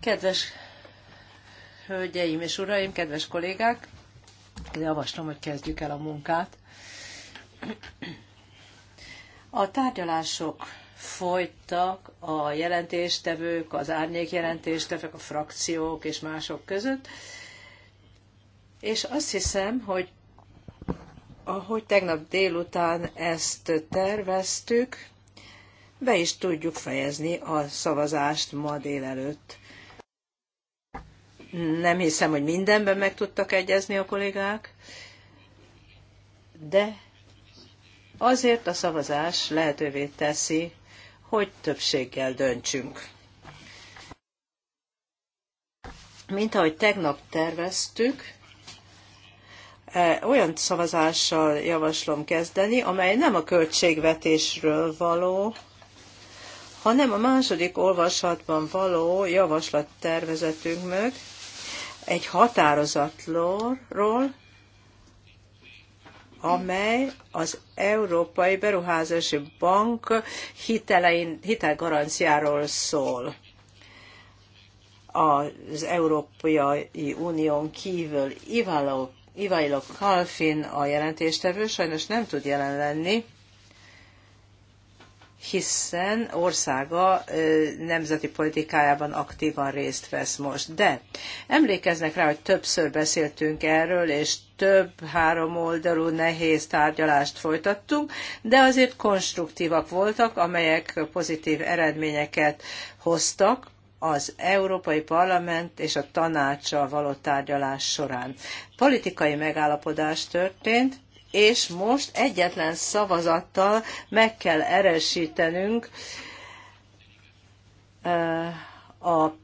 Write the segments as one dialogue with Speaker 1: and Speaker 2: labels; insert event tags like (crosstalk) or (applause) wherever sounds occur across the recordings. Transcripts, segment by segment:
Speaker 1: Kedves hölgyeim és uraim, kedves kollégák, javaslom, hogy kezdjük el a munkát. A tárgyalások folytak a jelentéstevők, az árnyék jelentéstevők, a frakciók és mások között, és azt hiszem, hogy ahogy tegnap délután ezt terveztük, be is tudjuk fejezni a szavazást ma délelőtt. Nem hiszem, hogy mindenben meg tudtak egyezni a kollégák, de azért a szavazás lehetővé teszi, hogy többséggel döntsünk. Mint ahogy tegnap terveztük, e, olyan szavazással javaslom kezdeni, amely nem a költségvetésről való, hanem a második olvasatban való javaslattervezetünk mög egy határozatról, amely az Európai Beruházási Bank hitelein, hitelgaranciáról szól az Európai Unión kívül Ivalo, Ivailo Kalfin a jelentéstevő, sajnos nem tud jelen lenni, hiszen országa nemzeti politikájában aktívan részt vesz most. De emlékeznek rá, hogy többször beszéltünk erről, és több háromoldalú nehéz tárgyalást folytattunk, de azért konstruktívak voltak, amelyek pozitív eredményeket hoztak az Európai Parlament és a Tanácsa való tárgyalás során. Politikai megállapodás történt, és most egyetlen szavazattal meg kell erősítenünk eh, a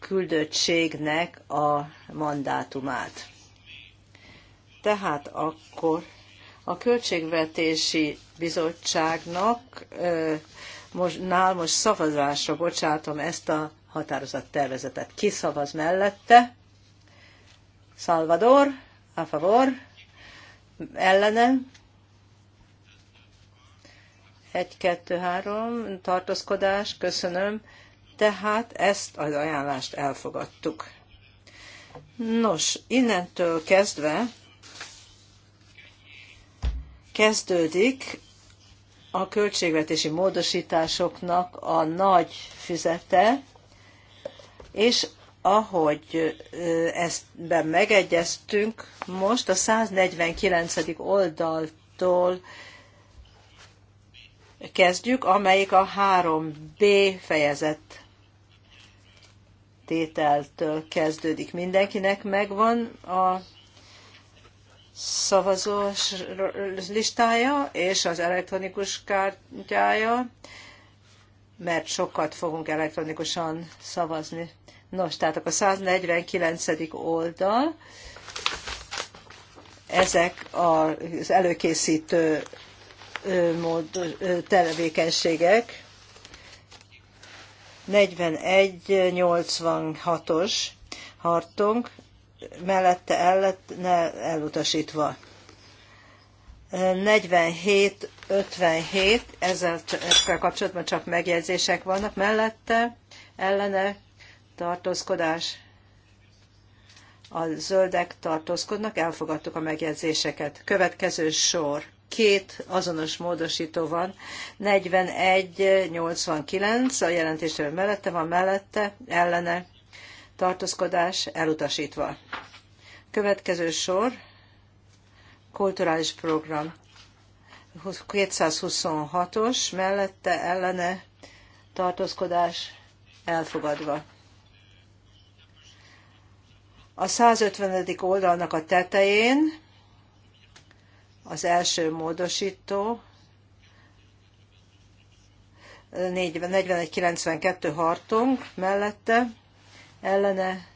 Speaker 1: küldöttségnek a mandátumát. Tehát akkor a Költségvetési Bizottságnak eh, most, nál most szavazásra bocsátom ezt a határozattervezetet. Ki szavaz mellette? Salvador, a favor ellene. 1, kettő, három, tartózkodás, köszönöm. Tehát ezt az ajánlást elfogadtuk. Nos, innentől kezdve kezdődik a költségvetési módosításoknak a nagy füzete, és ahogy ebben megegyeztünk, most a 149. oldaltól kezdjük, amelyik a 3B fejezet tételtől kezdődik. Mindenkinek megvan a szavazós listája és az elektronikus kártyája, mert sokat fogunk elektronikusan szavazni. Nos, tehát akkor 149. oldal, ezek az előkészítő mód, tevékenységek, 41-86-os hartunk, mellette el lett ne elutasítva. 47-57, ezzel kapcsolatban csak megjegyzések vannak, mellette ellene tartózkodás. A zöldek tartózkodnak, elfogadtuk a megjegyzéseket. Következő sor. Két azonos módosító van. 41-89 a jelentéstől mellette van, mellette, ellene, tartózkodás elutasítva. Következő sor, kulturális program. 226-os, mellette ellene tartózkodás elfogadva. A 150. oldalnak a tetején az első módosító 4192 hartunk mellette ellene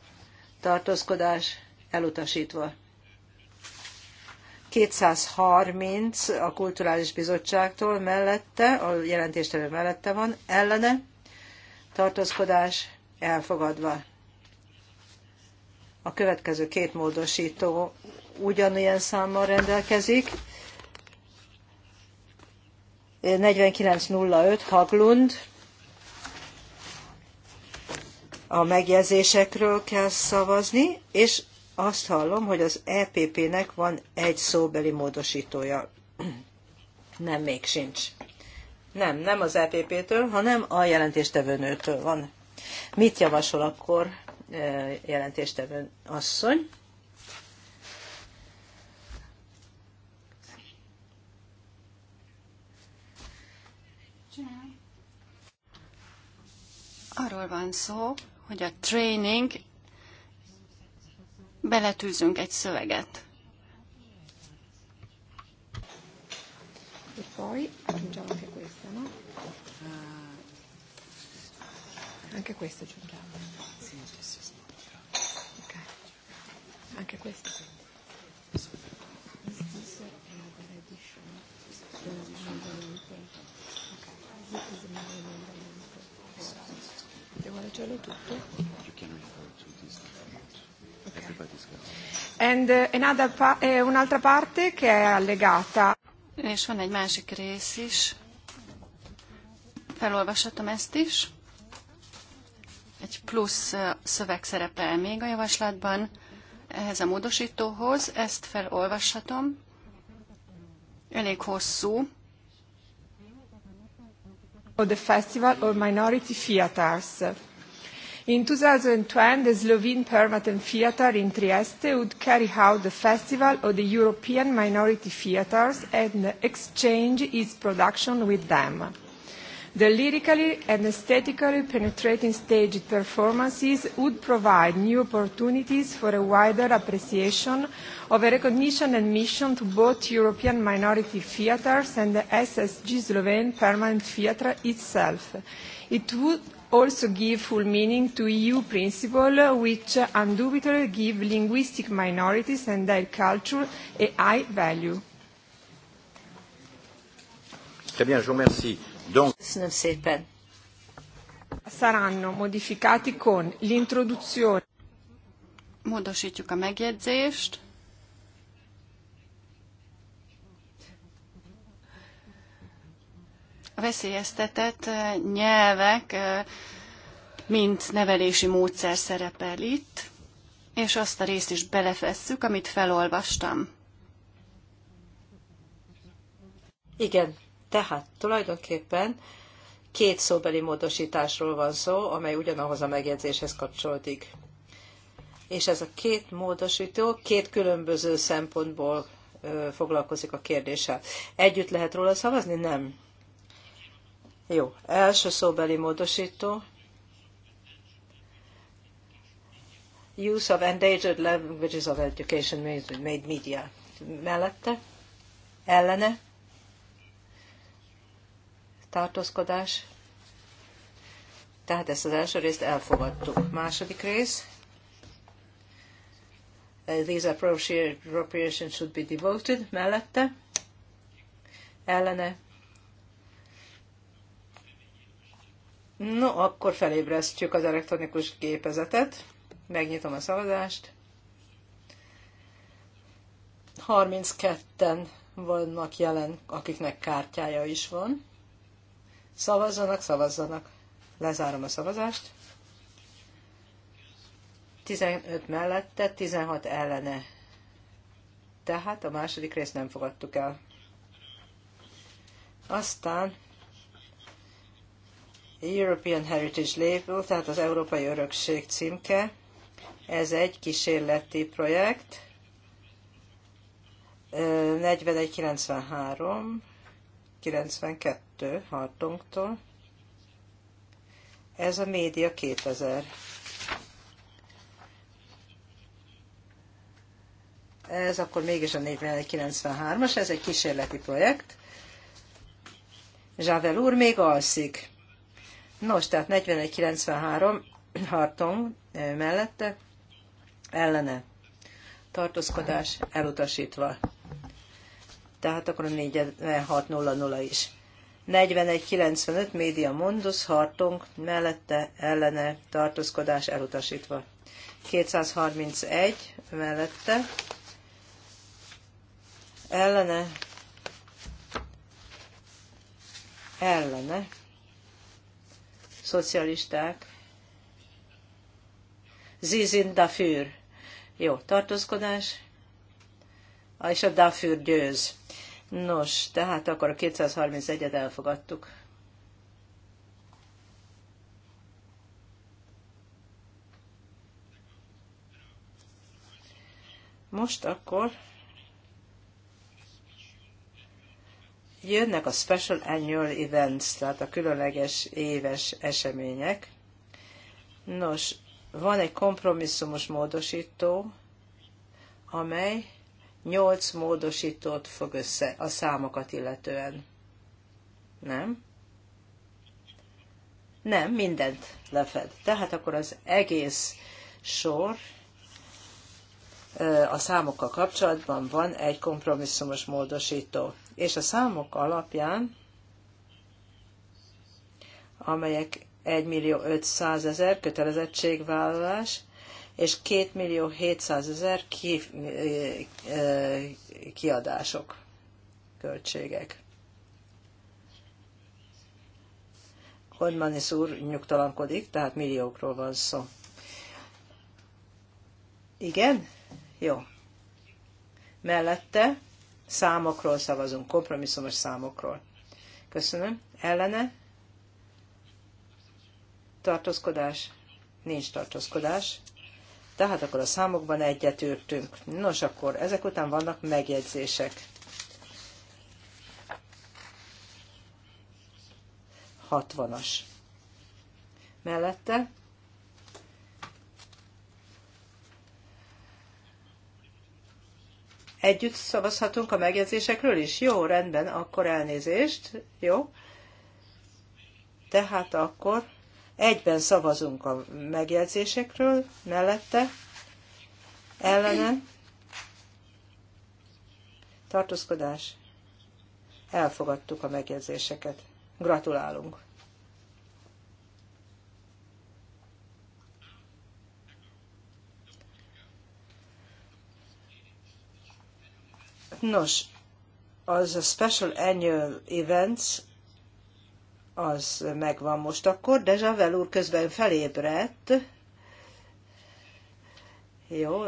Speaker 1: tartózkodás elutasítva. 230 a Kulturális Bizottságtól mellette, a jelentéstevő mellette van, ellene tartózkodás elfogadva. A következő két módosító ugyanilyen számmal rendelkezik. 4905 Haglund. A megjegyzésekről kell szavazni, és azt hallom, hogy az EPP-nek van egy szóbeli módosítója. Nem, még sincs. Nem, nem az EPP-től, hanem a jelentéstevőnőtől van. Mit javasol akkor jelentéstevő asszony.
Speaker 2: Arról van szó, hogy a training beletűzünk egy szöveget.
Speaker 3: E poi aggiungiamo anche questa, no? Eh, anche questa aggiungiamo. Anche questo. Devo leggerlo tutto? And uh, another pa-
Speaker 2: eh, un'altra parte che è allegata. És van egy másik rész is. Felolvashatom ezt is. Egy plusz eh, szöveg szerepel még a javaslatban ehhez a módosítóhoz, ezt felolvashatom. Elég hosszú.
Speaker 3: Of the festival of minority theaters. In
Speaker 1: 2020, the Slovene Permanent Theatre in Trieste would carry out the Festival of the European Minority Theatres and exchange its production with them. The lyrically and aesthetically penetrating staged performances would provide new opportunities for a wider appreciation of a recognition and mission to both European minority theatres and the SSG Slovene
Speaker 3: Permanent Theatre itself. It would also give full meaning to EU
Speaker 1: principle, which undoubtedly give linguistic minorities and their culture a high value. Très bien, je vous remercie. Donc... Köszönöm szépen. Saranno modificati con
Speaker 2: l'introduzione. Módosítjuk a megjegyzést. A veszélyeztetett eh, nyelvek, eh, mint nevelési módszer szerepel itt, és azt a részt is belefesszük, amit felolvastam.
Speaker 1: Igen, tehát tulajdonképpen két szóbeli módosításról van szó, amely ugyanahoz a megjegyzéshez kapcsolódik. És ez a két módosító két különböző szempontból foglalkozik a kérdéssel. Együtt lehet róla szavazni? Nem. Jó. Első szóbeli módosító. Use of endangered languages of education made media. Mellette? Ellene? tartózkodás. Tehát ezt az első részt elfogadtuk. Második rész. These appropriations should be devoted. Mellette. Ellene. No, akkor felébresztjük az elektronikus gépezetet. Megnyitom a szavazást. 32-en vannak jelen, akiknek kártyája is van. Szavazzanak, szavazzanak. Lezárom a szavazást. 15 mellette, 16 ellene. Tehát a második részt nem fogadtuk el. Aztán European Heritage Label, tehát az Európai Örökség címke. Ez egy kísérleti projekt. 4193 92 Hartongtól. Ez a média 2000. Ez akkor mégis a 493 as ez egy kísérleti projekt. Zsável úr még alszik. Nos, tehát 4193 Hartong mellette ellene tartózkodás elutasítva tehát akkor a 4600 is. 4195 média mondusz hartunk, mellette ellene tartózkodás elutasítva. 231 mellette ellene ellene szocialisták Zizin Dafür. Jó, tartózkodás és a Dafür győz. Nos, tehát akkor a 231-et elfogadtuk. Most akkor jönnek a Special Annual Events, tehát a különleges éves események. Nos, van egy kompromisszumos módosító, amely Nyolc módosítót fog össze a számokat illetően. Nem? Nem, mindent lefed. Tehát akkor az egész sor a számokkal kapcsolatban van egy kompromisszumos módosító. És a számok alapján, amelyek 1 millió 500 ezer kötelezettségvállalás, és 2 millió 700 ezer ki, kiadások, költségek. Hodmanis úr nyugtalankodik, tehát milliókról van szó. Igen? Jó. Mellette számokról szavazunk, kompromisszumos számokról. Köszönöm. Ellene? Tartózkodás? Nincs tartózkodás. Tehát akkor a számokban egyetértünk. Nos, akkor ezek után vannak megjegyzések. 60-as. Mellette együtt szavazhatunk a megjegyzésekről is? Jó, rendben, akkor elnézést. Jó. Tehát akkor Egyben szavazunk a megjegyzésekről, mellette, ellene, tartózkodás, elfogadtuk a megjegyzéseket. Gratulálunk! Nos, az a Special Annual Events az megvan most akkor, de Zsavel úr közben felébredt. Jó,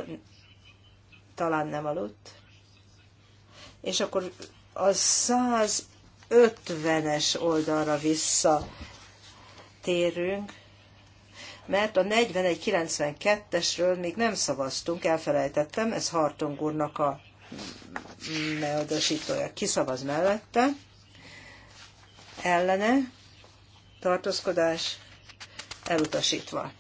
Speaker 1: talán nem aludt. És akkor a 150-es oldalra vissza térünk, mert a 41-92-esről még nem szavaztunk, elfelejtettem, ez Hartong úrnak a meldosítója. Kiszavaz mellette, ellene, tartózkodás elutasítva.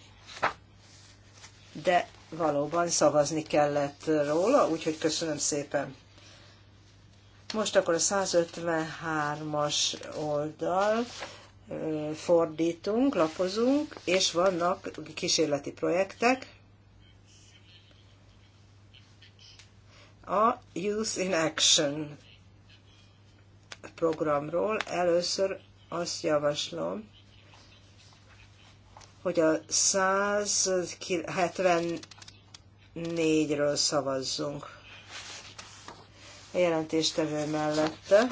Speaker 1: De valóban szavazni kellett róla, úgyhogy köszönöm szépen. Most akkor a 153-as oldal fordítunk, lapozunk, és vannak kísérleti projektek. A Youth in Action programról először azt javaslom, hogy a 174-ről szavazzunk. A jelentéstevő mellette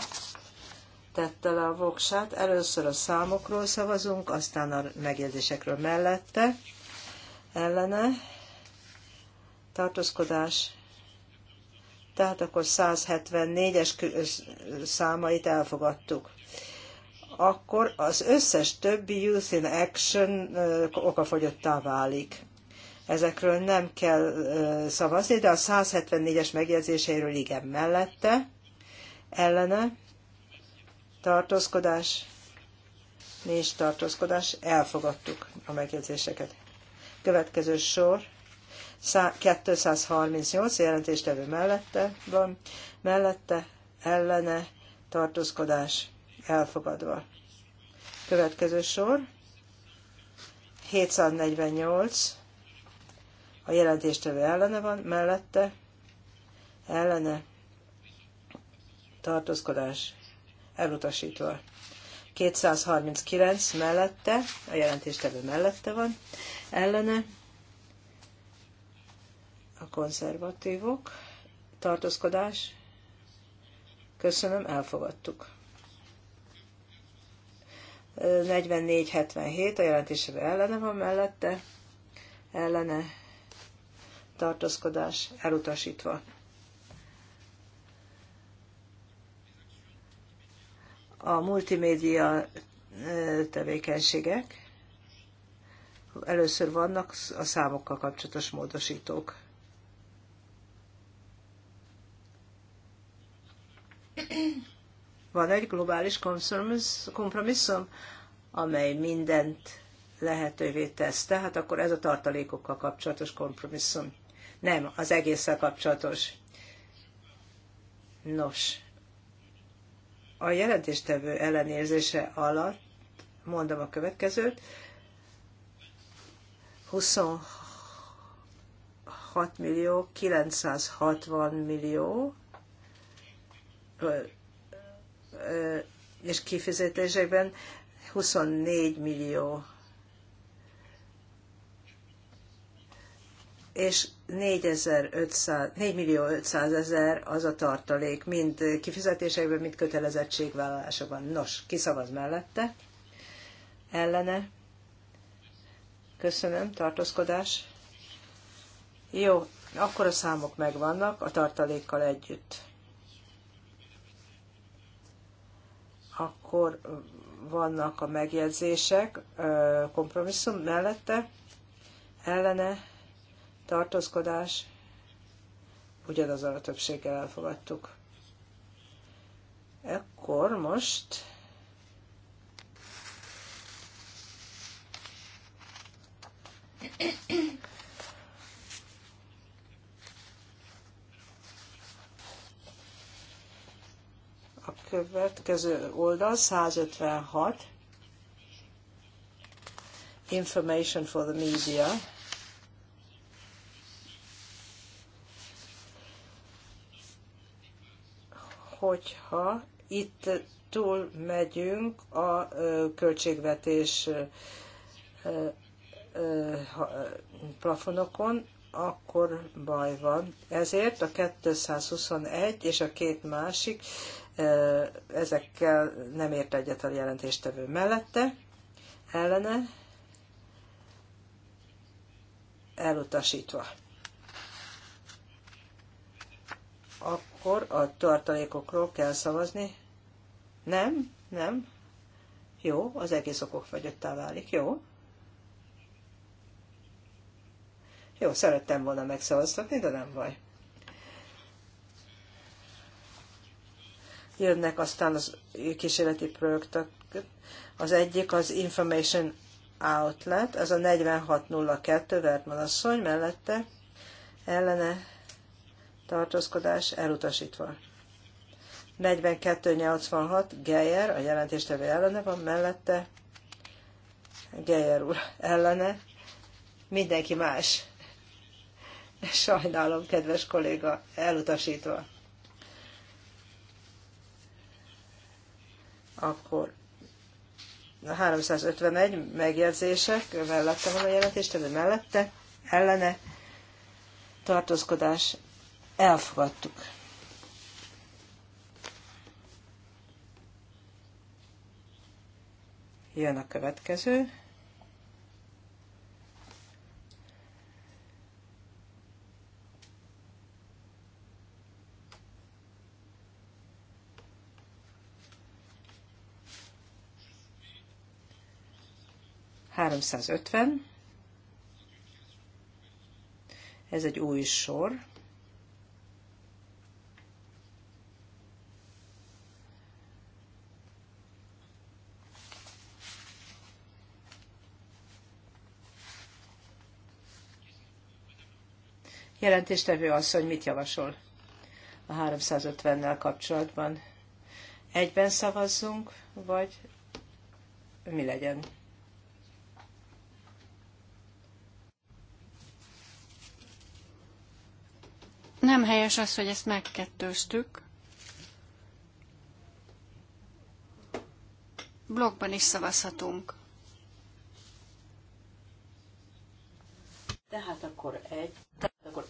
Speaker 1: tette le a voksát. Először a számokról szavazunk, aztán a megjegyzésekről mellette, ellene, tartózkodás. Tehát akkor 174-es számait elfogadtuk akkor az összes többi Youth in Action okafogyottá válik. Ezekről nem kell szavazni, de a 174-es megjegyzéséről igen mellette, ellene, tartózkodás, nincs tartózkodás, elfogadtuk a megjegyzéseket. Következő sor, 238 jelentéstevő mellette van, mellette, ellene, tartózkodás, elfogadva. Következő sor, 748, a jelentéstevő ellene van, mellette, ellene, tartózkodás, elutasítva. 239 mellette, a jelentéstevő mellette van, ellene, a konzervatívok, tartózkodás, köszönöm, elfogadtuk. 44-77 a jelentésre ellene van mellette, ellene tartózkodás elutasítva. A multimédia tevékenységek. Először vannak a számokkal kapcsolatos módosítók van egy globális kompromisszum, amely mindent lehetővé tesz. Tehát akkor ez a tartalékokkal kapcsolatos kompromisszum. Nem, az egésszel kapcsolatos. Nos, a jelentéstevő ellenérzése alatt mondom a következőt. 26 millió, 960 millió, és kifizetésekben 24 millió. És 4 millió 500 ezer az a tartalék, mind kifizetésekben, mind kötelezettségvállalásokban. Nos, kiszavaz mellette, ellene, köszönöm, tartózkodás. Jó, akkor a számok megvannak a tartalékkal együtt. Akkor vannak a megjegyzések, kompromisszum mellette, ellene, tartózkodás, ugyanazon a többséggel elfogadtuk. Ekkor most következő oldal 156, Information for the Media. Hogyha itt túl megyünk a költségvetés plafonokon, akkor baj van. Ezért a 221 és a két másik, ezekkel nem ért egyet a jelentéstevő mellette, ellene, elutasítva. Akkor a tartalékokról kell szavazni. Nem, nem. Jó, az egész okok fagyottá válik. Jó. Jó, szerettem volna megszavaztatni, de nem baj. Jönnek aztán az kísérleti projektek. Az egyik az Information Outlet, ez a 4602 Vertman asszony mellette ellene tartózkodás elutasítva. 4286 Geyer, a jelentéstevő ellene van mellette, Geyer úr ellene, mindenki más (laughs) Sajnálom, kedves kolléga, elutasítva. Akkor a 351 megjegyzések, mellette van a de mellette, ellene, tartózkodás, elfogadtuk. Jön a következő. 350. Ez egy új sor. Jelentéstevő hogy mit javasol a 350-nel kapcsolatban? Egyben szavazzunk, vagy mi legyen?
Speaker 2: Nem helyes az, hogy ezt megkettőztük. Blogban is
Speaker 1: szavazhatunk. Tehát akkor egy. Tehát akkor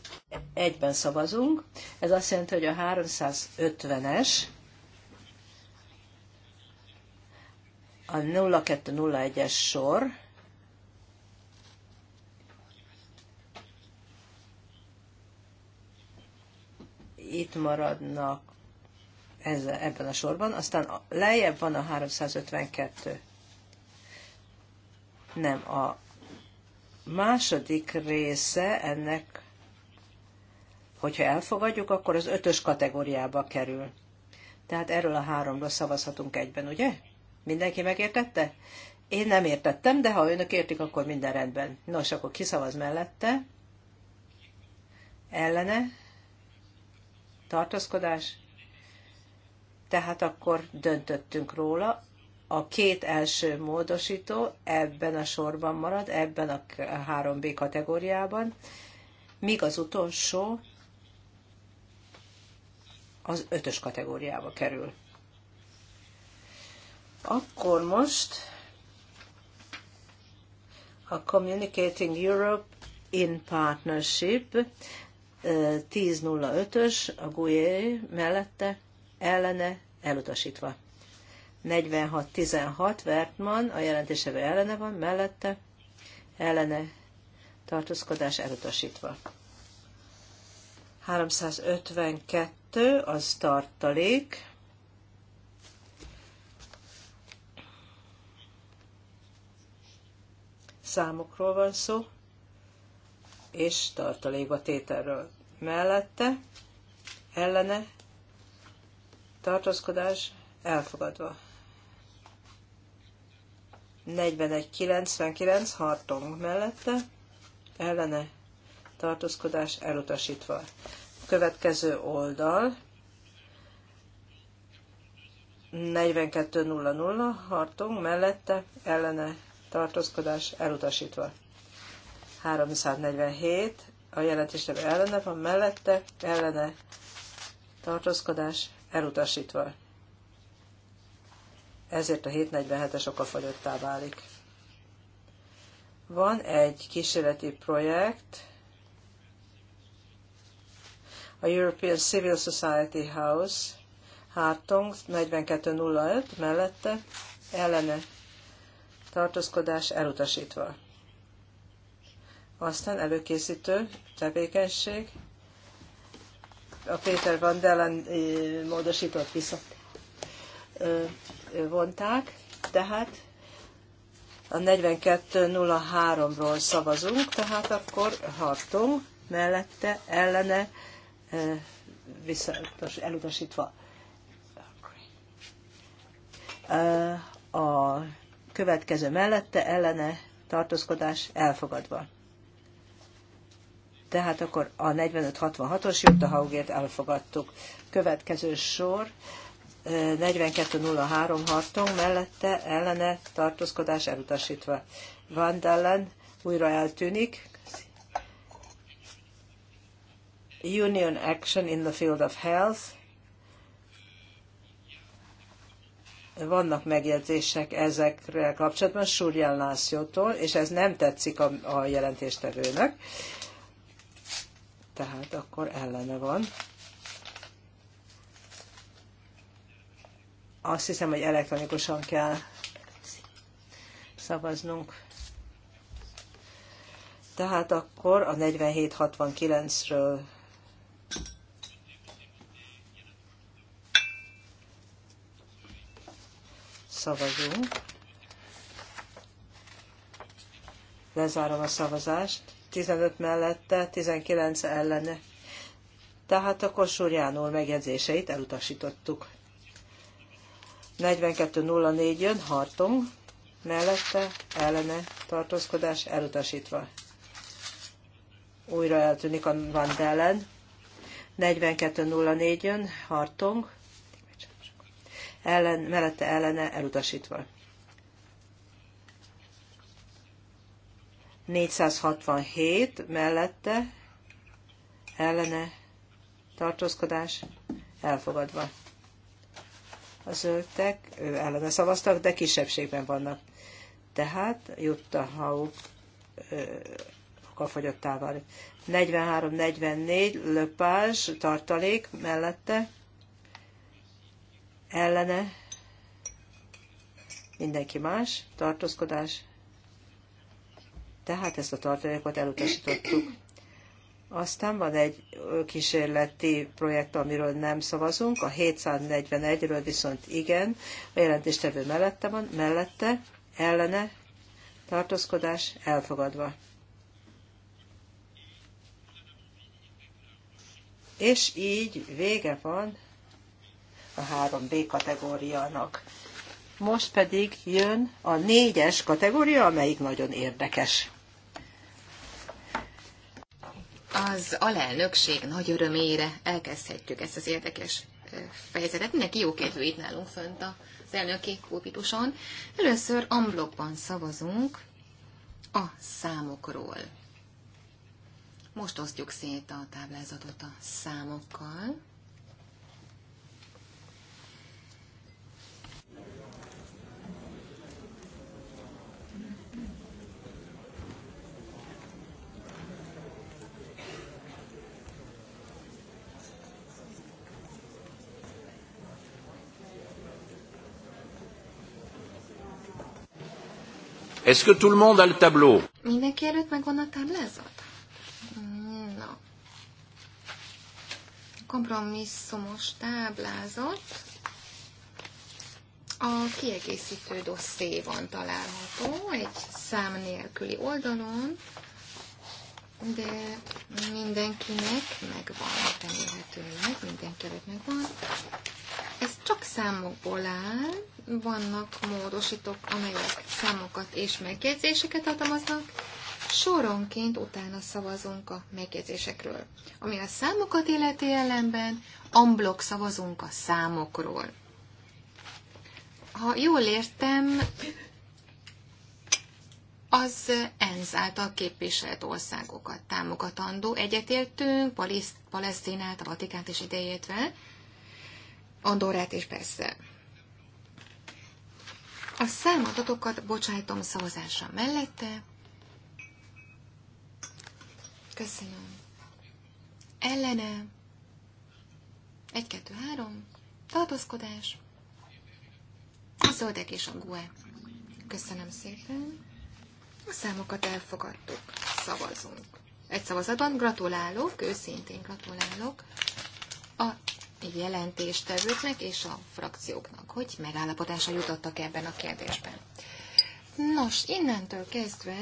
Speaker 1: egyben szavazunk. Ez azt jelenti, hogy a 350-es a 0201-es sor itt maradnak ez, ebben a sorban, aztán lejjebb van a 352. Nem, a második része ennek, hogyha elfogadjuk, akkor az ötös kategóriába kerül. Tehát erről a háromról szavazhatunk egyben, ugye? Mindenki megértette? Én nem értettem, de ha önök értik, akkor minden rendben. Nos, akkor kiszavaz mellette. Ellene tartózkodás. Tehát akkor döntöttünk róla. A két első módosító ebben a sorban marad, ebben a 3B kategóriában, míg az utolsó az ötös kategóriába kerül. Akkor most a Communicating Europe in Partnership 10.05-ös a Gouye mellette ellene elutasítva. 46.16 Vertman a jelentésevel ellene van, mellette ellene tartózkodás elutasítva. 352 az tartalék. Számokról van szó, és tartalékba tételről mellette, ellene, tartózkodás elfogadva. 41.99 hartong mellette, ellene, tartózkodás elutasítva. Következő oldal, 42.00 hartong mellette, ellene, tartózkodás elutasítva. 347 a jelentésnek ellene van, mellette ellene tartózkodás elutasítva. Ezért a 747-es okafagyottá válik. Van egy kísérleti projekt, a European Civil Society House, Hartung 4205 mellette ellene tartózkodás elutasítva. Aztán előkészítő tevékenység. A Péter Van Dellen módosított vissza vonták, tehát a 42.03-ról szavazunk, tehát akkor hartunk mellette, ellene, vissza, elutasítva. A következő mellette, ellene, tartózkodás elfogadva. Tehát akkor a 45-66-os Jutta Haugért elfogadtuk. Következő sor 42.03 hartunk mellette ellene tartózkodás elutasítva. Van Dallen újra eltűnik. Union Action in the Field of Health. Vannak megjegyzések ezekre kapcsolatban Surján Lászlótól, és ez nem tetszik a, a jelentéstevőnek tehát akkor ellene van. Azt hiszem, hogy elektronikusan kell szavaznunk. Tehát akkor a 4769-ről szavazunk. Lezárom a szavazást. 15 mellette, 19 ellene. Tehát a Surján úr megjegyzéseit elutasítottuk. 42.04 jön, Hartung, mellette, ellene, tartózkodás elutasítva. Újra eltűnik a Van Dellen. 42.04 jön, Hartung, ellen, mellette, ellene, elutasítva. 467 mellette ellene tartózkodás elfogadva. A zöldtek ő ellene szavaztak, de kisebbségben vannak. Tehát Jutta Haug okafogyottá válik. 43-44 löpás tartalék mellette ellene mindenki más tartózkodás tehát ezt a tartalékot elutasítottuk. Aztán van egy kísérleti projekt, amiről nem szavazunk, a 741-ről viszont igen, a jelentéstevő mellette van, mellette, ellene, tartózkodás elfogadva. És így vége van a 3B kategóriának. Most pedig jön a négyes kategória, amelyik nagyon érdekes
Speaker 3: az alelnökség nagy örömére elkezdhetjük ezt az érdekes fejezetet. Mindenki jó kedvű itt nálunk fönt az elnöki pulpituson. Először amblokban szavazunk a számokról. Most osztjuk szét a táblázatot a számokkal.
Speaker 1: Est-ce que tout le monde a le tableau?
Speaker 3: Mindenki előtt megvan a táblázat? Mm, no. Kompromisszumos táblázat. A kiegészítő dosszé van található egy szám nélküli oldalon de mindenkinek megvan, remélhetőleg mindenkinek megvan. Ez csak számokból áll, vannak módosítók, amelyek számokat és megjegyzéseket adamaznak, soronként utána szavazunk a megjegyzésekről. Ami a számokat illeti ellenben, amblok szavazunk a számokról. Ha jól értem, az ENSZ által képviselt országokat támogatandó. Egyetértünk Palesztinát, a Vatikánt is idejétve, Andorát is persze. A számadatokat bocsájtom szavazása mellette. Köszönöm. Ellene. Egy, kettő, három. Tartózkodás. A zöldek és a gue. Köszönöm szépen. A számokat elfogadtuk. Szavazunk. Egy szavazatban gratulálok, őszintén gratulálok a jelentéstevőknek és a frakcióknak, hogy megállapodásra jutottak ebben a kérdésben. Nos, innentől kezdve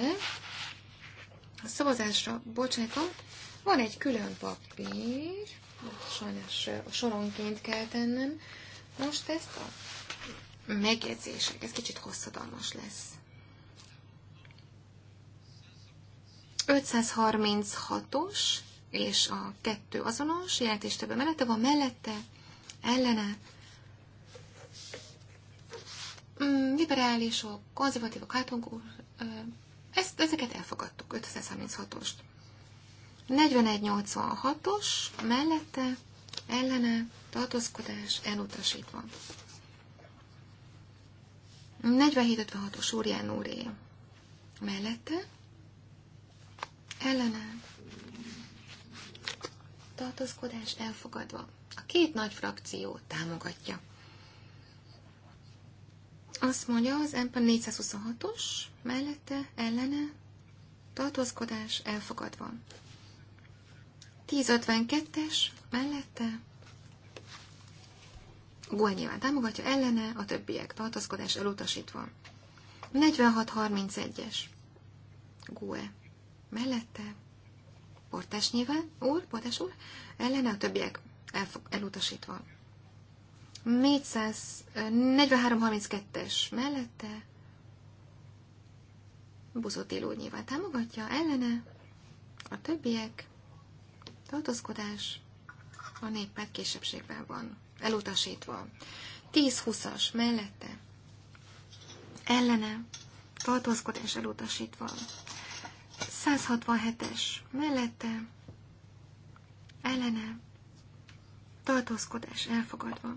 Speaker 3: a szavazásra Bocsánatom, van egy külön papír, sajnos soronként kell tennem. Most ezt a megjegyzések, ez kicsit hosszadalmas lesz. 536-os és a kettő azonos többen mellette van mellette, ellene. Mm, liberálisok, konzervatívok, hátunkul, ezt, ezeket elfogadtuk, 536-ost. 4186-os mellette, ellene, tartózkodás, elutasítva. 4756-os úrján úré mellette, ellene tartozkodás elfogadva. A két nagy frakció támogatja. Azt mondja az MP 426-os, mellette ellene tartózkodás elfogadva. 1052-es, mellette Gól nyilván támogatja, ellene a többiek tartózkodás elutasítva. 4631-es. Gue mellette portás nyilván, úr, portás úr, ellene a többiek elfog, elutasítva. 443-32-es mellette buzotiló nyilván támogatja, ellene a többiek tartózkodás a népek kisebbségben van, elutasítva. 10-20-as mellette ellene tartózkodás elutasítva. 167-es mellette ellene tartózkodás elfogadva.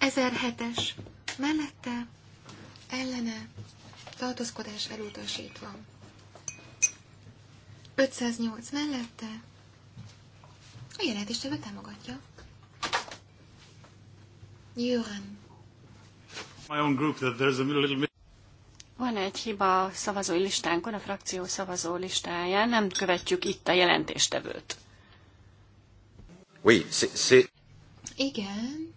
Speaker 3: 1007-es mellette ellene tartózkodás elutasítva. 508 mellette a jelentéstevő támogatja. Jön. My own group that there's a little
Speaker 2: van egy hiba a szavazói listánkon, a frakció szavazó listáján, nem követjük itt a jelentéstevőt.
Speaker 1: Oui, c- c'est...
Speaker 3: Igen,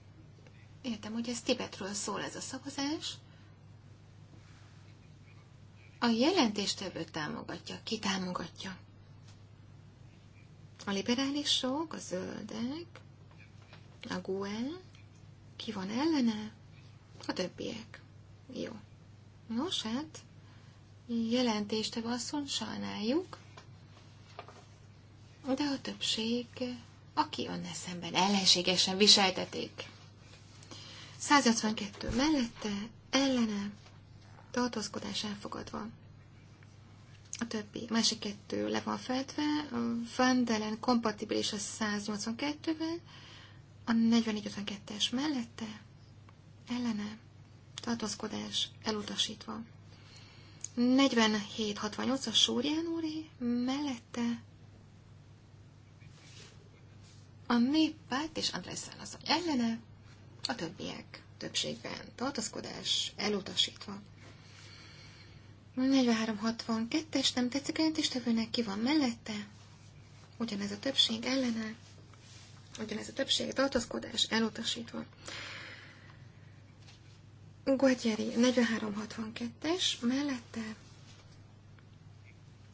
Speaker 3: értem, hogy ez Tibetről szól ez a szavazás. A jelentéstevő támogatja, ki támogatja? A liberálisok, a zöldek, a GUE, ki van ellene? A többiek. Jó. Nos, hát jelentéstevő asszony, sajnáljuk, de a többség, aki ön szemben ellenségesen viseltetik. 182 mellette, ellene, tartózkodás elfogadva. A többi, másik kettő le van fedve, Vandelen kompatibilis a 182-vel, a 4452-es mellette, ellene, tartózkodás elutasítva. 47-68-as Súrján úré, mellette a néppárt és András az ellene, a többiek többségben tartózkodás elutasítva. 43-62-es nem tetszik a jelentéstevőnek, ki van mellette, ugyanez a többség ellene, ugyanez a többség tartózkodás elutasítva. Guagyeri 4362-es, mellette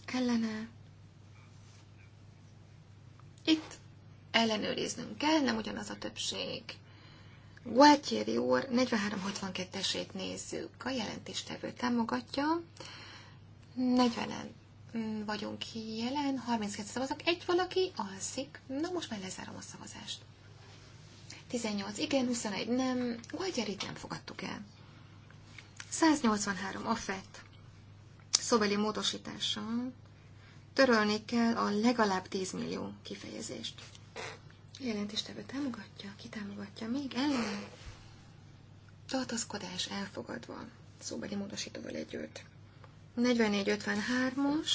Speaker 3: ellene. Itt ellenőriznünk kell, nem ugyanaz a többség. Gualtieri úr 4362-esét nézzük. A jelentéstevő támogatja. 40-en vagyunk jelen, 32 szavazak, egy valaki alszik. Na most már lezárom a szavazást. 18 igen, 21 nem. Gualtierit nem fogadtuk el. 183. Affett. szobeli módosítással törölni kell a legalább 10 millió kifejezést. Jelentéstevő támogatja, ki támogatja még ellen? Tartaszkodás elfogadva. Szóbeli módosítóval együtt. 44-53-os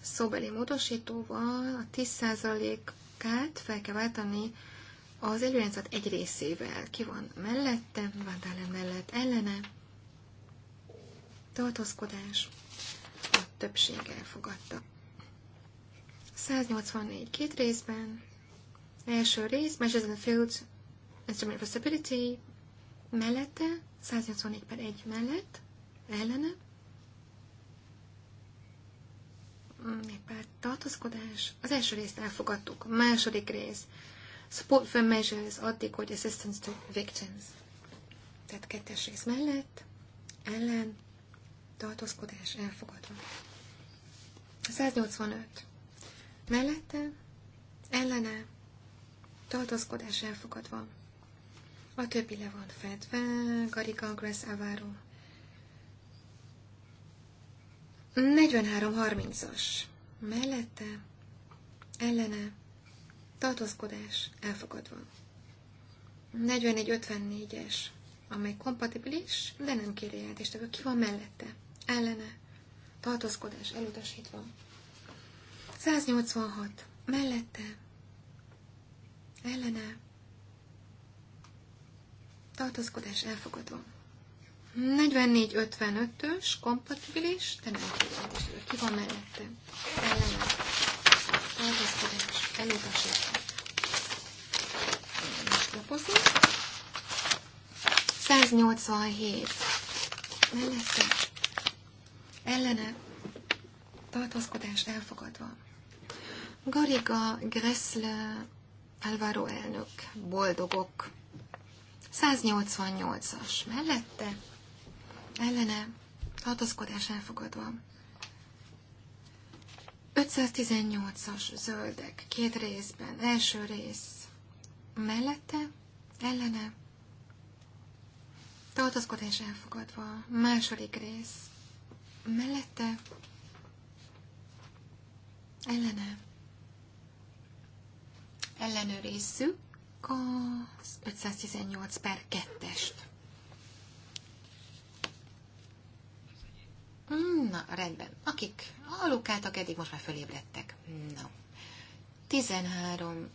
Speaker 3: szóbeli módosítóval a 10%-át fel kell váltani az előrendszert egy részével. Ki van mellette, Vandálen mellett ellene, tartózkodás, a többség elfogadta. 184 két részben, első rész, Measures and Field, Instrument for Stability, mellette, 184 per 1 mellett, ellene, néppárt tartózkodás. Az első részt elfogadtuk. A második rész. Support for measures addig, hogy assistance to victims. Tehát kettes rész mellett, ellen, tartózkodás elfogadva. 185. Mellette, ellene, tartózkodás elfogadva. A többi le van fedve, Garika Grass Avaro. 43.30-as. Mellette, ellene, tartózkodás elfogadva. 44.54-es, amely kompatibilis, de nem kérje és Ki van mellette? ellene, tartózkodás elutasítva. 186 mellette, ellene, tartózkodás elfogadva. 44-55-ös kompatibilis, de nem kérdés, ki van mellette, ellene, tartózkodás elutasítva. Most 187 mellette, ellene tartózkodás elfogadva. Gariga, Gressle, Álvaro elnök, boldogok. 188-as mellette, ellene tartózkodás elfogadva. 518-as zöldek, két részben, első rész mellette, ellene, tartózkodás elfogadva, második rész mellette ellene ellenőrizzük az 518 per 2-est. Na, rendben. Akik alukáltak eddig, most már fölébredtek. Na, 13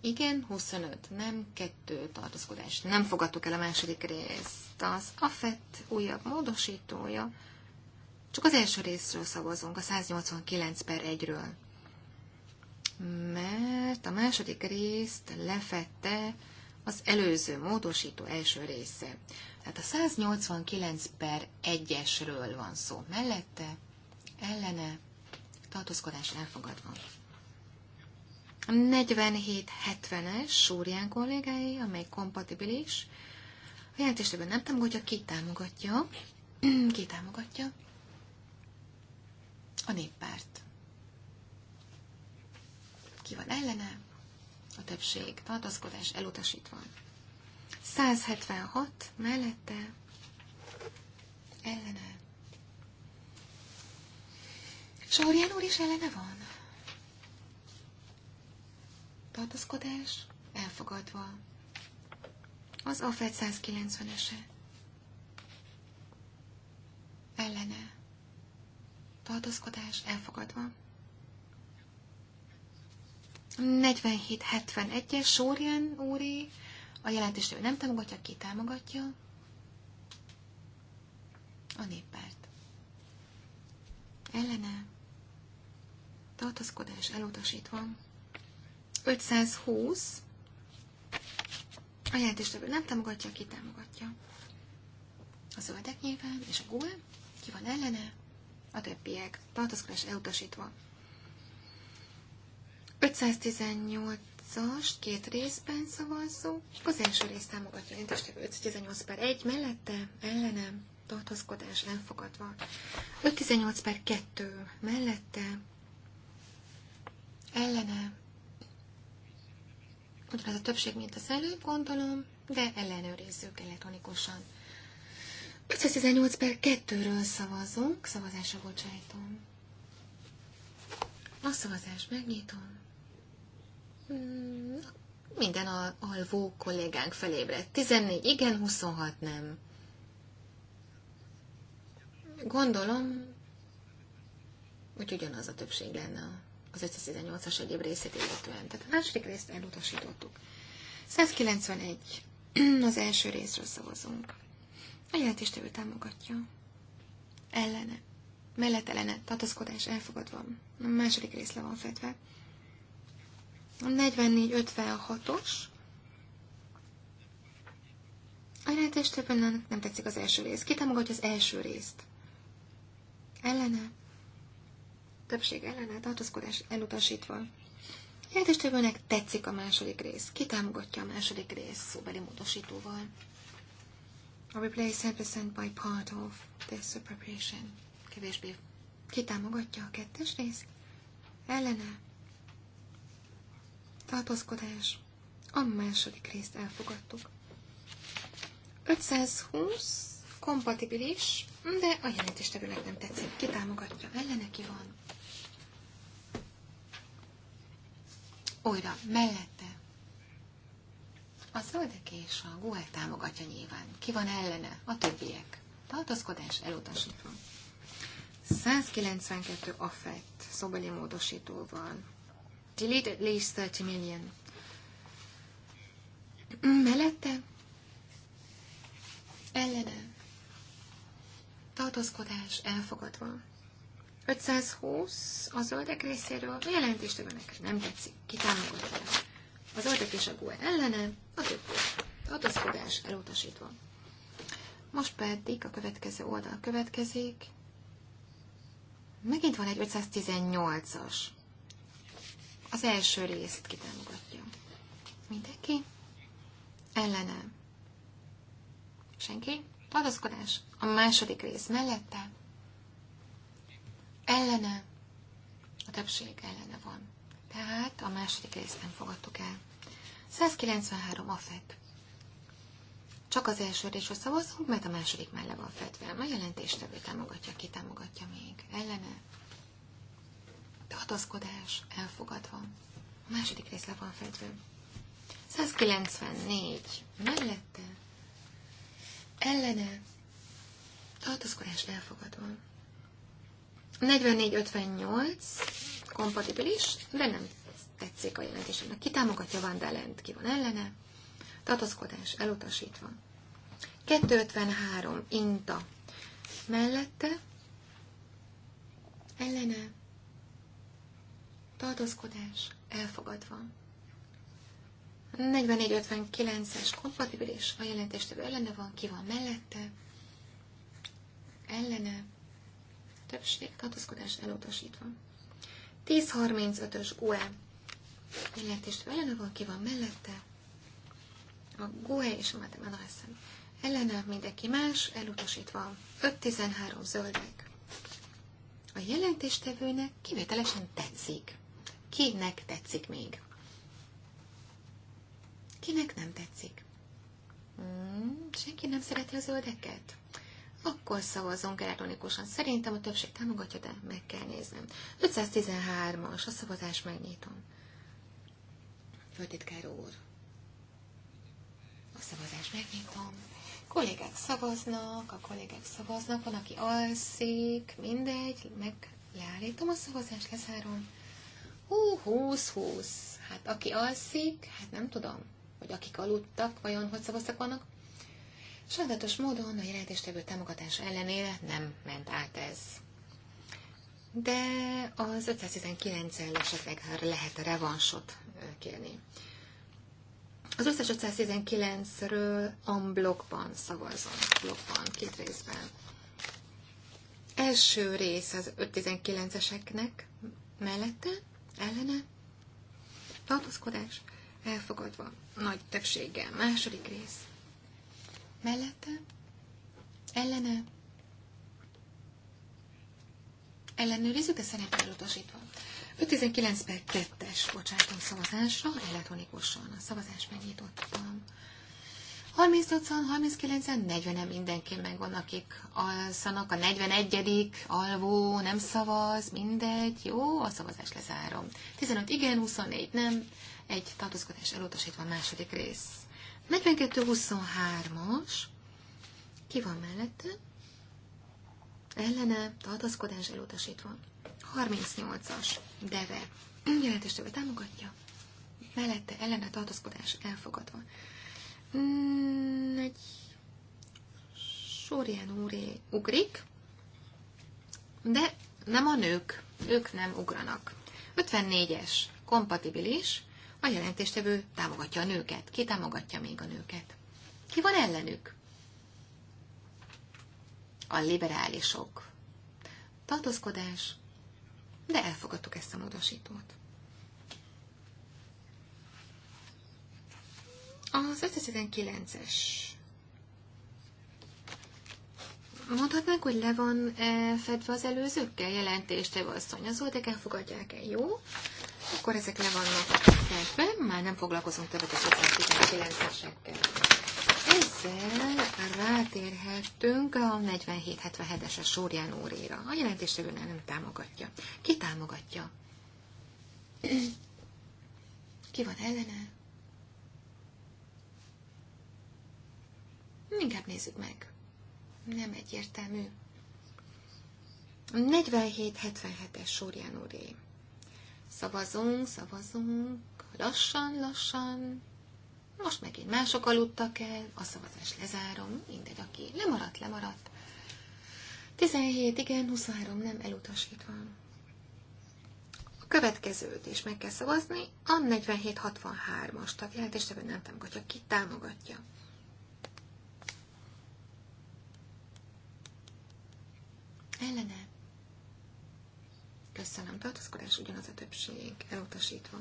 Speaker 3: igen, 25, nem, kettő tartózkodás. Nem fogadtuk el a második részt. Az AFET újabb módosítója. Csak az első részről szavazunk, a 189 per 1-ről. Mert a második részt lefette az előző módosító első része. Tehát a 189 per 1-esről van szó. Mellette, ellene, tartózkodás elfogadva. 4770-es Súrián kollégái, amely kompatibilis. A jelentéstében nem támogatja, ki támogatja? (clears throat) ki támogatja? A néppárt. Ki van ellene? A többség. Tartaszkodás elutasítva. 176 mellette ellene. Sorján úr is ellene van tartózkodás elfogadva. Az a 190-ese. Ellene. Tartózkodás elfogadva. 47-71-es Sórián úri A jelentéstől nem támogatja, ki támogatja? A néppárt. Ellene. Tartózkodás elutasítva. 520. A jelentést nem támogatja, ki támogatja. A zöldek nyilván, és a gól, ki van ellene, a többiek, tartozkodás elutasítva. 518-as két részben szavazzunk. Az első rész támogatja a jelentéstevő 518 per 1, mellette, ellenem, tartózkodás elfogadva. 518 per 2, mellette, ellene, ez a többség, mint az előbb, gondolom, de ellenőrizzük elektronikusan. 518 per 2-ről szavazunk, szavazásra bocsájtom. A szavazást megnyitom. Hmm, minden al- alvó kollégánk felébredt. 14 igen, 26 nem. Gondolom, hogy ugyanaz a többség lenne a az 518 as egyéb részét illetően. Tehát a második részt elutasítottuk. 191. (clears throat) az első részről szavazunk. A jelentéstevő támogatja. Ellene. Mellett ellene. Tartozkodás elfogadva. A második rész le van fedve. A 44-56-os. A jelentéstevőnek nem tetszik az első rész. Ki támogatja az első részt? Ellene többség ellenáll tartózkodás elutasítva. Jelentéstevőnek tetszik a második rész. Ki támogatja a második rész szóbeli módosítóval? A replace represent by part of the appropriation. Kevésbé. Ki támogatja a kettes rész? Ellene. Tartózkodás. A második részt elfogadtuk. 520 kompatibilis, de a jelentéstevőnek nem tetszik. Ki támogatja? Ellene ki van? újra mellette. A szöldek és a GUE támogatja nyilván. Ki van ellene? A többiek. Tartozkodás elutasítva. 192 affett szobeli módosítóval. Delete at least 30 million. Mellette? Ellene. Tartózkodás elfogadva. 520 a zöldek részéről, a neked nem tetszik, ki támogatja. A zöldek és a GUE ellene, a többi tartózkodás elutasítva. Most pedig a következő oldal következik. Megint van egy 518-as. Az első részt kitámogatja. Mindenki? Ellene. Senki? Tartózkodás. A második rész mellette ellene, a többség ellene van. Tehát a második részt nem fogadtuk el. 193 a FED. Csak az első részre szavazunk, mert a második már le van fedve. A jelentéstevő támogatja, ki támogatja még. Ellene. Tartaszkodás elfogadva. A második rész le van fedve. 194. Mellette. Ellene. Tartaszkodás elfogadva. 44-58 kompatibilis, de nem tetszik a jelentésemnek. Ki támogatja Van lent ki van ellene. Tartozkodás elutasítva. 253 inta mellette, ellene, tartózkodás elfogadva. 44-59-es kompatibilis, a jelentéstevő ellene van, ki van mellette, ellene, többség tartózkodás elutasítva. 10.35-ös GUE illetést van, ki van mellette, a GUE és a Matemanaisen ellene mindenki más elutasítva. 5.13 zöldek. A jelentéstevőnek kivételesen tetszik. Kinek tetszik még? Kinek nem tetszik? Hmm, senki nem szereti a zöldeket? akkor szavazunk elektronikusan. Szerintem a többség támogatja, de meg kell néznem. 513-as, a szavazás megnyitom. Földitkár úr. A szavazás megnyitom. Kollégák szavaznak, a kollégák szavaznak, van, aki alszik, mindegy, meg leállítom a szavazást, lezárom. Hú, 20-20. Hát aki alszik, hát nem tudom, hogy akik aludtak, vajon hogy szavaztak vannak, Sajnálatos módon a jelentéstevő támogatás ellenére nem ment át ez. De az 519-el esetleg lehet a revansot kérni. Az összes 519-ről a blogban szavazom, blogban, két részben. Első rész az 519-eseknek mellette, ellene, tartózkodás, elfogadva, nagy többséggel. Második rész mellette, ellene, ellenőrizzük, ezt nem elutasítva. 519 per 2-es, bocsánatom, szavazásra, elektronikusan a szavazás megnyitottam. 38-39-en, 40-en mindenki megvan, akik alszanak, a 41 alvó nem szavaz, mindegy, jó, a szavazás lezárom. 15 igen, 24 nem, egy tartózkodás elutasítva a második rész. 42-23-as, ki van mellette? Ellene, tartaszkodás elutasítva. 38-as, deve, jelentéstől támogatja. Mellette, ellene, tartaszkodás elfogadva. Mm, egy sorján úré ugrik, de nem a nők, ők nem ugranak. 54-es, kompatibilis, a jelentéstevő támogatja a nőket. Ki támogatja még a nőket? Ki van ellenük? A liberálisok. Tartózkodás. De elfogadtuk ezt a módosítót. Az 519-es. Mondhatnánk, hogy le van eh, fedve az előzőkkel jelentéstevő asszony. Az oldek elfogadják-e? Jó akkor ezek le vannak szerve, már nem foglalkozunk többet a 619-esekkel. Ezzel rátérhetünk a 47-77-es Sórián óréra. A jelentéstevőnél nem támogatja. Ki támogatja? Ki van ellene? Inkább nézzük meg. Nem egyértelmű. 47-77-es Sórián úré. Szavazunk, szavazunk, lassan, lassan. Most megint mások aludtak el, a szavazás lezárom, mindegy, aki lemaradt, lemaradt. 17, igen, 23, nem elutasítva. A következőt is meg kell szavazni, a 63 as tagját, és ebben nem támogatja, ki támogatja. Ellene. Köszönöm. Tartózkodás ugyanaz a többség. Elutasítva.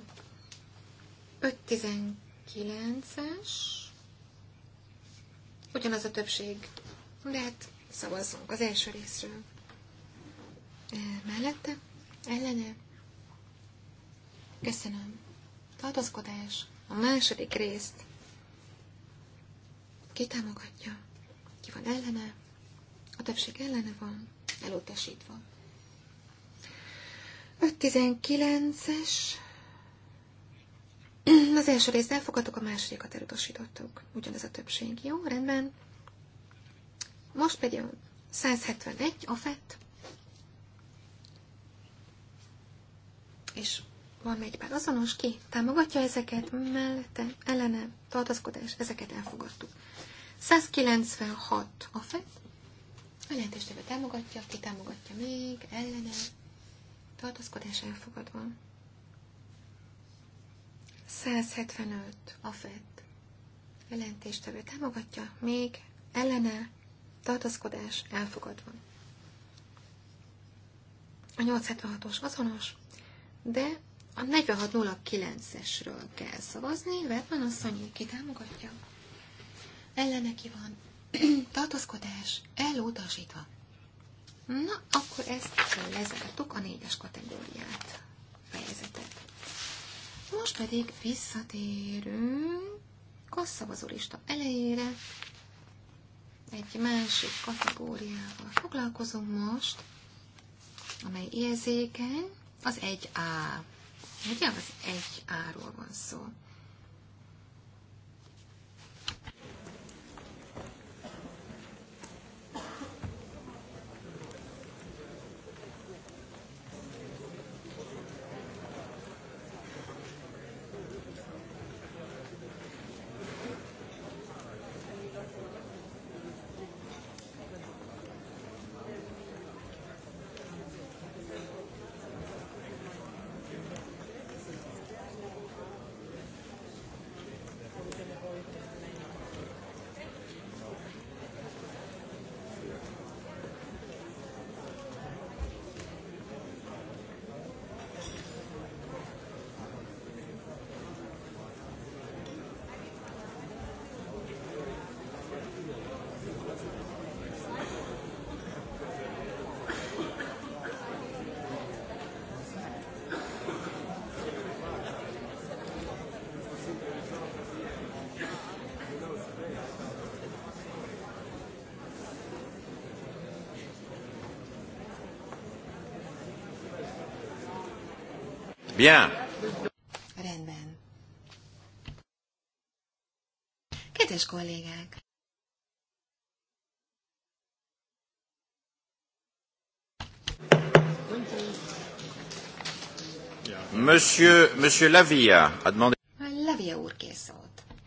Speaker 3: 5.19-es. Ugyanaz a többség. De hát szavazzunk az első részről. E, mellette? Ellene? Köszönöm. Tartózkodás. A második részt. Ki támogatja? Ki van ellene? A többség ellene van, elutasítva. 5.19-es. Az első részt elfogadtuk, a másodikat elutasítottuk. Ugyanez a többség. Jó, rendben. Most pedig 171 a fett. És van még pár azonos ki. Támogatja ezeket mellette, ellene, tartaszkodás, ezeket elfogadtuk. 196 a fett. A jelentéstevő támogatja, ki támogatja még, ellene, tartózkodás elfogadva. 175 afett jelentéstevő támogatja, még ellene tartózkodás elfogadva. A 876-os azonos, de a 4609-esről kell szavazni, Vertman asszony ki támogatja. Ellene ki van (clears throat) tartózkodás elutasítva. Na, akkor ezt lezártuk a négyes kategóriát, fejezetet. Most pedig visszatérünk a szavazólista elejére. Egy másik kategóriával foglalkozom most, amely érzékeny, az 1A. Ugye az 1A-ról van szó.
Speaker 1: Bien. Rendben.
Speaker 3: Kedves kollégák!
Speaker 1: Monsieur, Monsieur Lavia a demandé...
Speaker 3: Lavia urkészolt.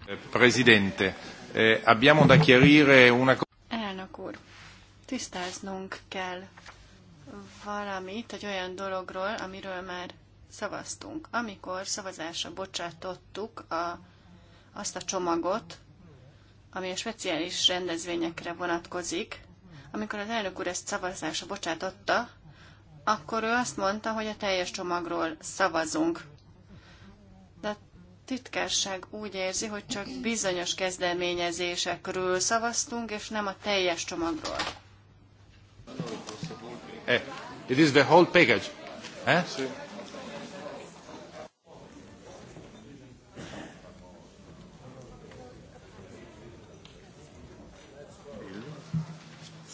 Speaker 1: készült. Presidente, eh, abbiamo da chiarire una cosa.
Speaker 2: Elnök úr, tisztáznunk kell valamit egy olyan dologról, amiről már szavaztunk. Amikor szavazásra bocsátottuk a, azt a csomagot, ami a speciális rendezvényekre vonatkozik, amikor az elnök úr ezt szavazásra bocsátotta, akkor ő azt mondta, hogy a teljes csomagról szavazunk. De a titkárság úgy érzi, hogy csak bizonyos kezdeményezésekről szavaztunk, és nem a teljes csomagról.
Speaker 1: Eh, it is the whole package. Eh?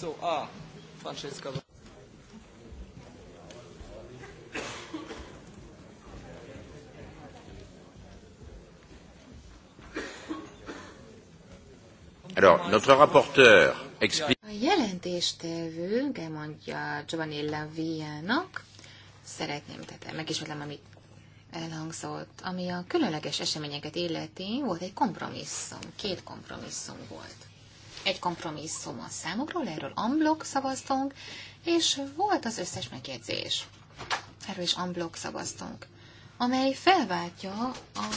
Speaker 3: szó. Ah, Francesca.
Speaker 1: Alors, notre rapporteur explique...
Speaker 3: A elmondja Giovanni Laviának, szeretném, tehát megismétlem, amit elhangzott, ami a különleges eseményeket illeti, volt egy kompromisszum, két kompromisszum volt egy kompromisszum a számokról, erről amblok szavaztunk, és volt az összes megjegyzés. Erről is amblok szavaztunk, amely felváltja a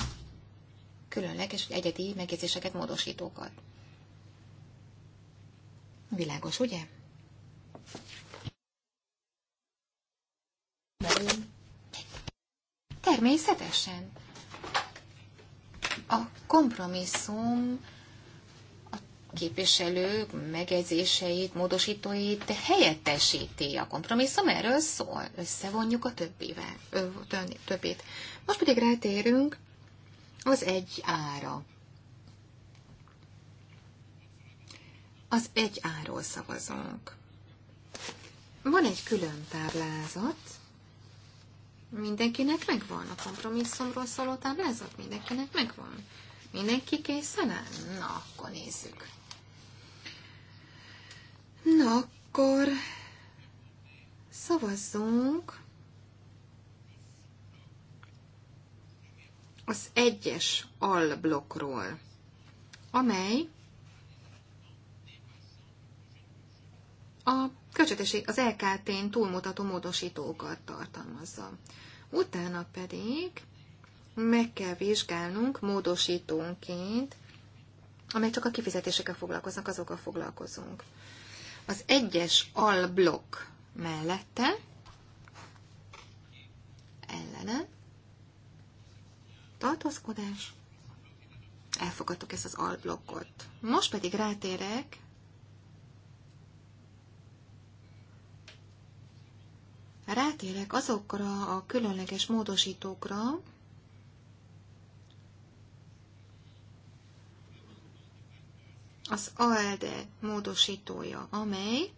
Speaker 3: különleges egyedi megjegyzéseket, módosítókat. Világos, ugye? Természetesen. A kompromisszum képviselők megjegyzéseit, módosítóit helyettesíti. A kompromisszum erről szól. Összevonjuk a többivel, ö, többit. Most pedig rátérünk az egy ára. Az egy áról szavazunk. Van egy külön táblázat. Mindenkinek megvan a kompromisszumról szóló táblázat? Mindenkinek megvan. Mindenki készen áll? Na, akkor nézzük. Na, akkor szavazzunk az egyes alblokról, amely a költségvetés az LKT-n túlmutató módosítókat tartalmazza. Utána pedig meg kell vizsgálnunk módosítónként, amely csak a kifizetésekkel foglalkoznak, azokkal foglalkozunk. Az egyes alblokk mellette, ellene, tartózkodás, elfogadtuk ezt az alblokkot. Most pedig rátérek rátérek azokra a különleges módosítókra, az ALDE módosítója, amely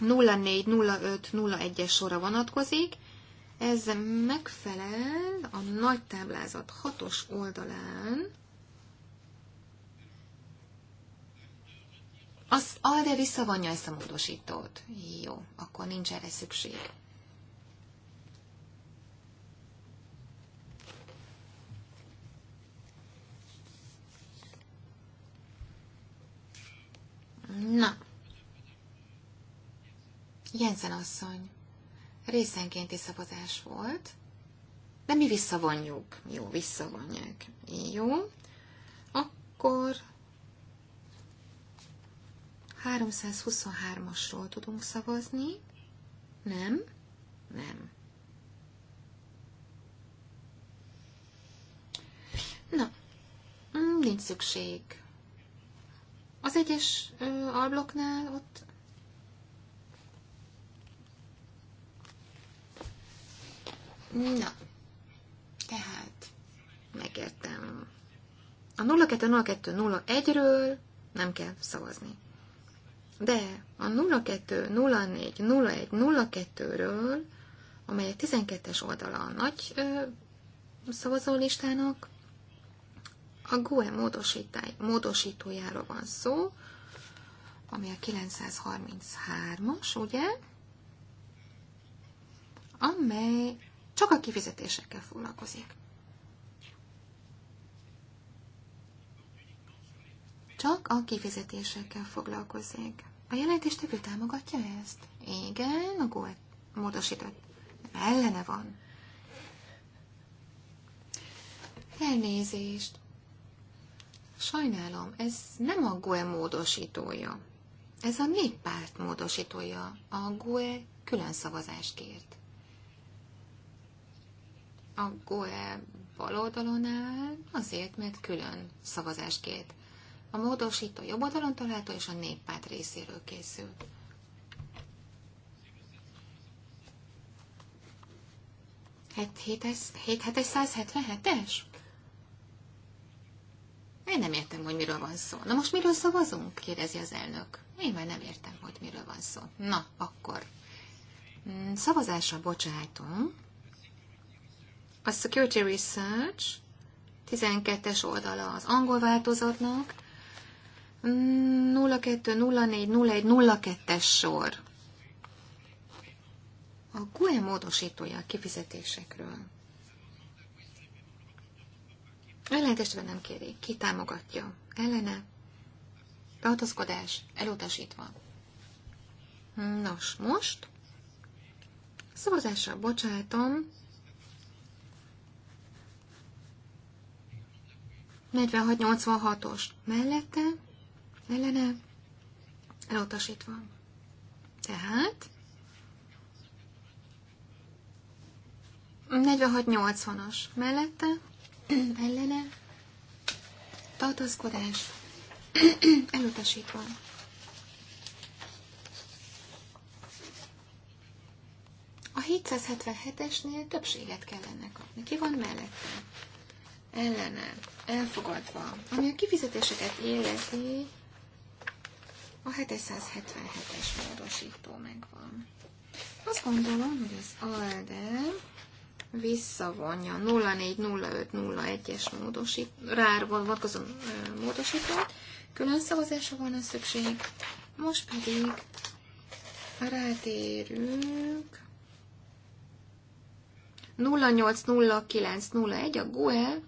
Speaker 3: 040501-es sorra vonatkozik, ez megfelel a nagy táblázat hatos oldalán. Az ALDE visszavonja ezt a módosítót. Jó, akkor nincs erre szükség. Na. Jensen asszony. Részenkénti szavazás volt. De mi visszavonjuk. Jó, visszavonják. Jó. Akkor 323-asról tudunk szavazni. Nem? Nem. Na, mm, nincs szükség az egyes albloknál ott Na, tehát megértem. A 020201-ről nem kell szavazni. De a 02040102-ről, amely a 12-es oldala a nagy ö, szavazólistának, a GUE módosítójáról van szó, ami a 933-as, ugye? Amely csak a kifizetésekkel foglalkozik. Csak a kifizetésekkel foglalkozik. A tevő támogatja ezt? Igen, a GUE módosított. Ellene van. Elnézést. Sajnálom, ez nem a GUE módosítója. Ez a néppárt módosítója. A GUE külön szavazást kért. A GUE bal oldalon áll, azért, mert külön szavazást kért. A módosító jobb oldalon található, és a néppárt részéről készült. Het, 7, 7, es én nem értem, hogy miről van szó. Na most miről szavazunk? kérdezi az elnök. Én már nem értem, hogy miről van szó. Na, akkor. Mm, szavazásra bocsájtom. A Security Research 12-es oldala az angol változatnak. 0204-01-02-es mm, sor. A QE módosítója a kifizetésekről esetben nem kéri. Ki támogatja? Ellene? Tartozkodás elutasítva. Nos, most szavazással bocsátom 46-86-os mellette, ellene, elutasítva. Tehát 46-80-as mellette, ellene, tartózkodás, elutasítva. A 777-esnél többséget kellene kapni. Ki van mellette? Ellene, elfogadva. Ami a kifizetéseket illeti, a 777-es módosító megvan. Azt gondolom, hogy az ALDE visszavonja 040501-es módosít, rár vonatkozó módosítót, külön szavazásra van a szükség. Most pedig rátérünk 080901 a GUE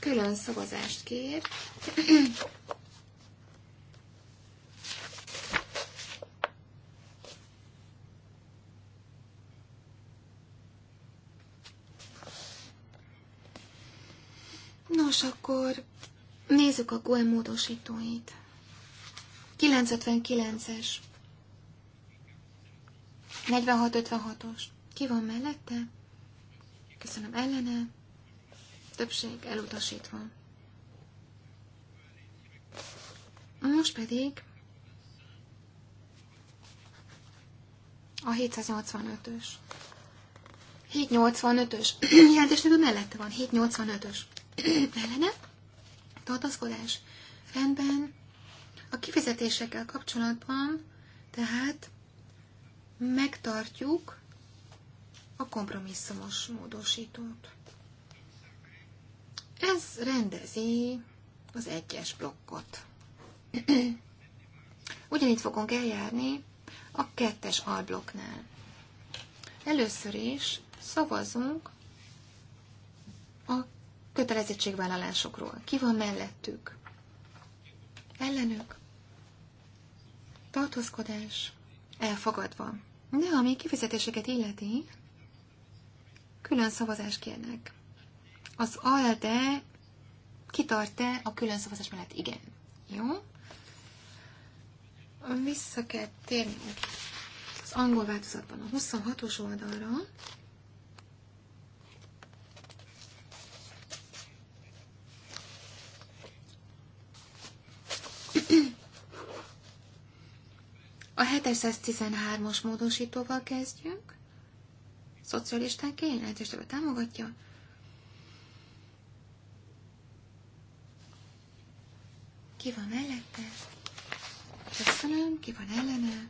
Speaker 3: külön szavazást kér. Nos, akkor nézzük a GUE módosítóit. 959 es 4656 os Ki van mellette? Köszönöm ellene. Többség elutasítva. Most pedig a 785-ös. 785-ös. Jelentésnek a mellette van. 785-ös ellene Tartaszkodás. rendben. A kifizetésekkel kapcsolatban tehát megtartjuk a kompromisszumos módosítót. Ez rendezi az egyes blokkot. (clears throat) Ugyanígy fogunk eljárni a kettes alblokknál. Először is szavazunk a kötelezettségvállalásokról. Ki van mellettük? Ellenük? Tartózkodás? Elfogadva. De ami kifizetéseket illeti, külön szavazás kérnek. Az ALDE kitart-e a külön szavazás mellett? Igen. Jó? Vissza kell térnünk az angol változatban a 26-os oldalra. A 713-as módosítóval kezdjünk. Szocialisták én, lehetőségben támogatja. Ki van mellette? Köszönöm, ki van ellene?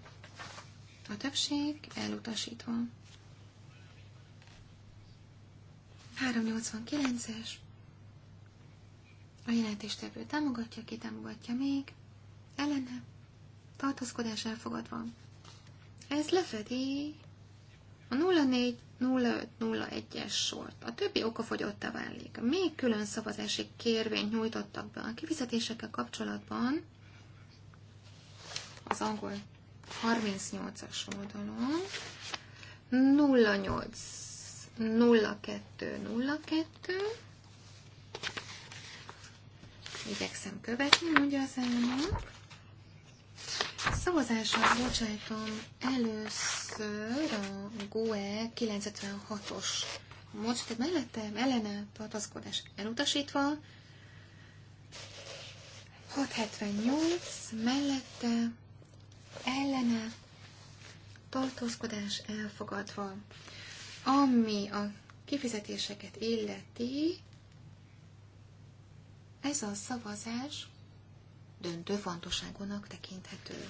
Speaker 3: A többség elutasítva. 389-es. A jelentéstevő támogatja, ki támogatja még, ellene, tartózkodás elfogadva. Ez lefedi a 040501-es sort. A többi okafogyottá válik. Még külön szavazási kérvényt nyújtottak be a kifizetésekkel kapcsolatban az angol 38-as oldalon 08 02 Igyekszem követni, mondja az elnök. Szavazással bocsájtom először a GUE 956-os most, tehát mellette ellene tartaszkodás elutasítva, 678 mellette ellene tartózkodás elfogadva. Ami a kifizetéseket illeti, ez a szavazás döntő
Speaker 1: fontosságúnak tekinthető.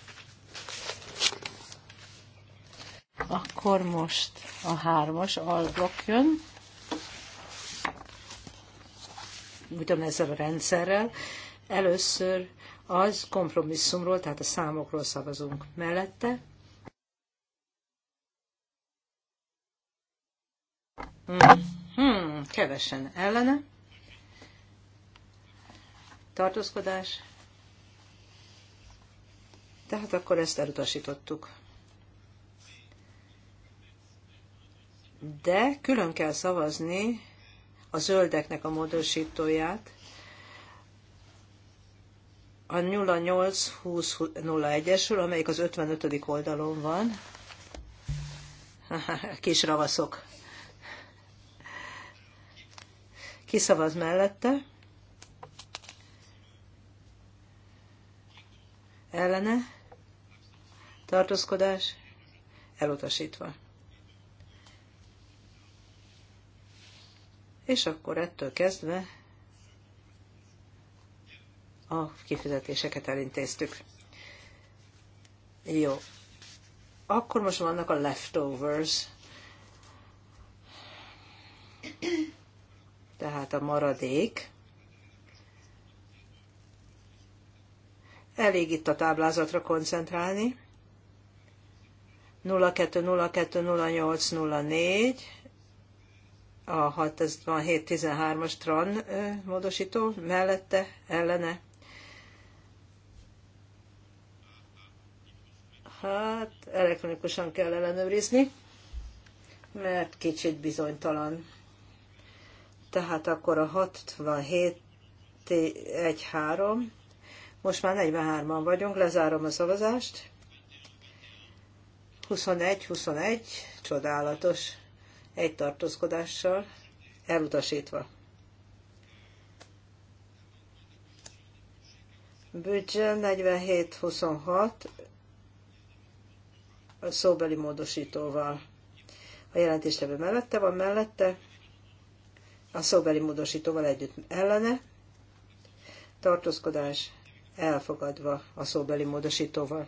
Speaker 1: Akkor most a hármas alblokk jön. Ugyanezzel a rendszerrel. Először az kompromisszumról, tehát a számokról szavazunk mellette. Mhm. Hmm, kevesen ellene tartózkodás. Tehát akkor ezt elutasítottuk. De külön kell szavazni a zöldeknek a módosítóját, a 08-20-01-esről, amelyik az 55. oldalon van. (laughs) Kis ravaszok. Kiszavaz mellette. ellene tartózkodás elutasítva. És akkor ettől kezdve a kifizetéseket elintéztük. Jó. Akkor most vannak a leftovers. Tehát a maradék. elég itt a táblázatra koncentrálni. 02020804 a 6713-as TRAN módosító mellette, ellene. Hát elektronikusan kell ellenőrizni, mert kicsit bizonytalan. Tehát akkor a 6713 most már 43-an vagyunk, lezárom a szavazást. 21-21, csodálatos, egy tartózkodással, elutasítva. Büdzse 47-26, a szóbeli módosítóval. A jelentéstevő mellette van, mellette, a szóbeli módosítóval együtt ellene, tartózkodás 47-26 elfogadva a szóbeli módosítóval.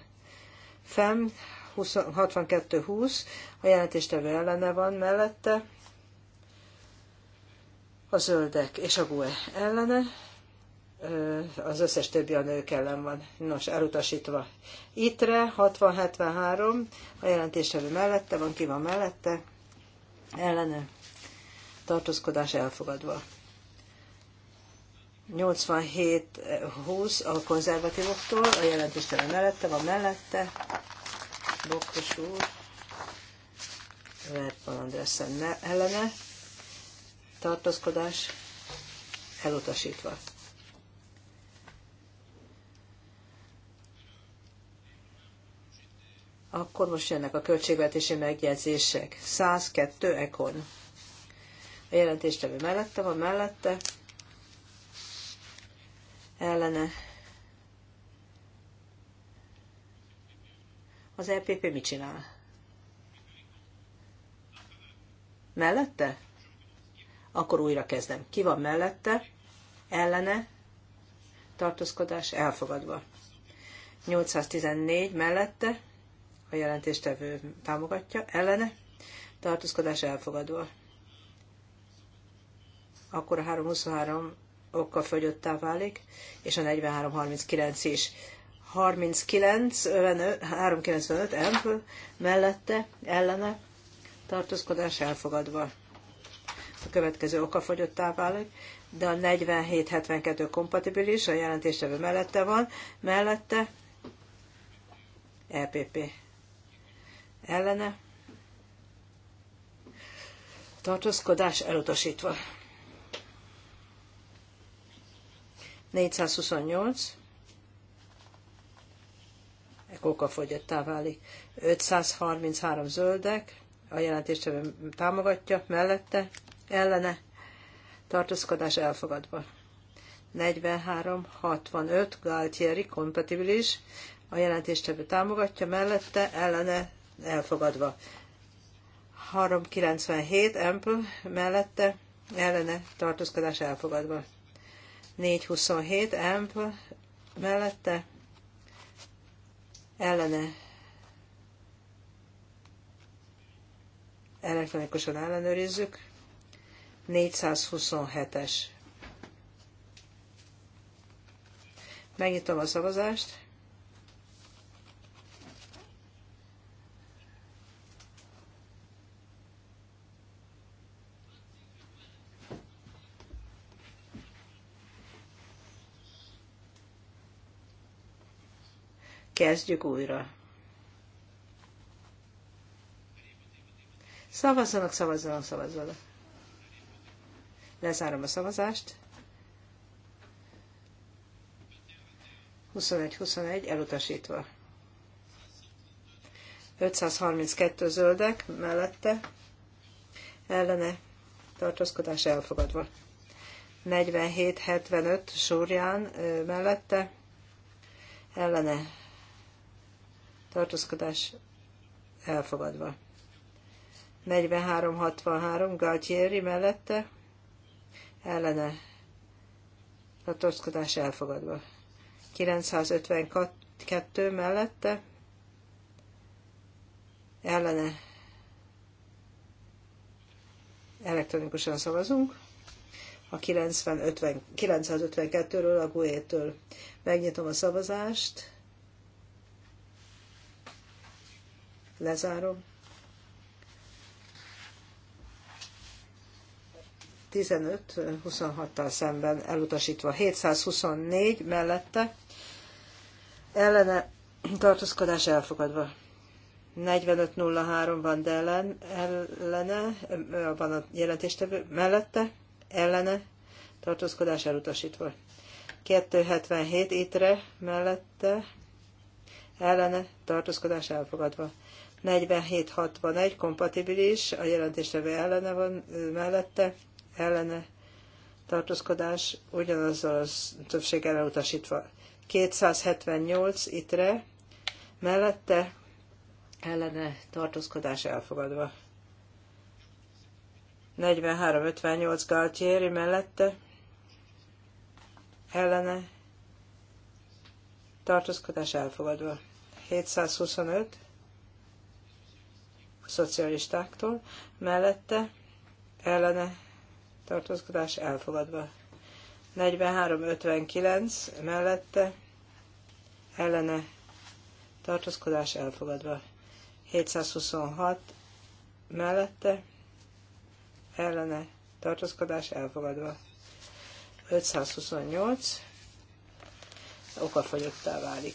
Speaker 1: FEM 62-20, a jelentéstevő ellene van mellette, a zöldek és a GUE ellene, az összes többi a nők ellen van. Nos, elutasítva. Itre 60-73, a jelentéstevő mellette van, ki van mellette, ellene, tartózkodás elfogadva. 87-20 a konzervatívoktól, a jelentéstelen mellette van mellette, Bokros úr, Verpal Andrészen ellene, tartózkodás elutasítva. Akkor most jönnek a költségvetési megjegyzések. 102 ekon. A jelentéstevő mellette van, mellette ellene. Az EPP mit csinál? Mellette? Akkor újra kezdem. Ki van mellette? Ellene? Tartózkodás elfogadva. 814 mellette a jelentéstevő támogatja, ellene tartózkodás elfogadva. Akkor a 323 okafogyotttá válik, és a 43-39 is. 39, 395 M mellette, ellene, tartózkodás elfogadva. A következő okafogyottá válik, de a 4772 kompatibilis, a jelentéstevő mellette van, mellette EPP ellene, tartózkodás elutasítva. 428, kokafogyottá válik. 533 zöldek, a jelentéstevő támogatja, mellette, ellene, tartózkodás elfogadva. 43, 65, Galtieri, kompatibilis, a jelentéstevő támogatja, mellette, ellene, elfogadva. 397, Ample, mellette, ellene, tartózkodás elfogadva. 427 amp mellette ellene elektronikusan ellenőrizzük. 427-es. Megnyitom a szavazást. kezdjük újra. Szavazzanak, szavazzanak, szavazzanak. Lezárom a szavazást. 21-21 elutasítva. 532 zöldek mellette, ellene tartózkodás elfogadva. 47-75 sorján mellette, ellene tartózkodás elfogadva. 43-63 Galtieri mellette ellene tartózkodás elfogadva. 952 mellette ellene elektronikusan szavazunk. A 90, 50, 952-ről a GUE-től megnyitom a szavazást. Lezárom. 15-26-tal szemben elutasítva. 724 mellette ellene tartózkodás elfogadva. 45.03 van de ellen, ellene, van a jelentéstevő mellette, ellene, tartózkodás elutasítva. 277 étre mellette, ellene, tartózkodás elfogadva. 4761 kompatibilis, a jelentéstevő ellene van mellette, ellene tartózkodás ugyanazzal az többség elutasítva. 278 itre, mellette ellene tartózkodás elfogadva. 4358 Galtieri mellette ellene tartózkodás elfogadva. 725 szocialistáktól, mellette ellene tartózkodás elfogadva. 43-59 mellette ellene tartózkodás elfogadva. 726 mellette ellene tartózkodás elfogadva. 528 okafogyottá válik.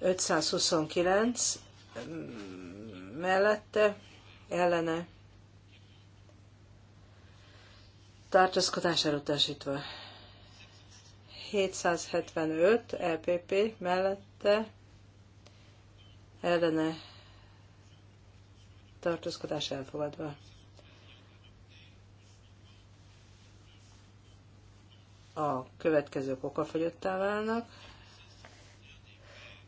Speaker 1: 529 mellette ellene tartózkodás elutasítva. 775 EPP mellette ellene tartózkodás elfogadva. A következők okafogyottá válnak.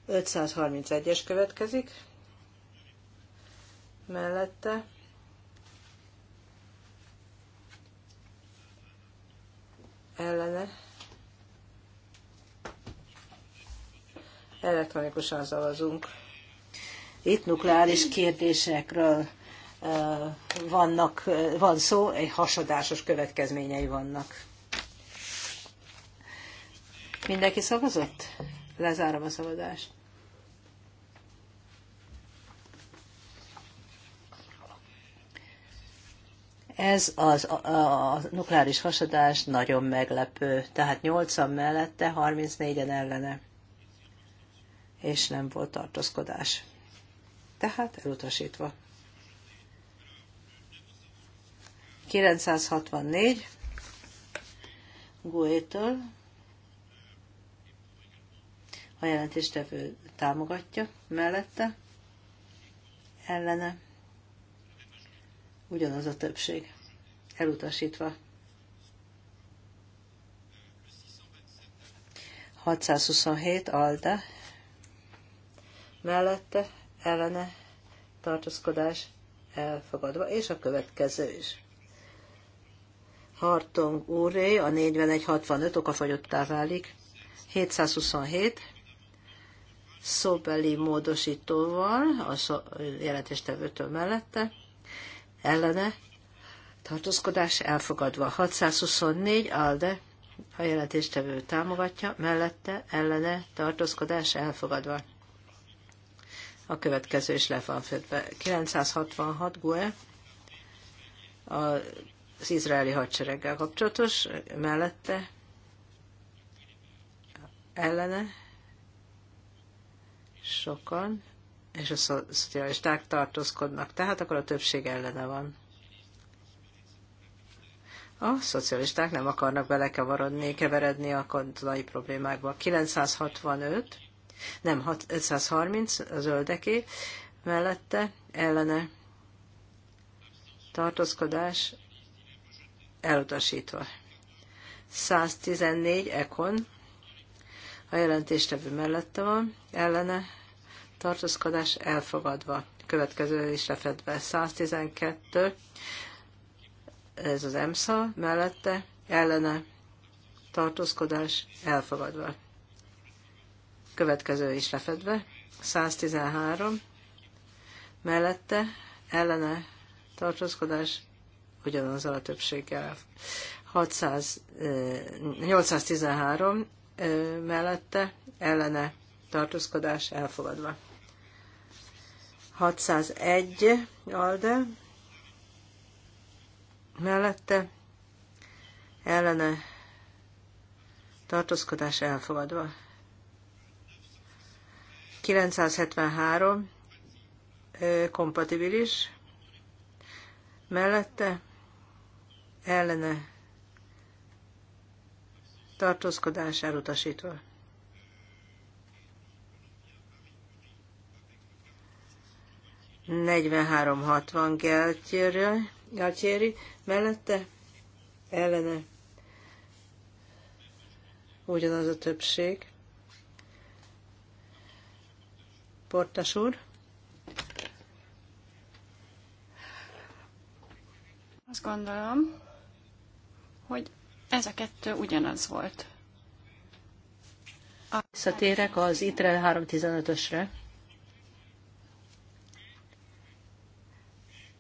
Speaker 1: 531-es következik. Mellette. Ellene. Elektronikusan szavazunk. Itt nukleáris kérdésekről vannak, van szó, egy hasadásos következményei vannak. Mindenki szavazott? Lezárom a szavazást. Ez az, a, a nukleáris hasadás nagyon meglepő, tehát 80 mellette, 34-en ellene, és nem volt tartózkodás. Tehát elutasítva. 964 Guétől a jelentéstevő támogatja mellette, ellene ugyanaz a többség elutasítva. 627 alda, mellette ellene tartózkodás elfogadva, és a következő is. Hartong úré, a 4165 okafagyottá válik, 727, szóbeli módosítóval, a jelentéstevőtől mellette, ellene, tartózkodás elfogadva. 624 ALDE a jelentéstevő támogatja, mellette ellene tartózkodás elfogadva. A következő is le van fedve. 966 GUE az izraeli hadsereggel kapcsolatos, mellette ellene sokan és a szocialisták tartózkodnak, tehát akkor a többség ellene van. A szocialisták nem akarnak belekevarodni, keveredni a katonai problémákba. 965, nem, 530, a zöldeké, mellette ellene tartózkodás elutasítva. 114 ekon, a jelentéstevő mellette van, ellene tartózkodás elfogadva. Következő is lefedve 112, ez az EMSA mellette, ellene tartózkodás elfogadva. Következő is lefedve 113, mellette, ellene tartózkodás ugyanazzal a többséggel. 600, 813 mellette ellene tartózkodás elfogadva. 601 Alde mellette ellene tartózkodás elfogadva. 973 kompatibilis mellette ellene tartózkodás elutasítva. 4360 Geltyéri, Geltyéri mellette ellene ugyanaz a többség. Portas úr. Azt
Speaker 2: gondolom, hogy ez a kettő ugyanaz volt.
Speaker 1: Visszatérek az ITRE 315-ösre.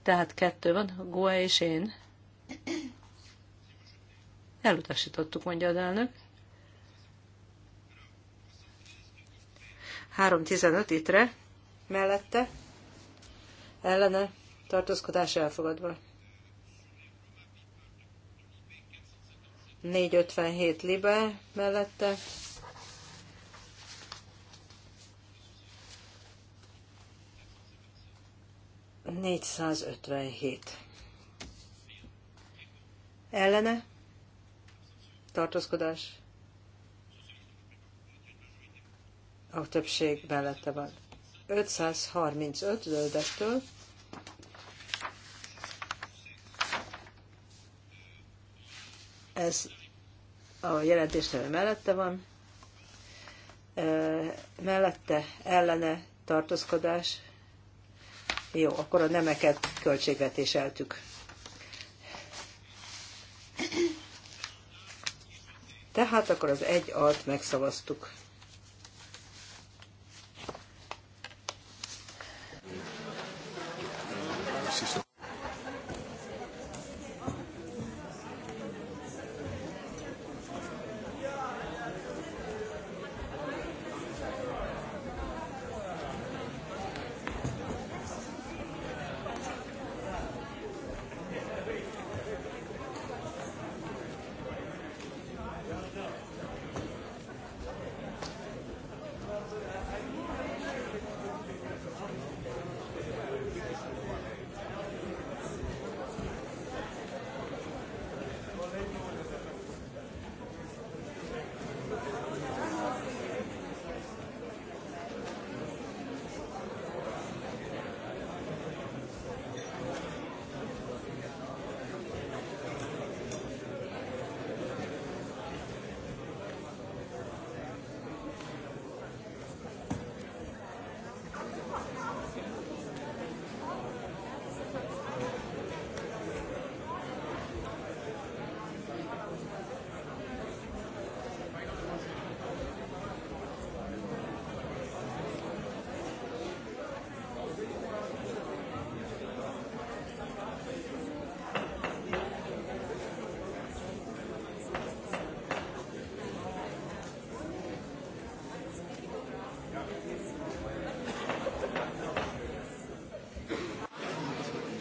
Speaker 1: Tehát kettő van, Goa és én. Elutasítottuk, mondja az elnök. 3.15 itre, mellette, ellene, tartózkodás elfogadva. 4.57 libe, mellette, 457. Ellene? Tartózkodás? A többség mellette van. 535 zöldektől. Ez a jelentéstevő mellette van. Mellette ellene tartózkodás jó, akkor a nemeket költségvetéseltük. Tehát akkor az egy alt megszavaztuk.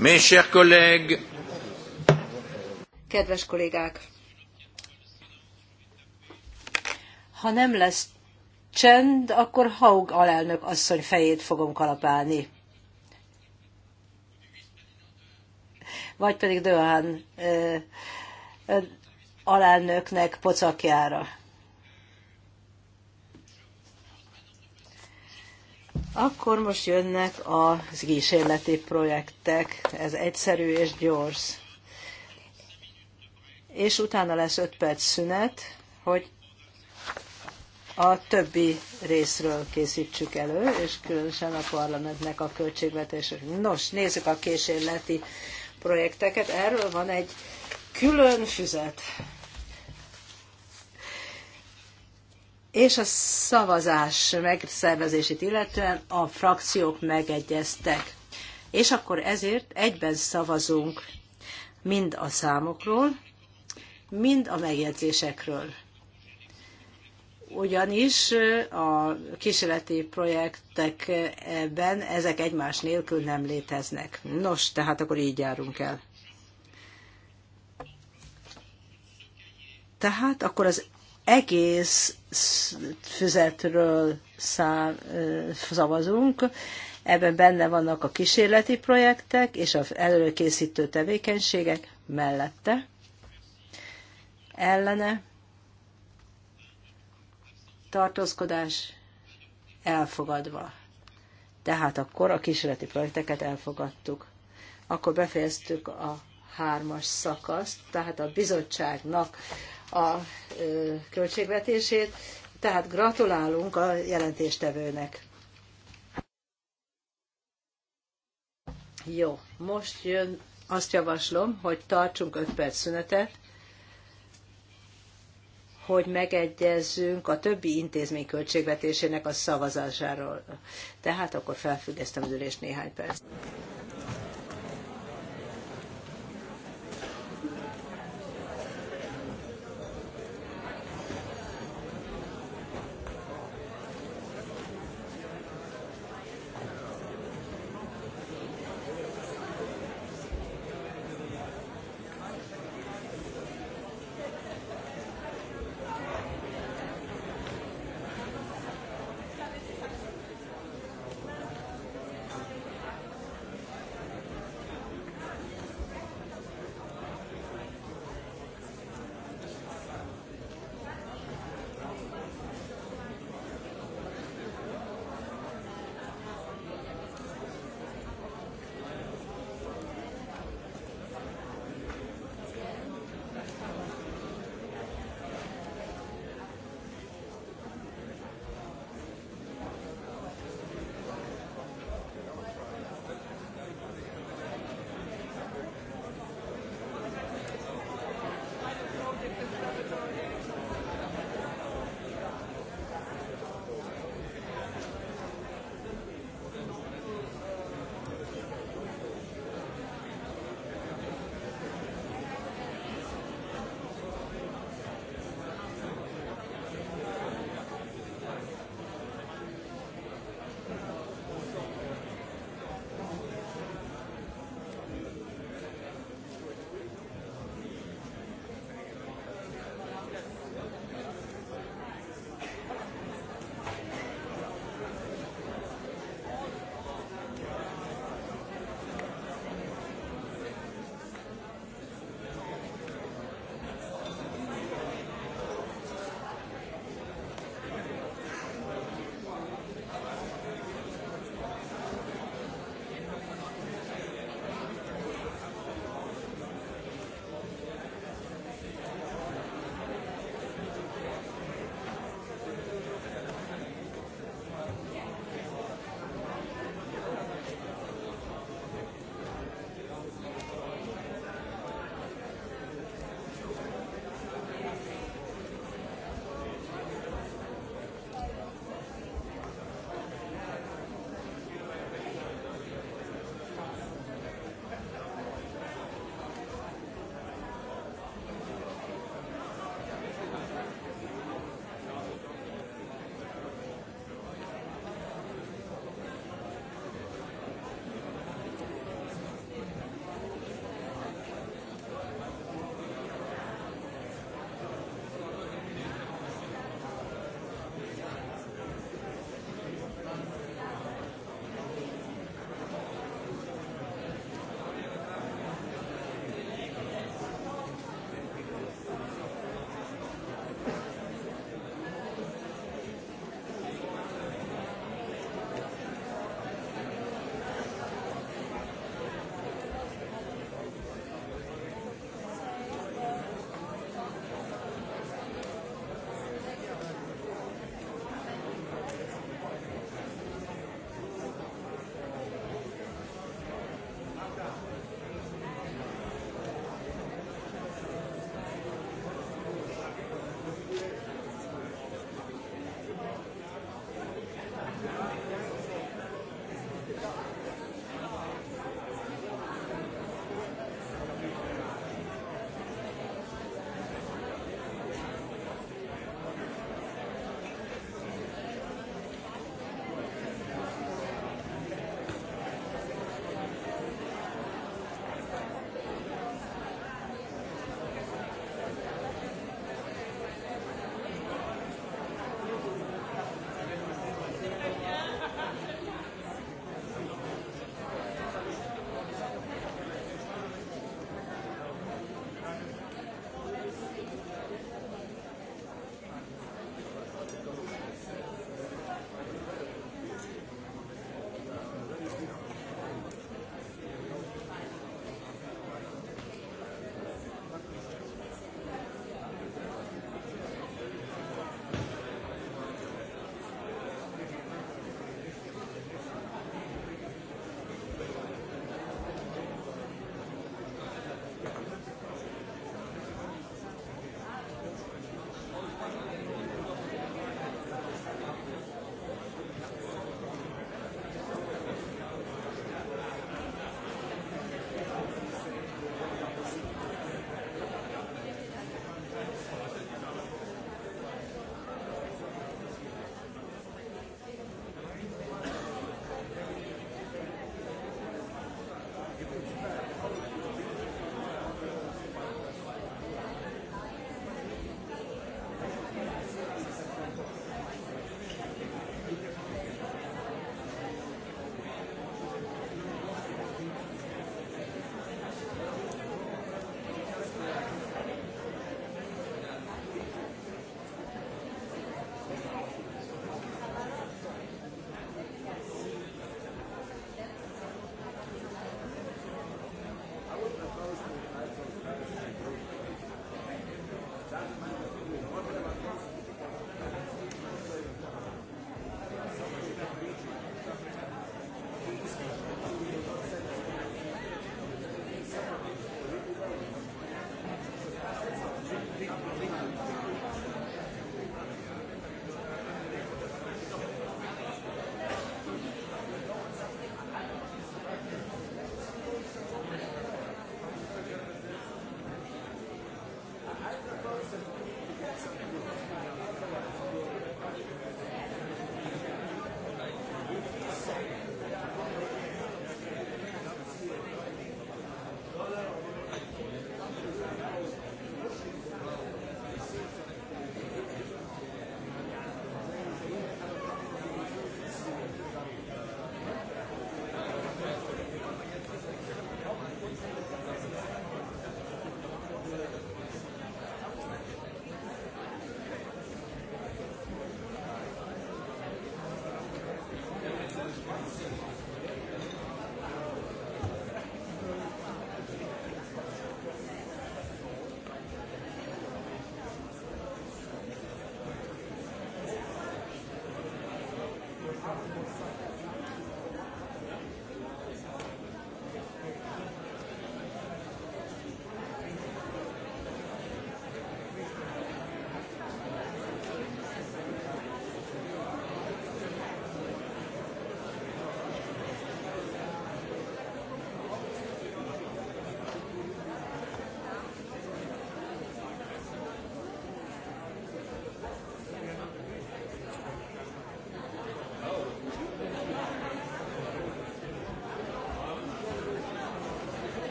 Speaker 2: Mes chers collègues.
Speaker 1: Kedves kollégák! Ha nem lesz csend, akkor Haug alelnök asszony fejét fogom kalapálni. Vagy pedig Döhán alelnöknek pocakjára. Akkor most jönnek az kísérleti projektek, ez egyszerű és gyors. És utána lesz 5 perc szünet, hogy a többi részről készítsük elő, és különösen a parlamentnek a költségvetés. Nos, nézzük a kísérleti projekteket. Erről van egy külön füzet. és a szavazás megszervezését illetően a frakciók megegyeztek. És akkor ezért egyben szavazunk mind a számokról, mind a megjegyzésekről. Ugyanis a kísérleti projektekben ezek egymás nélkül nem léteznek. Nos, tehát akkor így járunk el. Tehát akkor az egész füzetről szám, szavazunk, ebben benne vannak a kísérleti projektek és az előkészítő tevékenységek mellette, ellene, tartózkodás elfogadva. Tehát akkor a kísérleti projekteket elfogadtuk. Akkor befejeztük a hármas szakaszt, tehát a bizottságnak a költségvetését, tehát gratulálunk a jelentéstevőnek. Jó, most jön, azt javaslom, hogy tartsunk 5 perc szünetet, hogy megegyezzünk a többi intézmény költségvetésének a szavazásáról. Tehát akkor felfüggesztem az ülést néhány perc.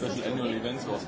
Speaker 3: special annual events was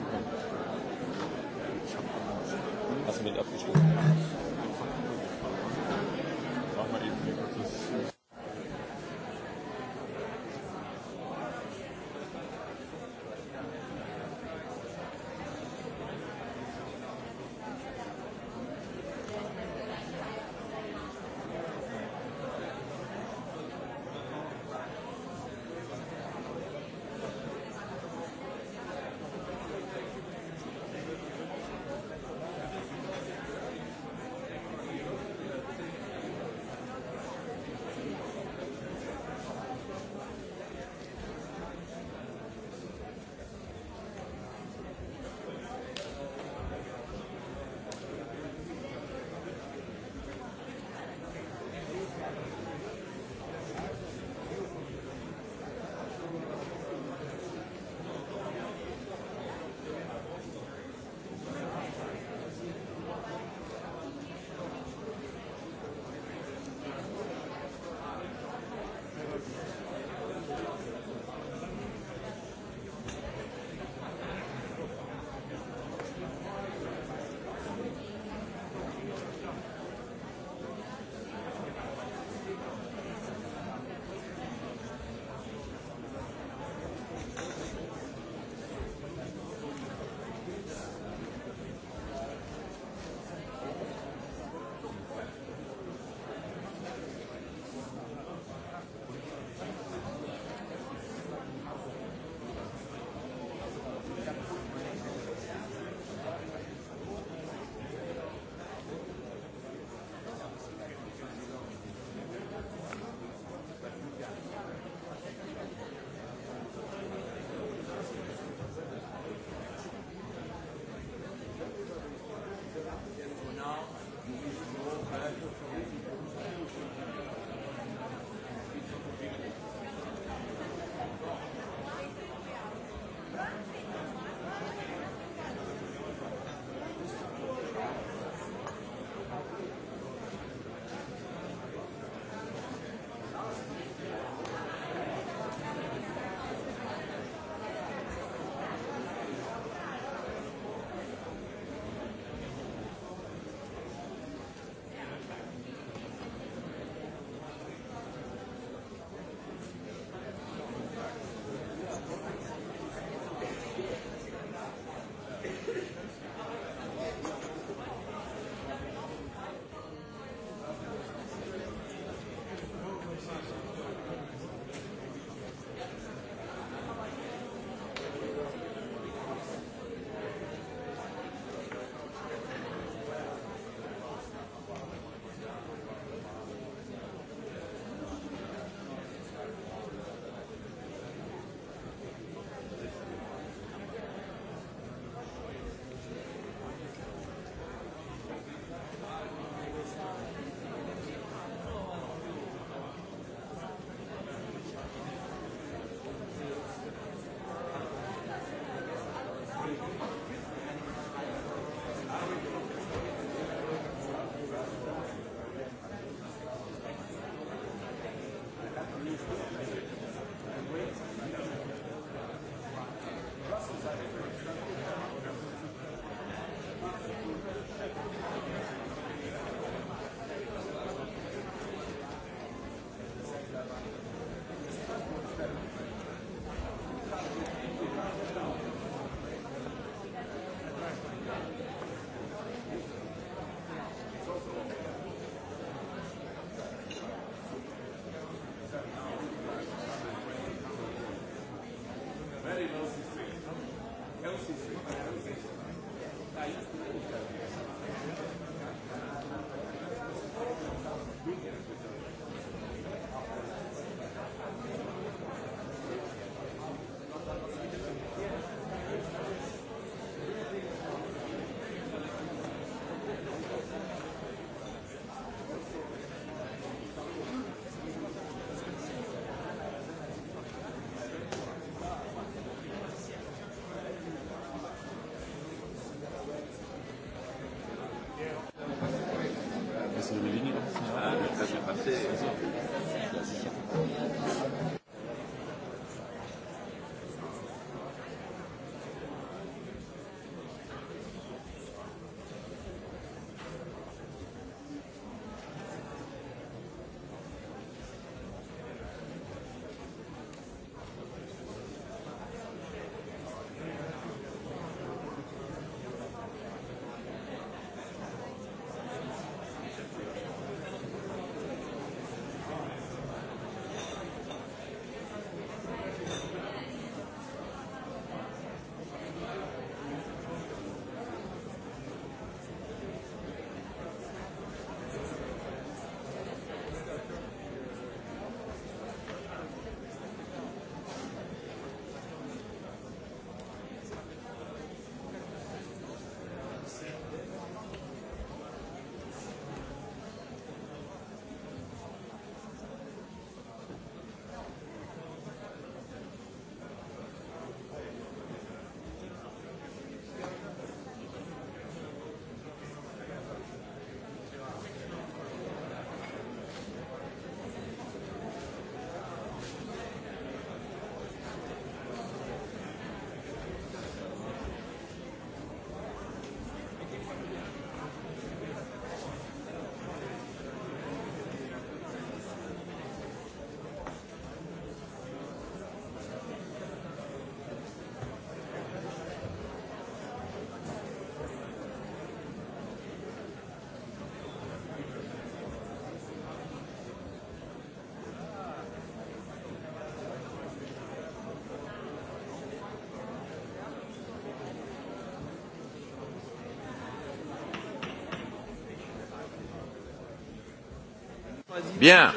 Speaker 1: Bien.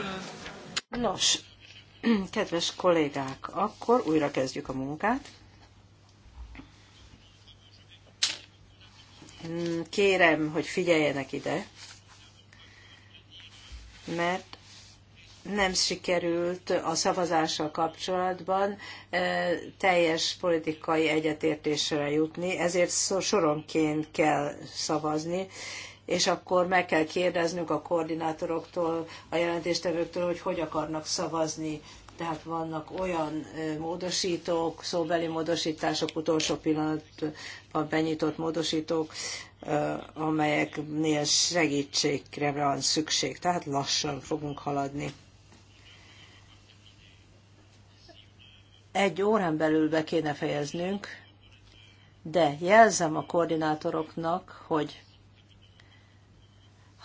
Speaker 1: Nos, (clears throat) kedves kollégák, akkor újra kezdjük a munkát. Kérem, hogy figyeljenek ide, mert nem sikerült a szavazással kapcsolatban eh, teljes politikai egyetértésre jutni, ezért soronként kell szavazni, és akkor meg kell kérdeznünk a koordinátoroktól, a jelentéstevőktől, hogy hogy akarnak szavazni. Tehát vannak olyan módosítók, szóbeli módosítások, utolsó pillanatban benyitott módosítók, amelyeknél segítségre van szükség. Tehát lassan fogunk haladni. Egy órán belül be kéne fejeznünk, de jelzem a koordinátoroknak, hogy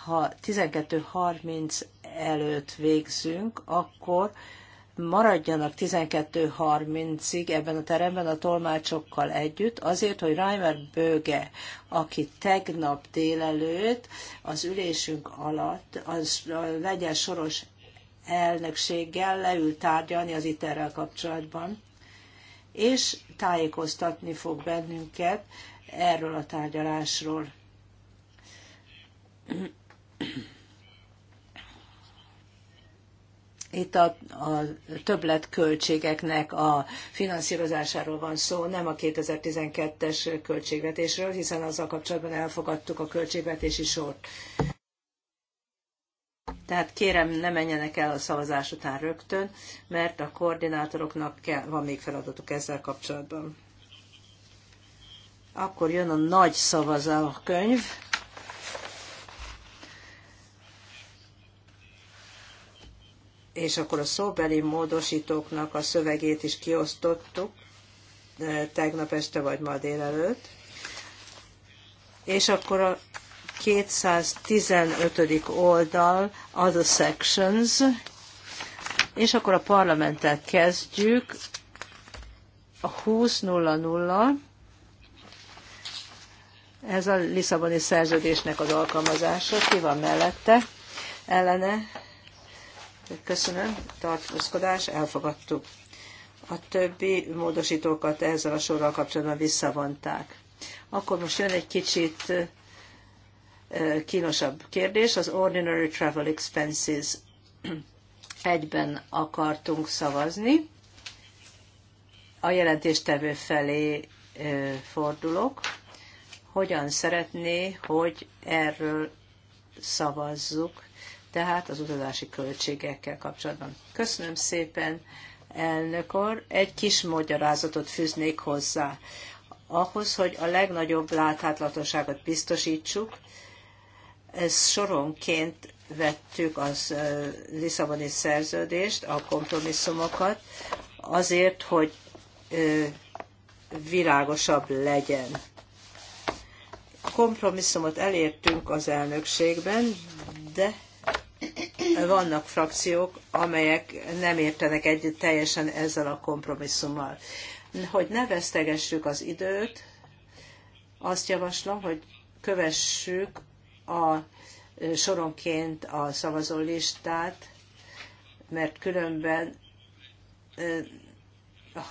Speaker 1: ha 12.30 előtt végzünk, akkor maradjanak 12.30-ig ebben a teremben a tolmácsokkal együtt, azért, hogy Reimer Böge, aki tegnap délelőtt az ülésünk alatt az legyen soros elnökséggel leül tárgyalni az iterrel kapcsolatban, és tájékoztatni fog bennünket erről a tárgyalásról. Itt a, a többletköltségeknek a finanszírozásáról van szó, nem a 2012-es költségvetésről, hiszen azzal kapcsolatban elfogadtuk a költségvetési sort. Tehát kérem, ne menjenek el a szavazás után rögtön, mert a koordinátoroknak kell, van még feladatuk ezzel kapcsolatban. Akkor jön a nagy szavazókönyv. könyv. és akkor a szóbeli módosítóknak a szövegét is kiosztottuk tegnap este vagy ma délelőtt. És akkor a 215. oldal, Other Sections, és akkor a parlamenttel kezdjük, a 20.00, ez a Lisszaboni szerződésnek az alkalmazása, ki van mellette, ellene, Köszönöm. Tartózkodás. Elfogadtuk. A többi módosítókat ezzel a sorral kapcsolatban visszavonták. Akkor most jön egy kicsit kínosabb kérdés, az Ordinary Travel Expenses. (clears throat) Egyben akartunk szavazni. A jelentéstevő felé fordulok. Hogyan szeretné, hogy erről szavazzuk? tehát az utazási költségekkel kapcsolatban. Köszönöm szépen, elnök úr. Egy kis magyarázatot fűznék hozzá. Ahhoz, hogy a legnagyobb láthatatlanságot biztosítsuk, ez soronként vettük az Lisszaboni szerződést, a kompromisszumokat, azért, hogy világosabb legyen. Kompromisszumot elértünk az elnökségben, de vannak frakciók, amelyek nem értenek egyet teljesen ezzel a kompromisszummal. Hogy ne vesztegessük az időt, azt javaslom, hogy kövessük a soronként a szavazólistát, mert különben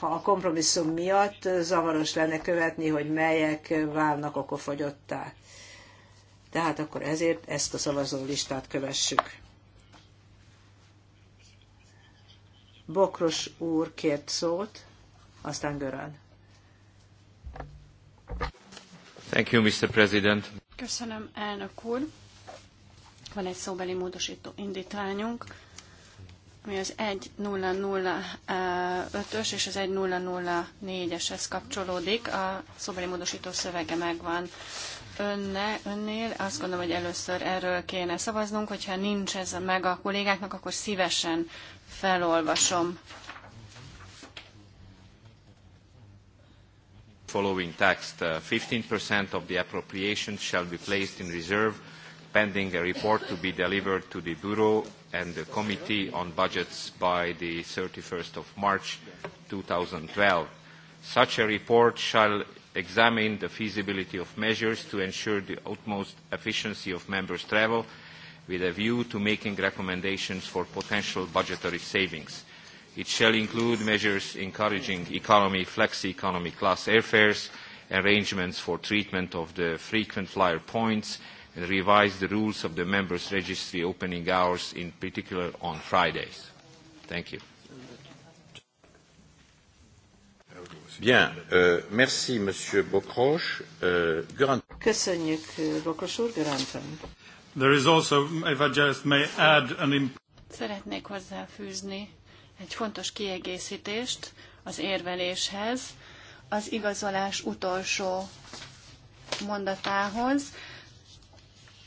Speaker 1: ha a kompromisszum miatt zavaros lenne követni, hogy melyek válnak okofogyottá. Tehát akkor ezért ezt a szavazólistát kövessük. Bokros úr kért szót, aztán Görön. Thank you, Mr. President.
Speaker 2: Köszönöm, elnök úr. Van egy szóbeli módosító indítványunk, ami az 1005-ös és az 1004-eshez kapcsolódik. A szóbeli módosító szövege megvan önne, önnél. Azt gondolom, hogy először erről kéne szavaznunk. Hogyha nincs ez meg a kollégáknak, akkor szívesen felolvasom.
Speaker 1: Following uh, text, 15% of the appropriations shall be placed in reserve pending a report to be delivered to the Bureau and the Committee on Budgets by the 31st of March 2012. Such a report shall examine the feasibility of measures to ensure the utmost efficiency of members' travel with a view to making recommendations for potential budgetary savings. It shall include measures encouraging economy, flexi-economy class airfares, arrangements for treatment of the frequent flyer points, and revise the rules of the members' registry opening hours, in particular on Fridays. Thank you. Bien, euh, merci Monsieur Bocroche. Euh, Köszönjük, úr,
Speaker 3: There is also, if I just may add an
Speaker 2: Szeretnék hozzáfűzni egy fontos kiegészítést az érveléshez, az igazolás utolsó mondatához.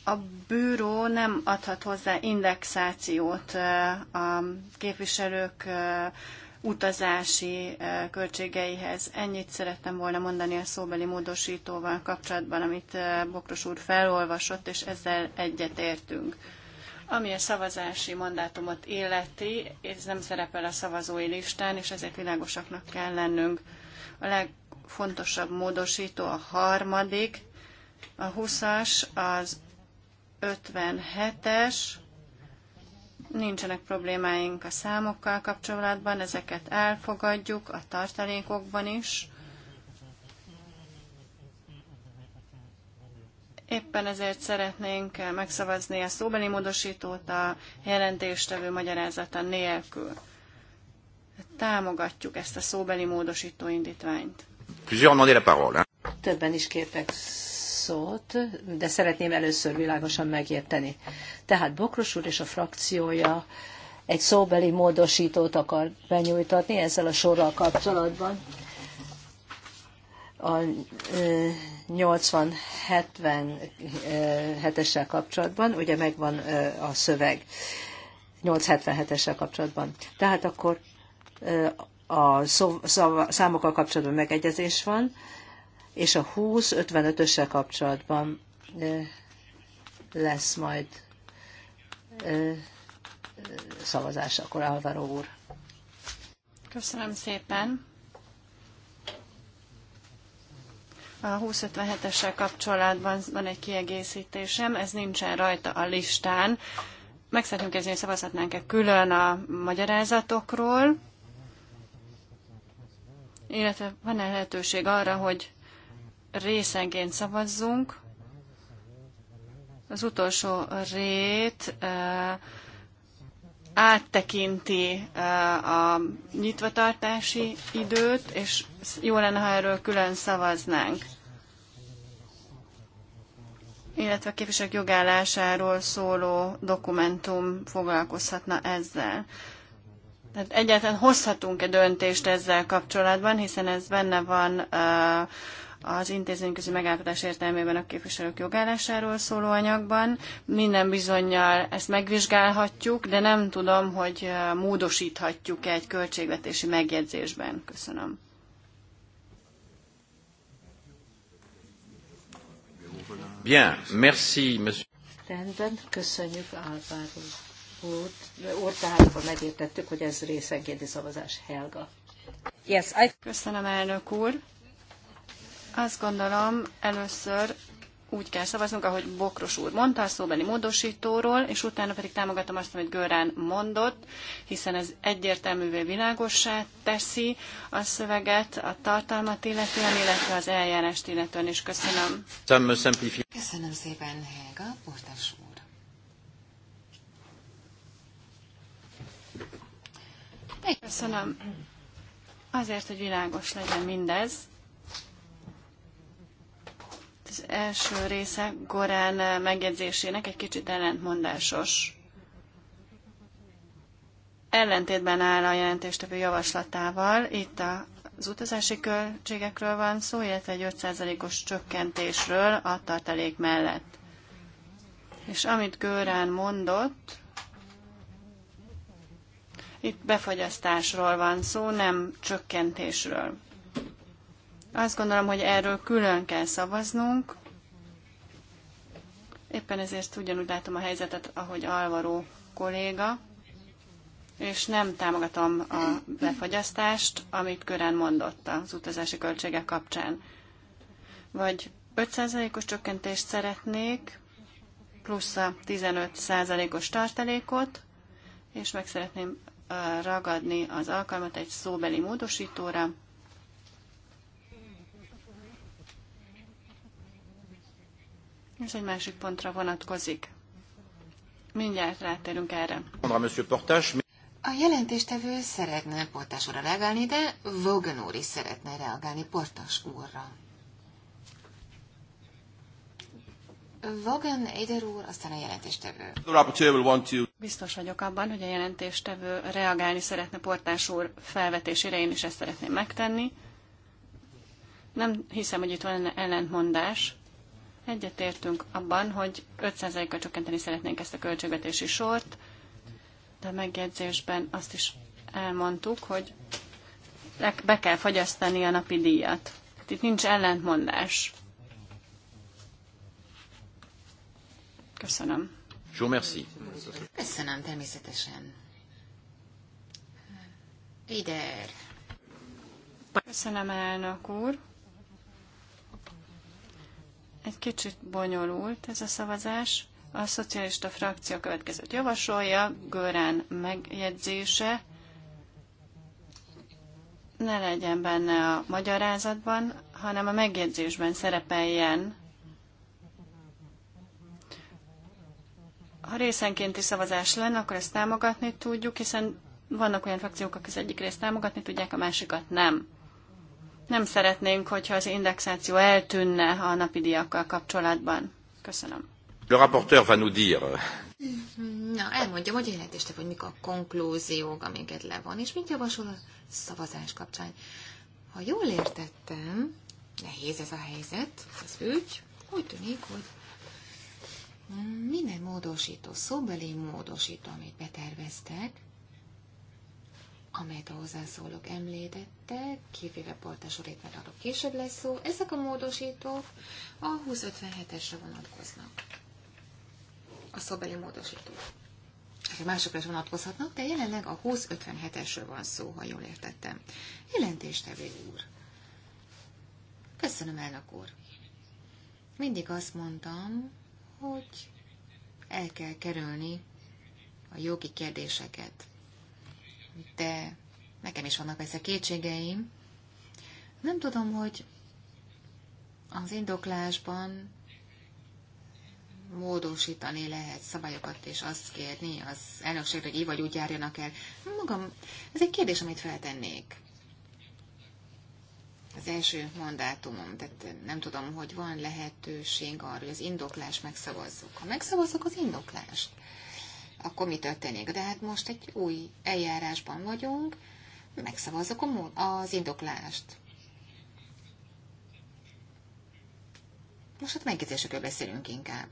Speaker 2: A bűró nem adhat hozzá indexációt eh, a képviselők eh, utazási költségeihez. Ennyit szerettem volna mondani a szóbeli módosítóval kapcsolatban, amit Bokros úr felolvasott, és ezzel egyetértünk. Ami a szavazási mandátumot illeti, ez nem szerepel a szavazói listán, és ezért világosaknak kell lennünk. A legfontosabb módosító a harmadik, a 20-as, az 57-es, Nincsenek problémáink a számokkal kapcsolatban, ezeket elfogadjuk a tartalékokban is. Éppen ezért szeretnénk megszavazni a szóbeli módosítót a jelentéstevő magyarázata nélkül. Támogatjuk ezt a
Speaker 1: szóbeli módosító indítványt. Többen is kértek szót, de szeretném először világosan megérteni. Tehát Bokros úr és a frakciója egy szóbeli módosítót akar benyújtatni ezzel a sorral kapcsolatban. A 877 essel kapcsolatban, ugye megvan a szöveg 877-essel kapcsolatban. Tehát akkor a számokkal kapcsolatban megegyezés van, és a 20-55-össel kapcsolatban lesz majd szavazás akkor Álvaro úr.
Speaker 2: Köszönöm szépen. A 2057-essel kapcsolatban van egy kiegészítésem, ez nincsen rajta a listán. Meg szeretném kezdeni, hogy szavazhatnánk-e külön a magyarázatokról, illetve van-e lehetőség arra, hogy részenként szavazzunk. Az utolsó rét áttekinti a nyitvatartási időt, és jó lenne, ha erről külön szavaznánk. Illetve a képviselők jogállásáról szóló dokumentum foglalkozhatna ezzel. Tehát egyáltalán hozhatunk-e döntést ezzel kapcsolatban, hiszen ez benne van az intézményközi megállapodás értelmében a képviselők jogállásáról szóló anyagban. Minden bizonyal ezt megvizsgálhatjuk, de nem tudom, hogy módosíthatjuk -e egy költségvetési megjegyzésben. Köszönöm. Bien, merci, monsieur.
Speaker 1: Rendben, köszönjük Álvaro úr. Úr, tehát megértettük, hogy ez részenkénti szavazás. Helga.
Speaker 2: Yes, I... Köszönöm, elnök úr. Azt gondolom, először úgy kell szavaznunk, ahogy Bokros úr mondta, a szóbeli módosítóról, és utána pedig támogatom azt, amit Görán mondott, hiszen ez egyértelművé világossá teszi a szöveget, a tartalmat illetően, illetve az eljárást illetően is. Köszönöm.
Speaker 3: Köszönöm szépen, Helga Portas úr. Köszönöm. Azért,
Speaker 2: hogy világos legyen mindez, az első része Gorán megjegyzésének egy kicsit ellentmondásos. Ellentétben áll a jelentéstevő javaslatával. Itt az utazási költségekről van szó, illetve egy 5%-os csökkentésről a tartalék mellett. És amit Gőrán mondott, itt befagyasztásról van szó, nem csökkentésről. Azt gondolom, hogy erről külön kell szavaznunk. Éppen ezért ugyanúgy látom a helyzetet, ahogy Alvaró kolléga, és nem támogatom a lefagyasztást, amit Körán mondott az utazási költsége kapcsán. Vagy 5%-os csökkentést szeretnék, plusz a 15%-os tartalékot, és meg szeretném ragadni az alkalmat egy szóbeli módosítóra, Ez egy másik pontra vonatkozik. Mindjárt rátérünk erre.
Speaker 3: A jelentéstevő szeretne Portás úrra reagálni, de Vogan úr is szeretne reagálni Portás úrra. Vogan, Eider úr, aztán a jelentéstevő. Biztos
Speaker 2: vagyok abban, hogy a jelentéstevő reagálni szeretne Portás úr felvetésére, én is ezt szeretném megtenni. Nem hiszem, hogy itt van ellentmondás. Egyetértünk abban, hogy 5%-kal csökkenteni szeretnénk ezt a költségvetési sort, de a megjegyzésben azt is elmondtuk, hogy be kell fagyasztani a napi díjat. Hát itt nincs ellentmondás. Köszönöm. Jó, merci.
Speaker 3: Köszönöm természetesen. Ider.
Speaker 2: Köszönöm, elnök úr. Egy kicsit bonyolult ez a szavazás. A szocialista frakció következőt javasolja, Görán megjegyzése ne legyen benne a magyarázatban, hanem a megjegyzésben szerepeljen. Ha részenkénti szavazás lenne, akkor ezt támogatni tudjuk, hiszen vannak olyan frakciók, akik az egyik részt támogatni tudják, a másikat nem. Nem szeretnénk, hogyha az indexáció eltűnne a napi díjakkal
Speaker 3: kapcsolatban. Köszönöm.
Speaker 1: Le rapporteur va nous dire.
Speaker 3: Na, elmondja, hogy jelentéstebb, hogy mik a konklúziók, amiket levon, és mit javasol a szavazás kapcsán. Ha jól értettem, nehéz ez a helyzet, az ügy, úgy tűnik, hogy minden módosító, szóbeli módosító, amit beterveztek, amelyet a hozzászólók említette, kivéve Portás mert arról később lesz szó, ezek a módosítók a 2057-esre vonatkoznak. A szobeli módosítók. A másokra is vonatkozhatnak, de jelenleg a 2057-esről van szó, ha jól értettem. Jelentéstevő úr. Köszönöm, elnök úr. Mindig azt mondtam, hogy el kell kerülni a jogi kérdéseket de nekem is vannak persze kétségeim. Nem tudom, hogy az indoklásban módosítani lehet szabályokat, és azt kérni az elnökségre, hogy így vagy úgy járjanak el. Magam, ez egy kérdés, amit feltennék. Az első mandátumom, tehát nem tudom, hogy van lehetőség arra, hogy az indoklás megszavazzuk. Ha megszavazzuk az indoklást, akkor mi történik? De hát most egy új eljárásban vagyunk, megszavazzuk a az indoklást. Most hát megjegyzésekről beszélünk inkább.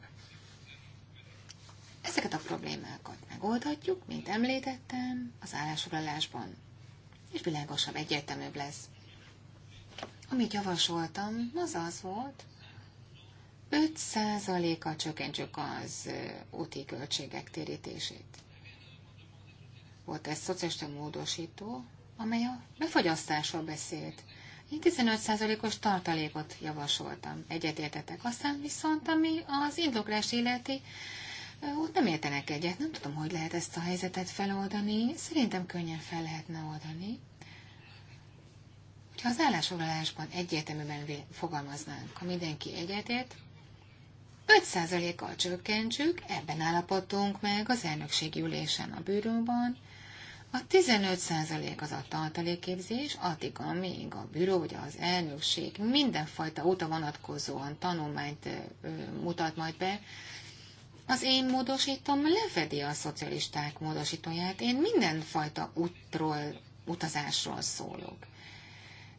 Speaker 3: Ezeket a problémákat megoldhatjuk, mint említettem, az állásfoglalásban, és világosabb, egyértelműbb lesz. Amit javasoltam, az az volt, 5%-kal csökkentsük az úti költségek térítését. Volt ez szociálista módosító, amely a befogyasztásról beszélt. Én 15%-os tartalékot javasoltam, egyetértetek. Aztán viszont, ami az indoklás illeti, ott nem értenek egyet. Nem tudom, hogy lehet ezt a helyzetet feloldani. Szerintem könnyen fel lehetne oldani. Hogyha az állásfoglalásban egyértelműen fogalmaznánk, ha mindenki egyetért, 5%-kal csökkentsük, ebben állapodtunk meg az elnökségi ülésen a bűróban. A 15% az a tartalékképzés, addig, amíg a bűró vagy az elnökség mindenfajta óta vonatkozóan tanulmányt mutat majd be, az én módosítom lefedi a szocialisták módosítóját. Én mindenfajta útról, utazásról szólok.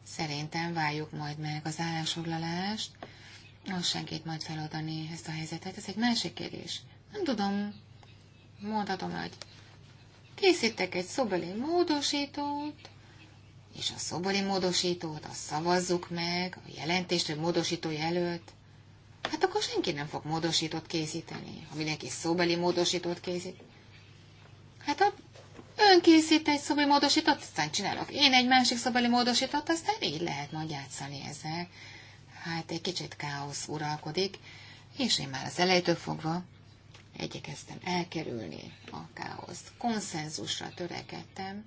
Speaker 3: Szerintem váljuk majd meg az állásfoglalást, az segít majd feloldani ezt a helyzetet. Ez egy másik kérdés. Nem tudom, mondhatom, hogy készítek egy szobeli módosítót, és a szobeli módosítót azt szavazzuk meg, a jelentést, hogy módosító jelölt, hát akkor senki nem fog módosítót készíteni, ha mindenki szobeli módosítót készít. Hát a ön készít egy szobeli módosítót, aztán csinálok én egy másik szobeli módosítót, aztán így lehet majd játszani ezzel hát egy kicsit káosz uralkodik, és én már az elejétől fogva egyekeztem elkerülni a káoszt. Konszenzusra törekedtem,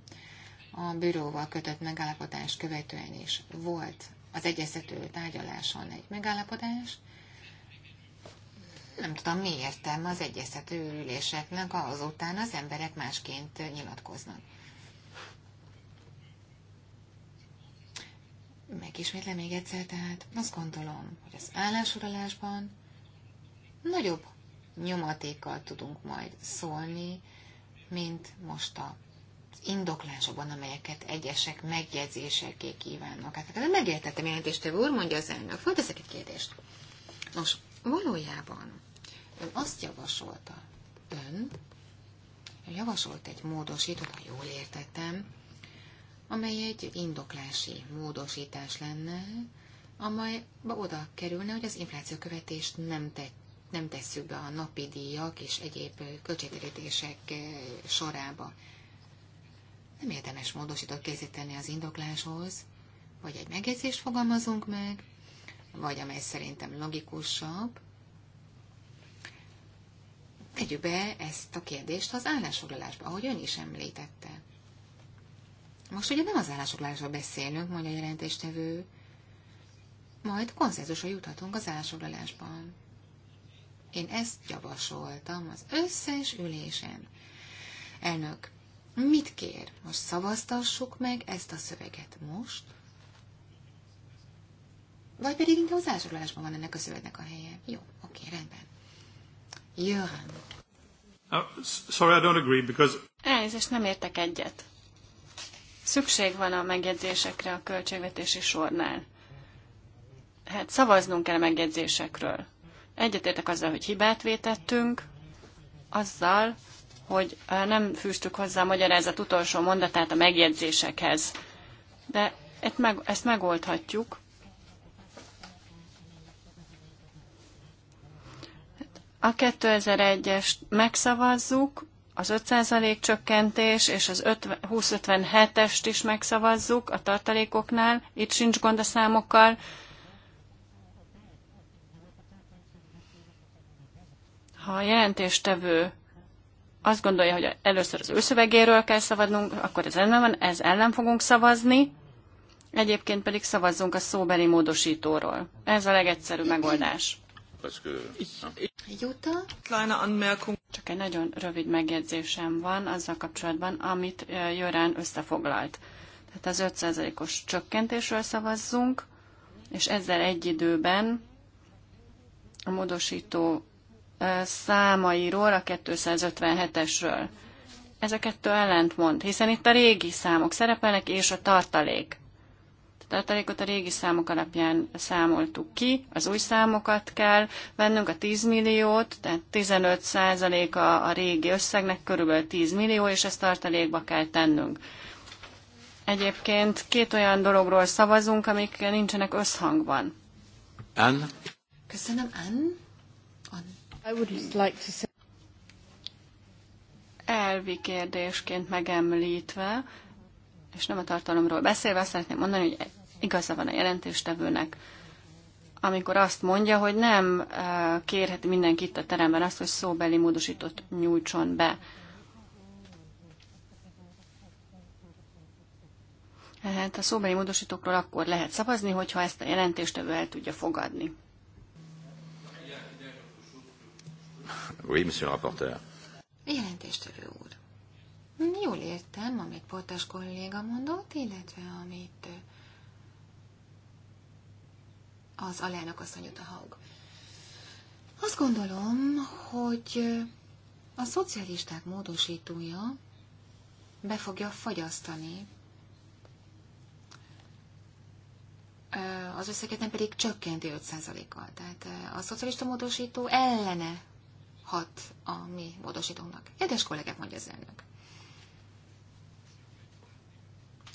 Speaker 3: a bíróval kötött megállapodás követően is volt az egyeztető tárgyaláson egy megállapodás. Nem tudom, mi értem az egyeztető üléseknek, azután az emberek másként nyilatkoznak. Megismétlem még egyszer, tehát azt gondolom, hogy az állásuralásban nagyobb nyomatékkal tudunk majd szólni, mint most a indoklásokban, amelyeket egyesek megjegyzésekké kívánnak. Hát de hát, megértettem te úr, mondja az elnök. Fölteszek egy kérdést. Nos, valójában ön azt javasolta, ön javasolt egy módosítót, ha jól értettem, amely egy indoklási módosítás lenne, amely oda kerülne, hogy az infláció követést nem, te, nem tesszük be a napi díjak és egyéb költségterítések eh, sorába. Nem érdemes módosítót készíteni az indokláshoz, vagy egy megjegyzést fogalmazunk meg, vagy amely szerintem logikusabb, tegyük be ezt a kérdést az állásfoglalásba, ahogy ön is említette. Most ugye nem az állásfoglalásról beszélünk, mondja a jelentéstevő, majd konszenzusra juthatunk az állásfoglalásban. Én ezt javasoltam az összes ülésen. Elnök, mit kér? Most szavaztassuk meg ezt a szöveget most? Vagy pedig inkább az állásfoglalásban van ennek a szövegnek a helye. Jó, oké, rendben. Jön. Uh, sorry, I don't agree, because...
Speaker 2: Elnézést, nem értek egyet. Szükség van a megjegyzésekre a költségvetési sornál. Hát szavaznunk kell a megjegyzésekről. Egyetértek azzal, hogy hibát vétettünk, azzal, hogy eh, nem fűztük hozzá a magyarázat utolsó mondatát a megjegyzésekhez. De ezt, meg, ezt megoldhatjuk. Hát a 2001-est megszavazzuk, az 5% csökkentés és az 20-57-est is megszavazzuk a tartalékoknál, itt sincs gond a számokkal. Ha a jelentéstevő azt gondolja, hogy először az ő szövegéről kell szavaznunk, akkor ez ellen van, ez ellen fogunk szavazni, egyébként pedig szavazzunk a szóbeli módosítóról. Ez a legegyszerűbb megoldás. Juta? Kleine Anmerkung. Csak egy nagyon rövid megjegyzésem van azzal kapcsolatban, amit Jörán összefoglalt. Tehát az 5%-os csökkentésről szavazzunk, és ezzel egy időben a módosító számairól, a 257-esről. Ez a kettő ellentmond, hiszen itt a régi számok szerepelnek, és a tartalék tartalékot a régi számok alapján számoltuk ki, az új számokat kell vennünk, a 10 milliót, tehát 15 százaléka a régi összegnek, körülbelül 10 millió, és ezt tartalékba kell tennünk. Egyébként két olyan dologról szavazunk, amik nincsenek összhangban. Ann? Köszönöm, Ann. I would like to say... Elvi kérdésként megemlítve, és nem a tartalomról beszélve, azt szeretném mondani, hogy Igaza van a jelentéstevőnek, amikor azt mondja, hogy nem eh, kérhet mindenki itt a teremben azt, hogy szóbeli módosított nyújtson be. Hát a szóbeli módosítókról akkor lehet szavazni, hogyha ezt a jelentéstevő el tudja fogadni.
Speaker 1: Oui, monsieur le rapporteur.
Speaker 3: Jelentéstevő úr. Jól értem, amit Portas kolléga mondott, illetve amit eh, az alelnök asszonyot a haug. Azt gondolom, hogy a szocialisták módosítója be fogja fagyasztani az összeget nem pedig csökkenti 5%-kal. Tehát a szocialista módosító ellene hat a mi módosítónak. Kedves kollégák, mondja az elnök.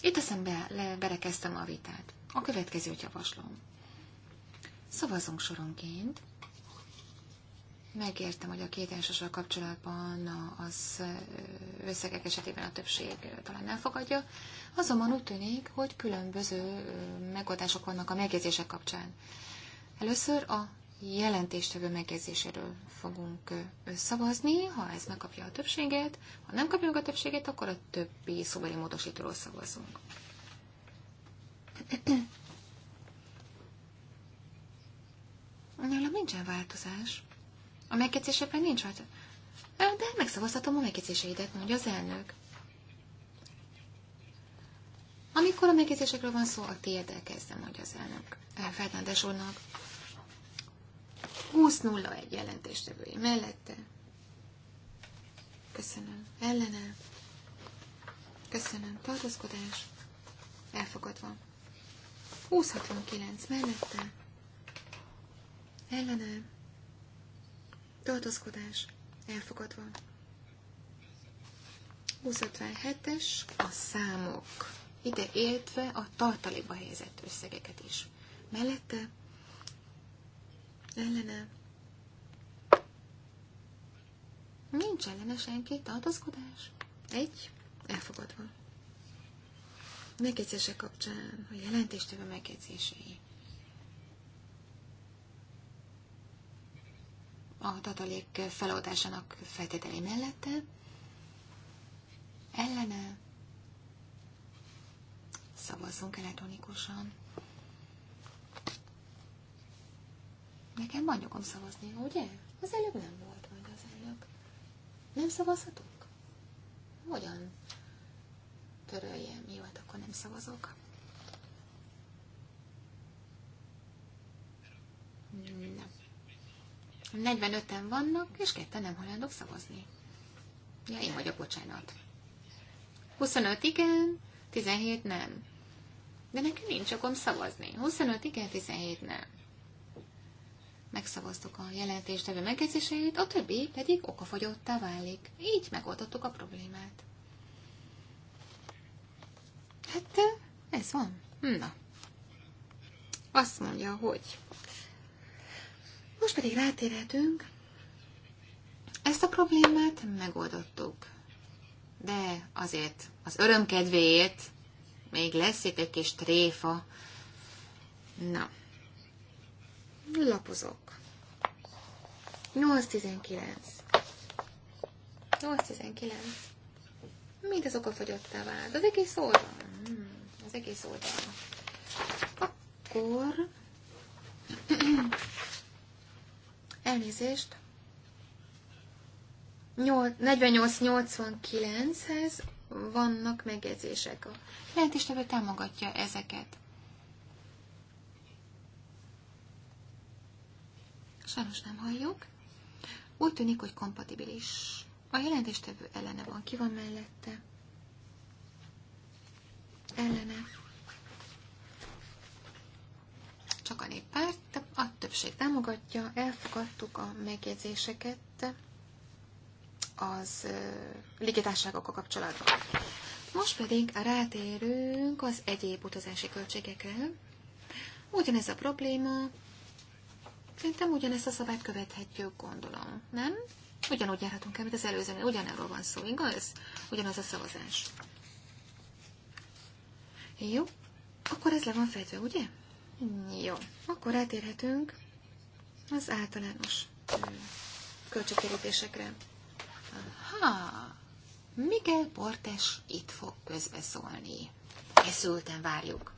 Speaker 3: Itt eszembe le, berekeztem a vitát. A következőt javaslom. Szavazunk soronként. Megértem, hogy a két elsősorral kapcsolatban az összegek esetében a többség talán elfogadja, azonban úgy tűnik, hogy különböző megoldások vannak a megjegyzések kapcsán. Először a jelentéstevő megjegyzéséről fogunk szavazni, ha ez megkapja a többséget, ha nem kapjuk a többséget, akkor a többi szóbeli módosítóról szavazunk. Nálam nincsen változás. A megjegyzésekben nincs változás. De megszavazhatom a megjegyzéseidet, mondja az elnök. Amikor a megjegyzésekről van szó, a tiéddel kezdem, mondja az elnök. Fernández úrnak. 20-01 jelentéstevői mellette. Köszönöm. Ellene. Köszönöm. Tartózkodás. Elfogadva. 20-69 mellette ellene tartozkodás, elfogadva. 257 es a számok, ide éltve a tartalékba helyezett összegeket is. Mellette ellene nincs ellene senki, tartozkodás. Egy, elfogadva. Megjegyzése kapcsán a jelentéstevő megjegyzései. a tartalék feloldásának feltételei mellette, ellene szavazzunk elektronikusan. Nekem van jogom szavazni, ugye? Az előbb nem volt, vagy az előbb. Nem szavazhatunk? Hogyan töröljem? Jó, hát akkor nem szavazok. Nem. 45-en vannak, és ketten nem hajlandók szavazni. Ja, én vagyok, bocsánat. 25 igen, 17 nem. De nekem nincs okom szavazni. 25 igen, 17 nem. Megszavaztuk a jelentéstevő megjegyzéseit, a többi pedig okafogyottá válik. Így megoldottuk a problémát. Hát ez van. Na. Azt mondja, hogy most pedig rátérhetünk, ezt a problémát megoldottuk. De azért az öröm kedvéért még lesz itt egy kis tréfa. Na, lapozok. 8-19. 8-19. Mint az okafogyottá vált? Az egész oldal. Hmm, az egész oldal. Akkor Elnézést. 48-89-hez vannak megjegyzések. A jelentéstevő támogatja ezeket. Sajnos nem halljuk. Úgy tűnik, hogy kompatibilis. A jelentéstevő ellene van. Ki van mellette? Ellene csak a néppárt, a többség támogatja, elfogadtuk a megjegyzéseket az légitárságokkal kapcsolatban. Most pedig rátérünk az egyéb utazási költségekre. Ugyanez a probléma, szerintem ugyanezt a szabályt követhetjük, gondolom, nem? Ugyanúgy járhatunk el, mint az előzőnél, ugyanerről van szó, igaz? Ugyanaz a szavazás. Jó, akkor ez le van fedve, ugye? Jó, akkor átérhetünk az általános költségkerítésekre. Aha, Miguel Portes itt fog közbeszólni. Készülten várjuk.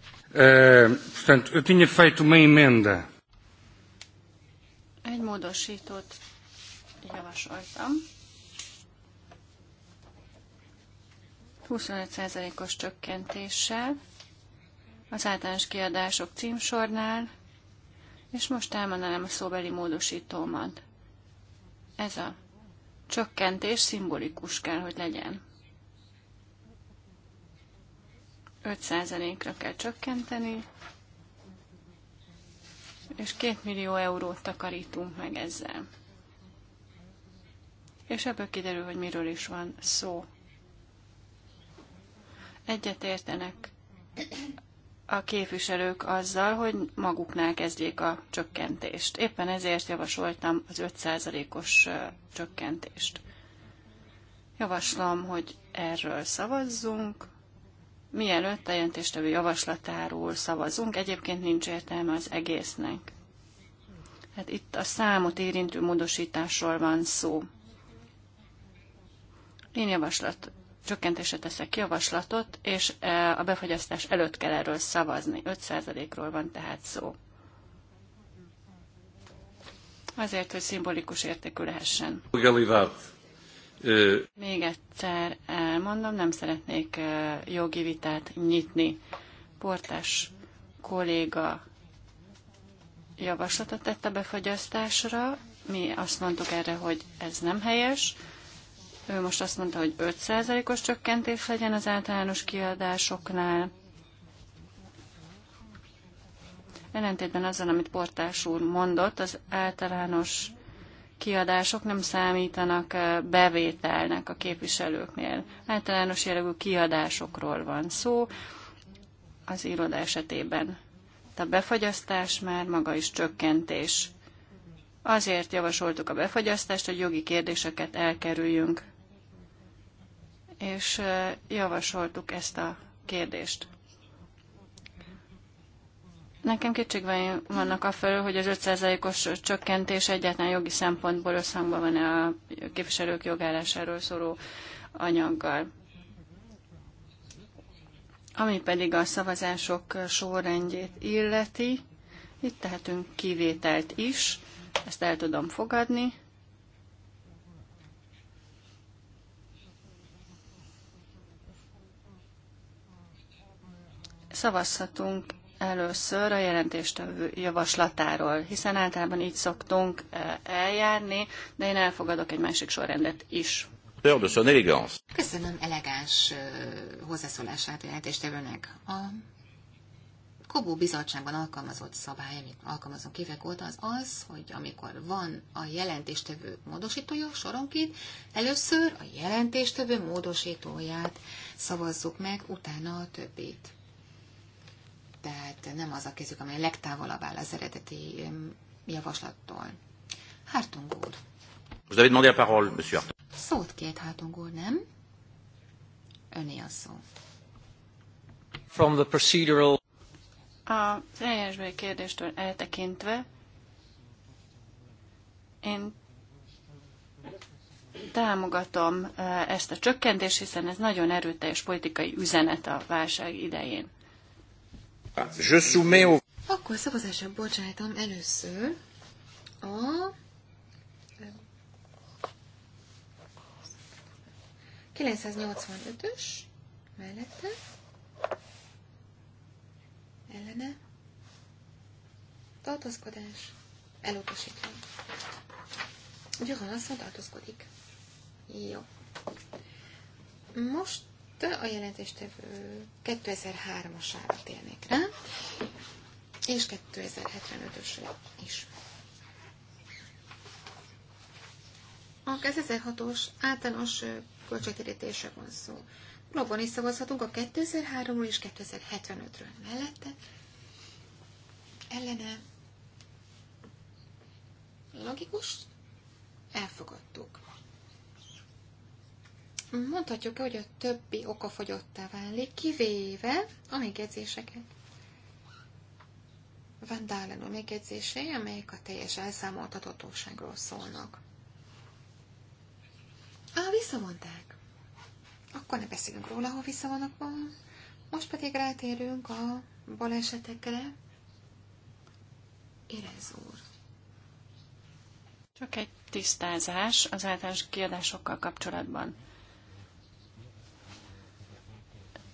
Speaker 3: Egy módosítót
Speaker 2: javasoltam. 25%-os csökkentéssel az általános kiadások címsornál, és most elmondanám a szóbeli módosítómat. Ez a csökkentés szimbolikus kell, hogy legyen. 5%-ra kell csökkenteni, és 2 millió eurót takarítunk meg ezzel. És ebből kiderül, hogy miről is van szó. Egyet értenek a képviselők azzal, hogy maguknál kezdjék a csökkentést. Éppen ezért javasoltam az 5%-os csökkentést. Javaslom, hogy erről szavazzunk, mielőtt a jelentéstevő javaslatáról szavazunk, egyébként nincs értelme az egésznek. Hát itt a számot érintő módosításról van szó. Én javaslat, csökkentésre teszek javaslatot, és e, a befogyasztás előtt kell erről szavazni. 5%-ról van tehát szó. Azért, hogy szimbolikus értékű lehessen. Még egyszer elmondom, nem szeretnék e, jogi vitát nyitni. Portás kolléga javaslatot tett a befogyasztásra. Mi azt mondtuk erre, hogy ez nem helyes. Ő most azt mondta, hogy 5%-os csökkentés legyen az általános kiadásoknál. Ellentétben azzal, amit Portás úr mondott, az általános kiadások nem számítanak eh, bevételnek a képviselőknél. Általános jellegű kiadásokról van szó az iroda esetében. A befagyasztás már maga is csökkentés. Azért javasoltuk a befagyasztást, hogy jogi kérdéseket elkerüljünk és javasoltuk ezt a kérdést. Nekem kétségben vannak afelől, hogy az 5%-os csökkentés egyáltalán jogi szempontból összhangban van -e a képviselők jogállásáról szóló anyaggal. Ami pedig a szavazások sorrendjét illeti, itt tehetünk kivételt is, ezt el tudom fogadni, szavazhatunk először a jelentéstevő javaslatáról, hiszen általában így szoktunk eh, eljárni, de én elfogadok egy másik sorrendet is. Köszönöm
Speaker 3: elegáns eh, hozzászólását a jelentéstevőnek. A Kobó bizottságban alkalmazott szabály, amit alkalmazunk évek óta, az az, hogy amikor van a jelentéstevő módosítója soronként, először a jelentéstevő módosítóját szavazzuk meg, utána a többit tehát nem az a kezük, amely legtávolabb áll az eredeti javaslattól. Hartung
Speaker 1: úr. Vous avez demandé la parole, monsieur Hartung.
Speaker 3: Szót kért Hartung úr, nem? Öné a szó.
Speaker 1: From the procedural...
Speaker 2: A teljesbé kérdéstől eltekintve, én támogatom eh, ezt a csökkentést, hiszen ez nagyon erőteljes politikai üzenet a válság idején. Je soumets
Speaker 3: au... Akkor szavazásra bocsájtom először a 985-ös mellette ellene tartózkodás elutasítva. Gyakran azt tartózkodik. Jó. Most a jelentéstevő 2003-asára térnék rá, és 2075-ösre is. A 2006-os általános költségtérítésre van szó. Blogban is szavazhatunk a 2003-ról és 2075-ről mellette. Ellene logikus, elfogadtuk mondhatjuk hogy a többi okafogyottá válik, kivéve a megjegyzéseket. Van Dálenú megjegyzései, amelyek a teljes elszámoltatatóságról szólnak. Á, visszavonták. Akkor ne beszéljünk róla, ha visszavonnak van. Most pedig rátérünk a balesetekre. Érez úr. Csak
Speaker 2: egy tisztázás az általános kiadásokkal kapcsolatban.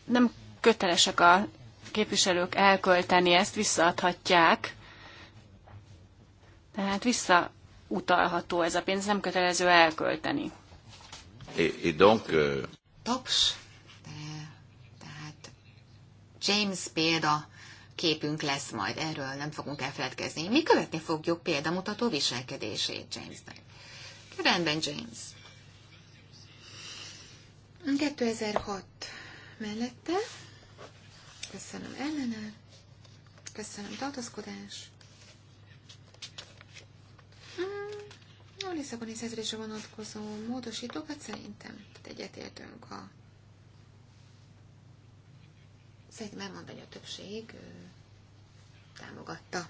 Speaker 2: nem kötelesek a képviselők elkölteni ezt, visszaadhatják. Tehát visszautalható ez a pénz, nem kötelező elkölteni.
Speaker 1: Et, et donc, euh...
Speaker 2: Taps,
Speaker 3: tehát James példa képünk lesz majd, erről nem fogunk elfeledkezni. Mi követni fogjuk példamutató viselkedését Jamesnek. Rendben, James. 2006 mellette. Köszönöm ellene. Köszönöm tartózkodás. Hmm, a Lisszaboni szerződésre vonatkozó módosítókat szerintem egyetértünk a Szerintem elmondani a többség ő, támogatta.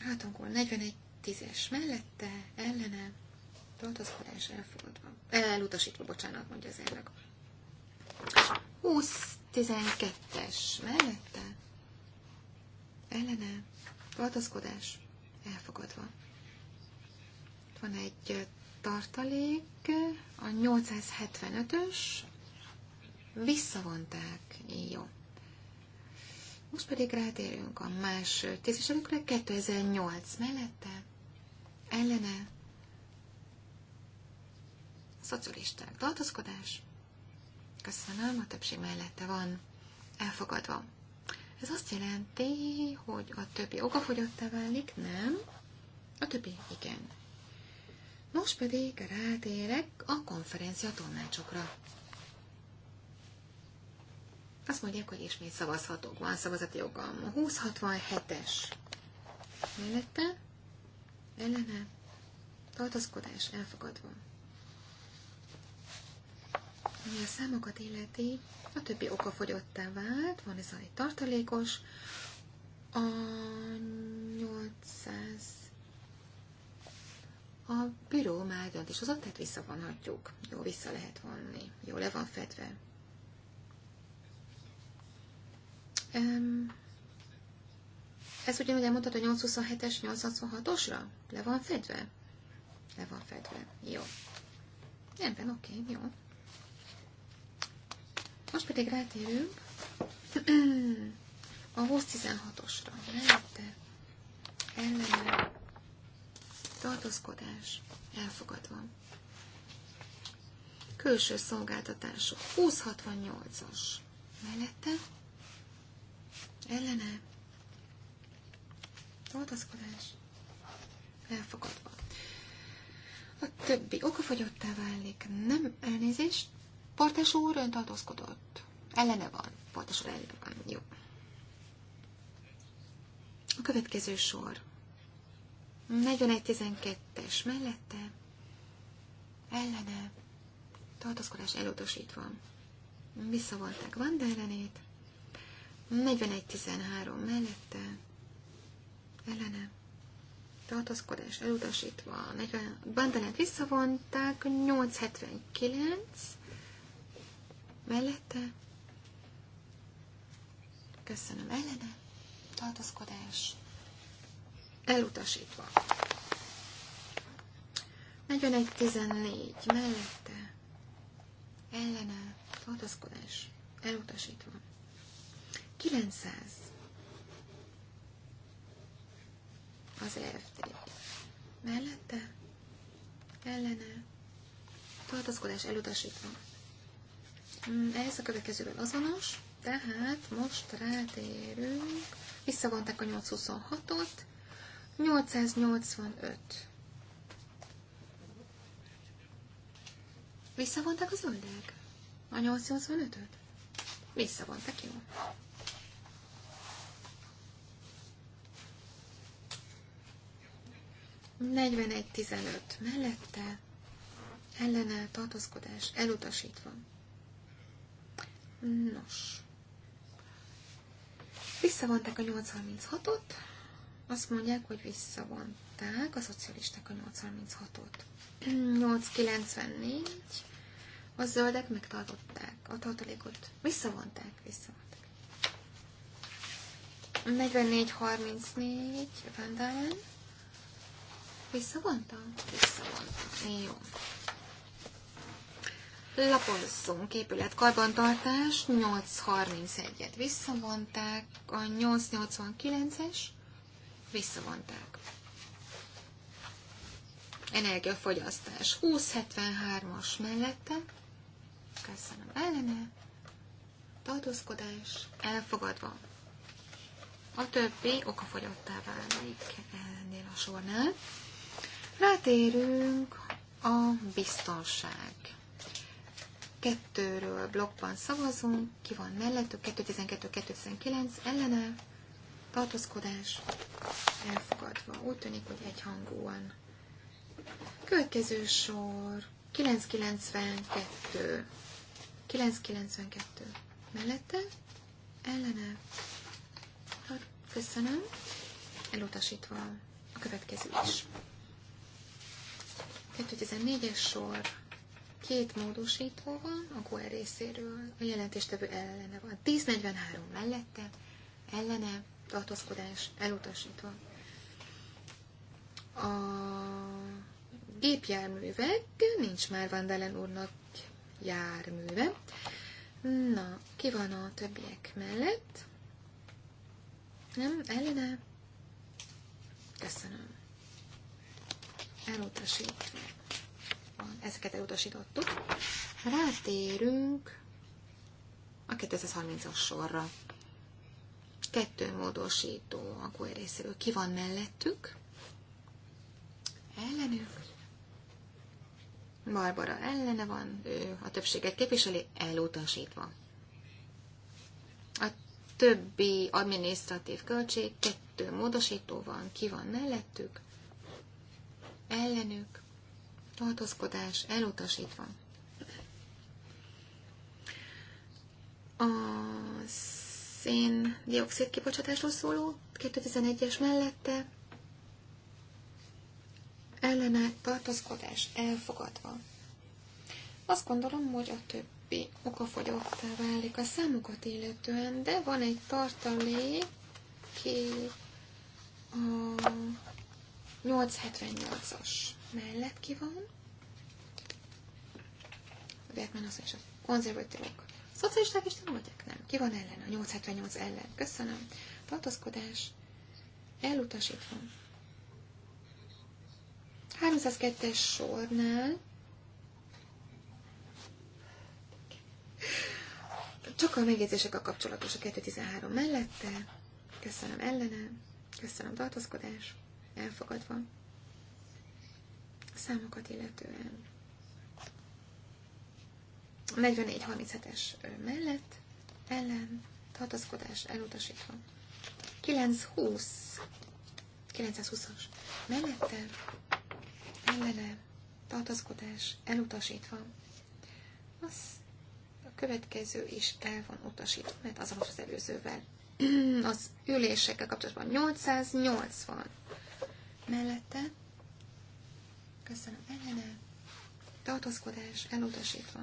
Speaker 3: Hát akkor 41 tízes mellette, ellene, tartozkodás elfogadva. Elutasítva, bocsánat, mondja az elnök. 20-12-es mellette ellene tartózkodás elfogadva. Van egy tartalék, a 875-ös, visszavonták, jó. Most pedig rátérünk a más tisztviselőkre, 2008 mellette, ellene, szocialisták, tartozkodás, Köszönöm, a többség mellette van elfogadva. Ez azt jelenti, hogy a többi okafogyottá válik, nem? A többi igen. Most pedig rátérek a konferencia tanácsokra. Azt mondják, hogy ismét szavazhatok, van szavazati jogam. A 2067-es mellette ellene tartozkodás elfogadva. Ami a számokat illeti, a többi okafogyottá vált, van ez egy tartalékos, a 800 a bíró már döntés hozott, tehát visszavonhatjuk. Jó, vissza lehet vonni. Jó, le van fedve. Um, ez ugyanúgy elmondhat a 827-es, 826 osra Le van fedve? Le van fedve. Jó. Ebben oké, okay, jó. Most pedig rátérünk (clears throat) a 2016-osra. Mellette ellene tartózkodás elfogadva. Külső szolgáltatások 2068-as. Mellette ellene tartózkodás elfogadva. A többi okafogyottá válik, nem elnézést, Portes úr öntartózkodott. Ellene van. Portes úr ellene van. Jó. A következő sor. 41.12-es mellette. Ellene. Tartózkodás elutasítva. Visszavolták Vanda ellenét. 41.13 mellette. Ellene. Tartózkodás elutasítva. 40... Bandelent visszavonták. 879 mellette. Köszönöm ellene. Tartozkodás. Elutasítva. 41-14 mellette. Ellene. Tartozkodás. Elutasítva. 900. Az EFT. Mellette. Ellene. Tartozkodás. elutasítva. Mm, Ez a következővel azonos, tehát most rátérünk, visszavonták a 826-ot, 885. Visszavonták a zöldek? A 885-öt? Visszavonták, jó. Negyvenegy tizenöt mellette ellenáll tartózkodás elutasítva. Nos. Visszavonták a 836-ot. Azt mondják, hogy visszavonták a szocialisták a 836-ot. 894. A zöldek megtartották a tartalékot. Visszavonták, visszavonták. 44-34 Vandalen. Visszavonta. Visszavontam. Jó. Lapozzunk képület karbantartás, 831-et visszavonták, a 889-es visszavonták. Energiafogyasztás 2073-as mellette, köszönöm ellene, tartózkodás elfogadva. A többi okafogyottá válik ennél a sornál. Rátérünk a biztonság kettőről blokkban szavazunk, ki van mellettük, 212-219 ellene, tartózkodás elfogadva. Úgy tűnik, hogy egyhangúan. Következő sor 992. 992. Mellette, ellene, hát, köszönöm, elutasítva a következő is. 214 es sor Két módosító van a QR részéről, a jelentéstevő ellene van. 1043 mellette, ellene, tartózkodás, elutasítva. A gépjárművek, nincs már Vandelen úrnak járműve. Na, ki van a többiek mellett? Nem, ellene. Köszönöm. Elutasítva van. Ezeket elutasítottuk. Rátérünk a 230-as sorra. Kettő módosító a QR e részéről. Ki van mellettük? Ellenük. Barbara ellene van, ő a többséget képviseli, elutasítva. A többi adminisztratív költség kettő módosító van, ki van mellettük, ellenük, tartózkodás elutasítva. A szén dioxid kibocsátásról szóló 2011-es mellette ellenállt tartózkodás elfogadva. Azt gondolom, hogy a többi okafogyottá válik a számokat illetően, de van egy tartalék, ki a 878-as mellett ki van. Batman azt mondja, konzervatívok. Szocialisták is vagyok? Nem. Ki van ellen? A 878 ellen. Köszönöm. Tartozkodás. Elutasítva. 302-es sornál csak a megjegyzések a kapcsolatos a 213 mellette. Köszönöm ellene. Köszönöm tartózkodás. Elfogadva számokat illetően. 44-37-es mellett, ellen, tartaszkodás elutasítva 920, 9-20, 920-as mellette, ellene, tartaszkodás elutasítva. Az a következő is el van utasítva, mert az az előzővel. (clears throat) az ülésekkel kapcsolatban 880 mellette, Köszönöm ellene. Tartózkodás elutasítva.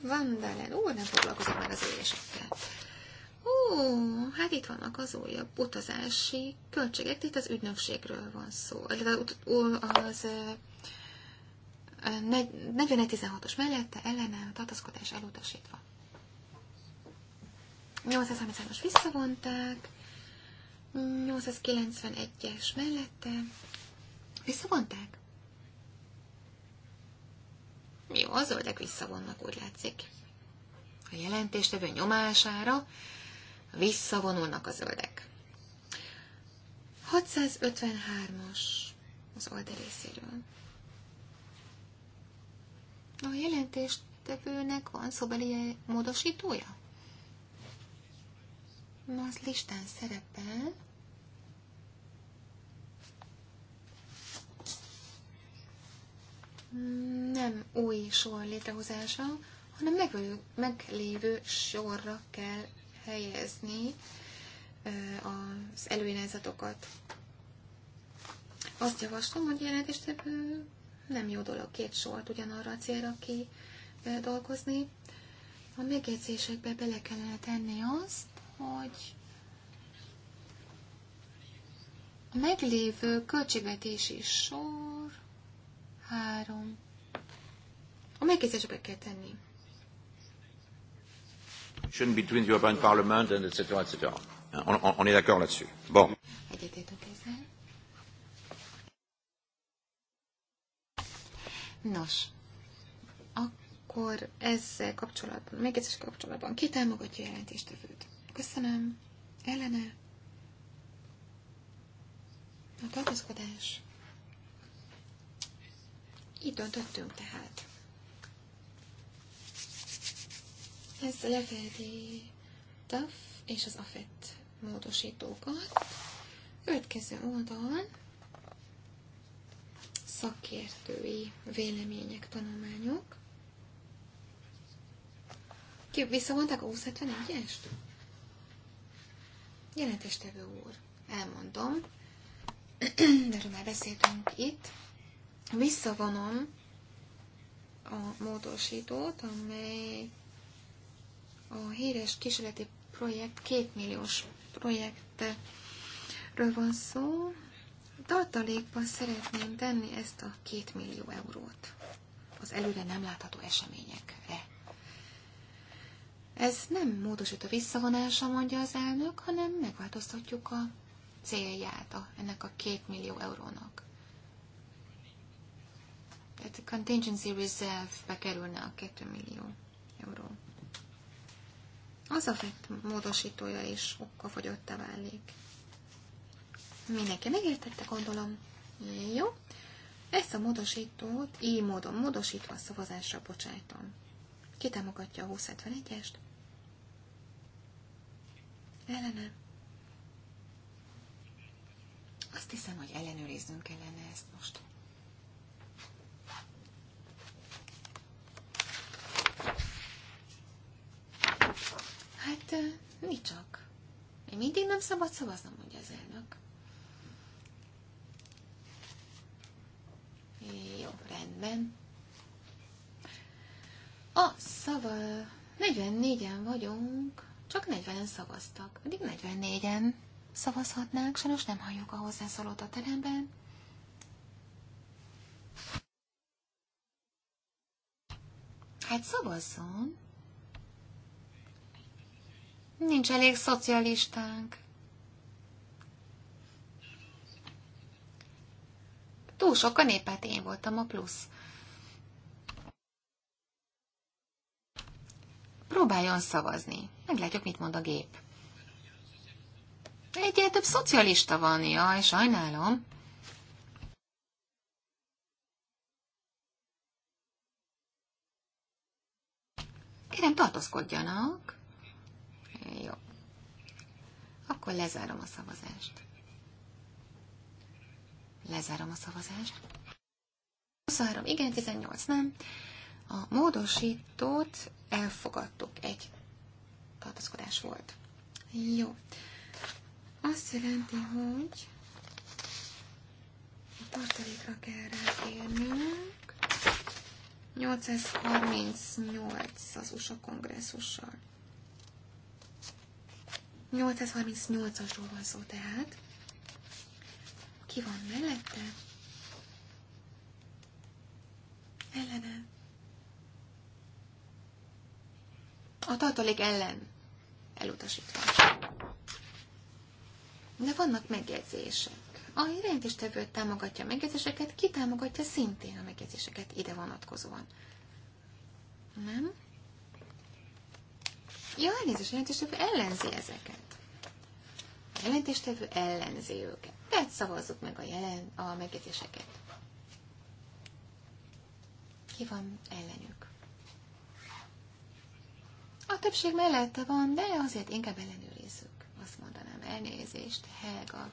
Speaker 3: Van vele. Ú, nem foglalkozok már az élésekkel. Ó, hát itt vannak az újabb utazási költségek, itt az ügynökségről van szó. Az 41-16-os mellette ellenem tartaszkodás elutasítva. 833-as visszavonták, 891-es mellette Visszavonták? Jó, a zöldek visszavonnak, úgy látszik. A jelentéstevő nyomására visszavonulnak a zöldek. 653-as az oldal részéről. A jelentéstevőnek van szobeli módosítója? Ma az listán szerepel. nem új sor létrehozása, hanem meglévő, meglévő sorra kell helyezni az előirányzatokat. Azt javaslom, hogy jelentést ebből nem jó dolog két sort ugyanarra a célra ki dolgozni. A megjegyzésekbe bele kellene tenni azt, hogy a meglévő költségvetési sor Három. A megjegyzéseket kell tenni.
Speaker 1: Shouldn't be Between the European Parliament and etc. etc. On, on, on est d'accord là-dessus. Bon.
Speaker 3: Nos, akkor ezzel kapcsolatban, még egyszer kapcsolatban, ki támogatja a jelentéstevőt? Köszönöm. Ellene. A tartozkodás. Így döntöttünk tehát. Ez lefedi TAF és az AFET módosítókat. Következő oldalon szakértői vélemények, tanulmányok. Ki visszavonták a 21-est? Jelentéstevő úr, elmondom, de (clears throat) erről már beszéltünk itt. Visszavonom a módosítót, amely a híres kísérleti projekt, kétmilliós projektről van szó. Tartalékban szeretném tenni ezt a kétmillió eurót az előre nem látható eseményekre. Ez nem módosít a visszavonása, mondja az elnök, hanem megváltoztatjuk a célját a, ennek a két millió eurónak. Tehát a contingency reserve-be a 2 millió euró. Az a fett módosítója is a válik. Mindenki megértette, gondolom. Jó. Ezt a módosítót így módon módosítva a szavazásra bocsájtom. Ki támogatja a 2071-est? Ellene. Azt hiszem, hogy ellenőriznünk kellene ezt most. Hát mi csak? Még mindig nem szabad szavaznom, mondja az elnök. Jó, rendben. A szava... 44-en vagyunk, csak 40-en szavaztak, pedig 44-en szavazhatnánk, sajnos nem halljuk a hozzászólót a teremben. Hát szavazzon! Nincs elég szocialistánk. Túl sok a népát, én voltam a plusz. Próbáljon szavazni. Meglátjuk, mit mond a gép. Egyre több szocialista van, jaj, sajnálom. Kérem, tartózkodjanak. Jó. Akkor lezárom a szavazást. Lezárom a szavazást. 23 igen, 18 nem. A módosítót elfogadtuk. Egy tartozkodás volt. Jó. Azt jelenti, hogy a tartalékra kell rátérnünk. 838 az USA kongresszussal. 838-asról van szó tehát. Ki van mellette? Ellene. A tartalék ellen elutasítva. De vannak megjegyzések. A jelentéstevő támogatja a megjegyzéseket, ki támogatja szintén a megjegyzéseket ide vonatkozóan. Nem? Ja, elnézést, jelentéstevő ellenzi ezeket. A jelentéstevő ellenzi őket. Tehát szavazzuk meg a, jelen, a megjegyzéseket. Ki van ellenük? A többség mellette van, de azért inkább ellenőrizzük. Azt mondanám, elnézést, Helga.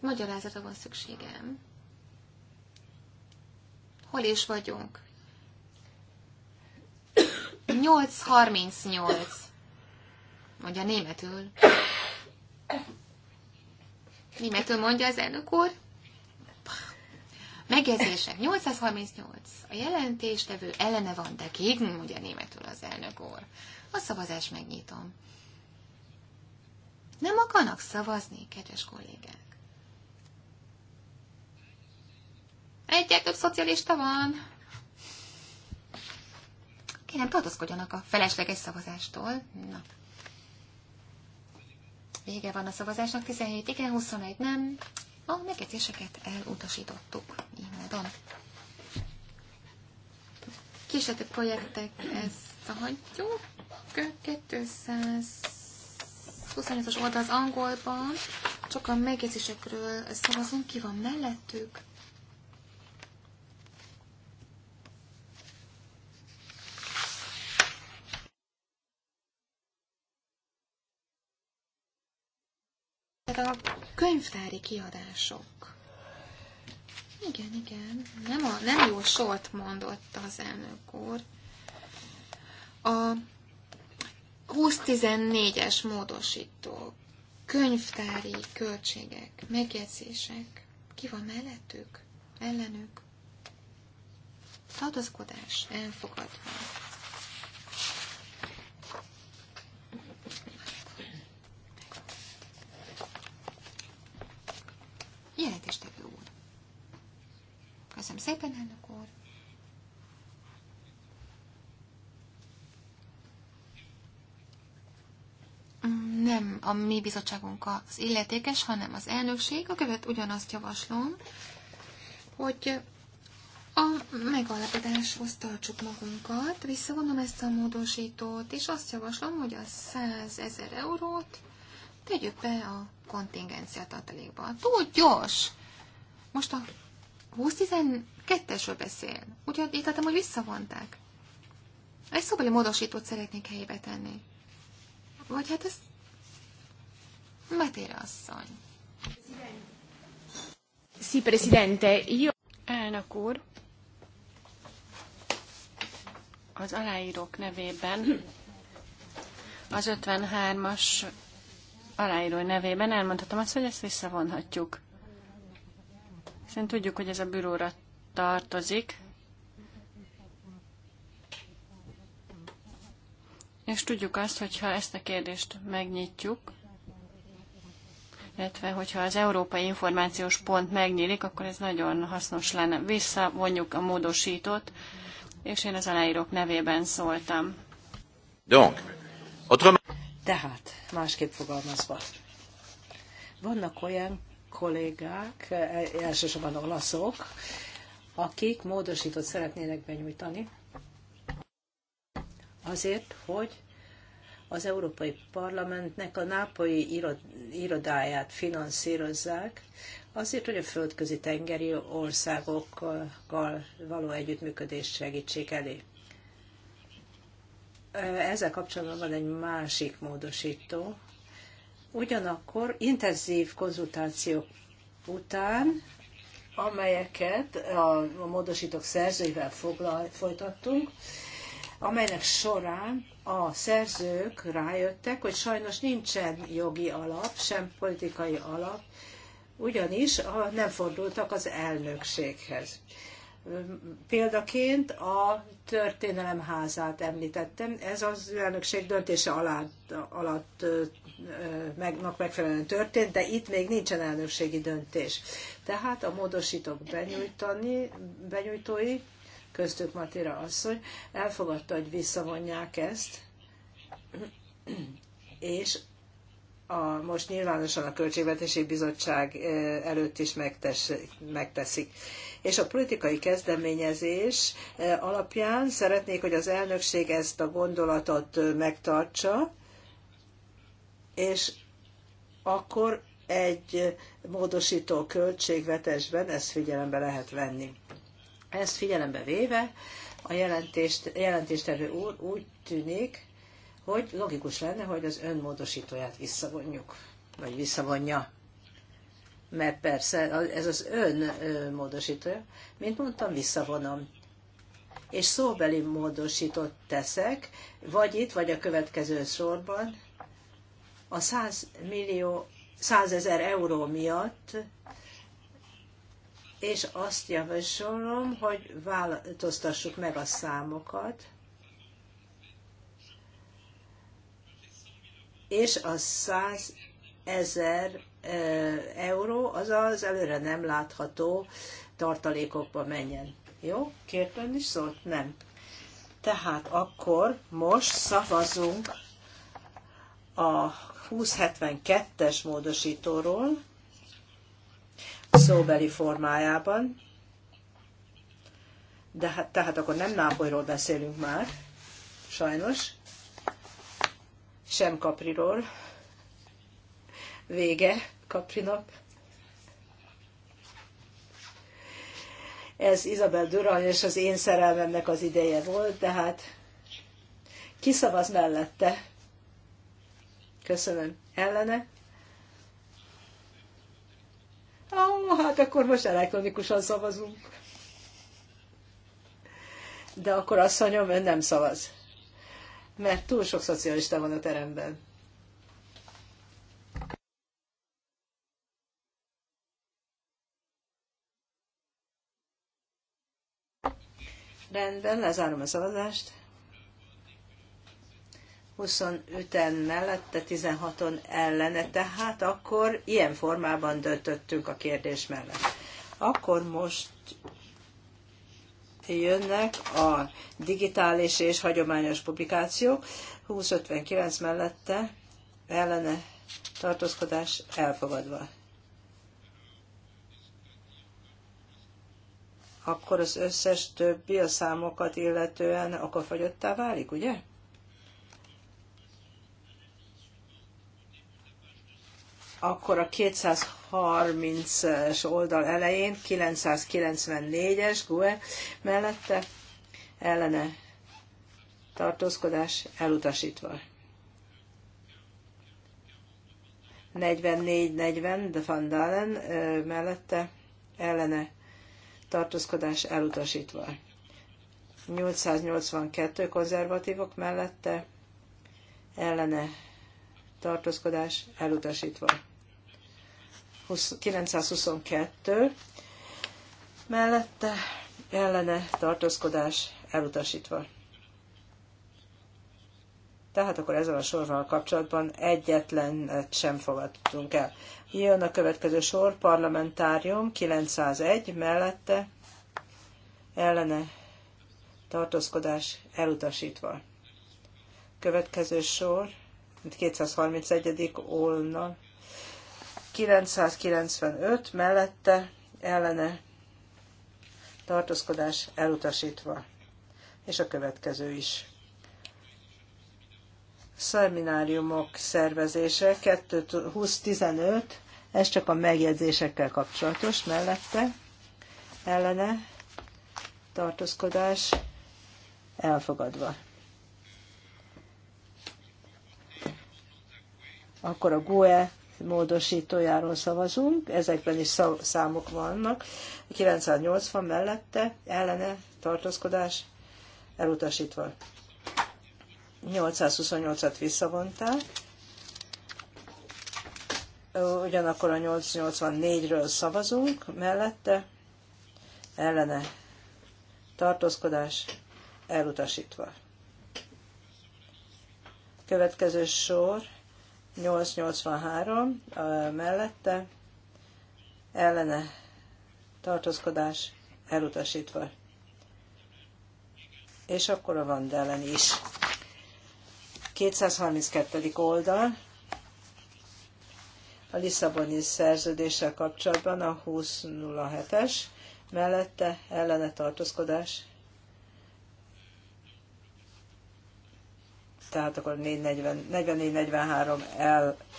Speaker 3: Magyarázatra van szükségem. Hol is vagyunk? 8.38. Mondja németül. Németül mondja az elnök úr. Megjegyzések 838. A jelentéstevő ellene van, de kég, mondja németül az elnök úr. A szavazás megnyitom. Nem akarnak szavazni, kedves kollégák. Egyre több szocialista van. Kérem, tartozkodjanak a felesleges szavazástól. Na, Vége van a szavazásnak, 17 igen, 21 nem. A megjegyzéseket elutasítottuk, így módon. Kisebb projektek, ezt a hagyjuk. 228 os oldal az angolban, csak a megjegyzésekről szavazunk, ki van mellettük. Tehát a könyvtári kiadások. Igen, igen. Nem, a, nem jó sort mondott az elnök úr. A 2014-es módosító, könyvtári költségek, megjegyzések, ki van mellettük, ellenük? Tartozkodás elfogadva. szépen, elnök úr! Nem a mi bizottságunk az illetékes, hanem az elnökség. A követ ugyanazt javaslom, hogy a megalapodáshoz tartsuk magunkat, visszavonom ezt a módosítót, és azt javaslom, hogy a 100 ezer eurót tegyük be a kontingencia tartalékba. Túl gyors! Most a 20-12-esről beszél. Úgyhogy írtatom, hogy visszavonták. Egy szóbeli módosítót szeretnék helyébe tenni. Vagy hát ez... Matéra asszony. Sí, presidente. Io... Elnök úr,
Speaker 2: az aláírók nevében, az 53-as aláíró nevében elmondhatom azt, hogy ezt visszavonhatjuk. Hiszen tudjuk, hogy ez a büróra tartozik, És tudjuk azt, hogyha ezt a kérdést megnyitjuk, illetve hogyha az Európai Információs Pont megnyílik, akkor ez nagyon hasznos lenne. Visszavonjuk a módosítót, és én az aláírók nevében szóltam.
Speaker 1: Donc, autrement... Tehát, másképp fogalmazva, vannak olyan kollégák, e, elsősorban olaszok, akik módosítót szeretnének benyújtani, azért, hogy az Európai Parlamentnek a nápolyi irodáját finanszírozzák, azért, hogy a földközi tengeri országokkal való együttműködés segítsék elé. E, ezzel kapcsolatban van egy másik módosító, Ugyanakkor intenzív konzultációk után, amelyeket a, a módosítók szerzőivel foglal, folytattunk, amelynek során a szerzők rájöttek, hogy sajnos nincsen jogi alap, sem politikai alap, ugyanis a, nem fordultak az elnökséghez. Példaként a történelemházát említettem, ez az elnökség döntése alatt, alatt meg, megfelelően történt, de itt még nincsen elnökségi döntés. Tehát a módosítók benyújtani, benyújtói, köztük Matira asszony, elfogadta, hogy visszavonják ezt, és a, most nyilvánosan a Költségvetési Bizottság előtt is megtesz, megteszik és a politikai kezdeményezés eh, alapján szeretnék, hogy az elnökség ezt a gondolatot eh, megtartsa, és akkor egy eh, módosító költségvetésben ezt figyelembe lehet venni. Ezt figyelembe véve a jelentést, jelentéstevő úr úgy tűnik, hogy logikus lenne, hogy az önmódosítóját visszavonjuk, vagy visszavonja mert persze ez az ön módosítója, mint mondtam, visszavonom. És szóbeli módosítót teszek, vagy itt, vagy a következő sorban, a 100 millió, 100 ezer euró miatt, és azt javasolom, hogy változtassuk meg a számokat, és a 100 ezer Eh, euró, azaz előre nem látható tartalékokba menjen. Jó? Kért ön is szólt? Nem. Tehát akkor most szavazunk a 2072-es módosítóról szóbeli formájában. De hát, tehát akkor nem Nápolyról beszélünk már, sajnos, sem Kapriról, vége Kaprinak. Ez Isabel Duran és az én szerelmemnek az ideje volt, de hát kiszavaz mellette. Köszönöm. Ellene? Ó, hát akkor most elektronikusan szavazunk. De akkor asszonyom, ön nem szavaz. Mert túl sok szocialista van a teremben. Rendben, lezárom a szavazást. 25-en mellette, 16-on ellene, tehát akkor ilyen formában döntöttünk a kérdés mellett. Akkor most jönnek a digitális és hagyományos publikációk, 20-59 mellette ellene tartózkodás elfogadva. akkor az összes többi a számokat illetően akkor fagyottá válik, ugye? Akkor a 230-es oldal elején 994-es GUE mellette ellene tartózkodás elutasítva. 44-40 de Van Dalen mellette ellene tartózkodás elutasítva. 882 konzervatívok mellette ellene tartózkodás elutasítva. 922 mellette ellene tartózkodás elutasítva. Tehát akkor ezzel a sorral kapcsolatban egyetlen sem fogadtunk el. Jön a következő sor, parlamentárium 901, mellette ellene tartózkodás elutasítva. Következő sor, 231. olna, 995, mellette ellene tartózkodás elutasítva. És a következő is szemináriumok szervezése 2015, ez csak a megjegyzésekkel kapcsolatos, mellette ellene tartózkodás elfogadva. Akkor a GUE módosítójáról szavazunk, ezekben is számok vannak. 980 mellette ellene tartózkodás elutasítva. 828-at visszavonták, ugyanakkor a 884-ről szavazunk, mellette ellene tartózkodás elutasítva. Következő sor 883 mellette ellene tartózkodás elutasítva. És akkor a Vandellen is. 232. oldal, a Lisszaboni szerződéssel kapcsolatban a 20.07-es, mellette ellene tartózkodás. Tehát akkor 44-43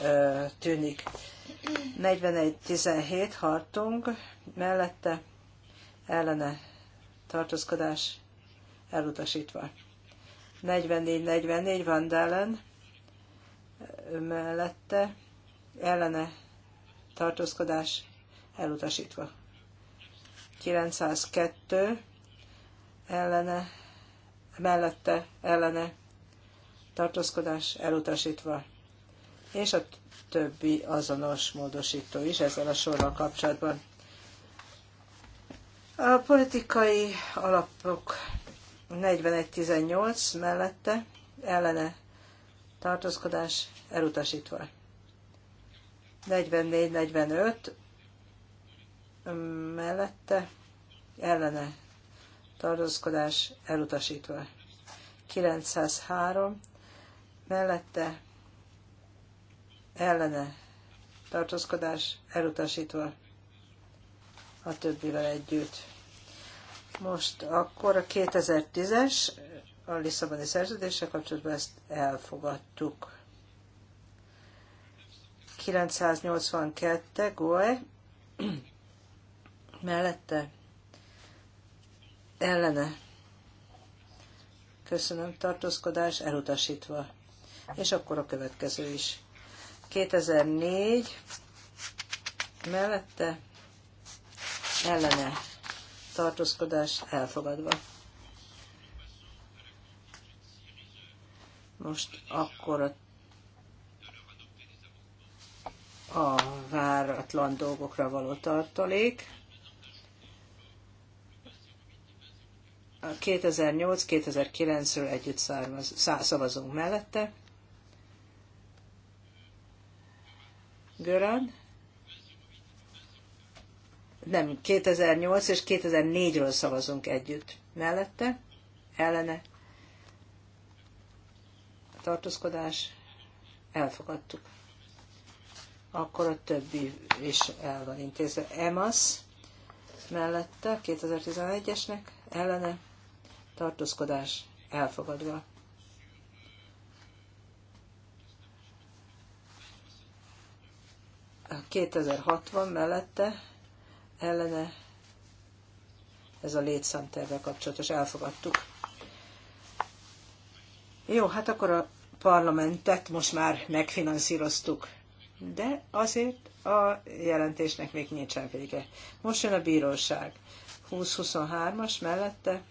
Speaker 1: eltűnik. 41-17 hartunk, mellette ellene tartózkodás elutasítva. 44-44 Van Dellen mellette ellene tartózkodás elutasítva. 902 ellene mellette ellene tartózkodás elutasítva. És a többi azonos módosító is ezzel a sorral kapcsolatban. A politikai alapok 41.18 mellette ellene tartózkodás elutasítva. 44-45 mellette ellene tartózkodás elutasítva. 903 mellette ellene tartózkodás elutasítva a többivel együtt. Most akkor a 2010-es, a Lisszaboni szerződéssel kapcsolatban ezt elfogadtuk. 982 Goe mellette ellene köszönöm tartózkodás elutasítva. És akkor a következő is. 2004 mellette ellene tartózkodás elfogadva. Most akkor a, a váratlan dolgokra való tartalék. A 2008-2009-ről együtt származ, szavazunk mellette. Görán nem, 2008 és 2004-ről szavazunk együtt. Mellette, ellene, tartózkodás, elfogadtuk. Akkor a többi is el van intézve. EMAS mellette, 2011-esnek, ellene, tartózkodás, elfogadva. A 2060 mellette, ellene ez a létszámtervvel kapcsolatos elfogadtuk. Jó, hát akkor a parlamentet most már megfinanszíroztuk, de azért a jelentésnek még nincsen vége. Most jön a bíróság. 20-23-as mellette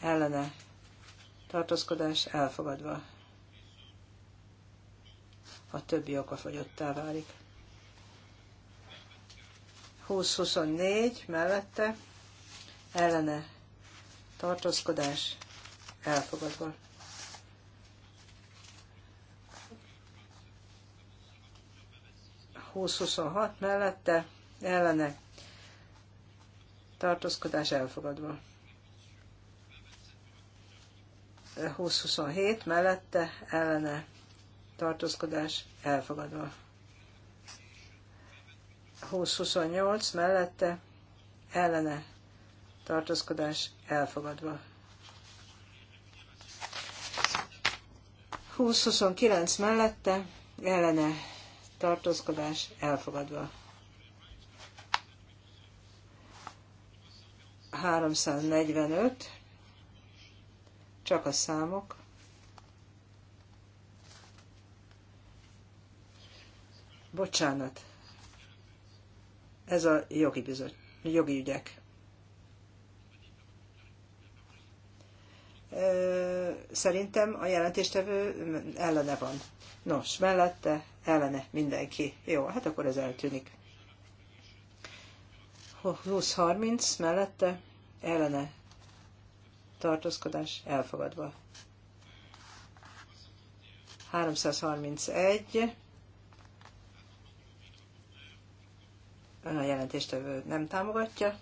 Speaker 1: ellene tartózkodás elfogadva. A többi fogyottá válik. 20-24 mellette ellene tartózkodás elfogadva. hat mellette ellene tartózkodás elfogadva. 20-27 mellette ellene tartózkodás elfogadva. 20-28 mellette ellene tartózkodás elfogadva. 20-29 mellette ellene tartózkodás elfogadva. 345, csak a számok. Bocsánat, ez a jogi, bizony, jogi ügyek. Szerintem a jelentéstevő ellene van. Nos, mellette ellene mindenki. Jó, hát akkor ez eltűnik. 20-30 mellette ellene tartózkodás elfogadva. 331 Ön a jelentéstevő nem támogatja.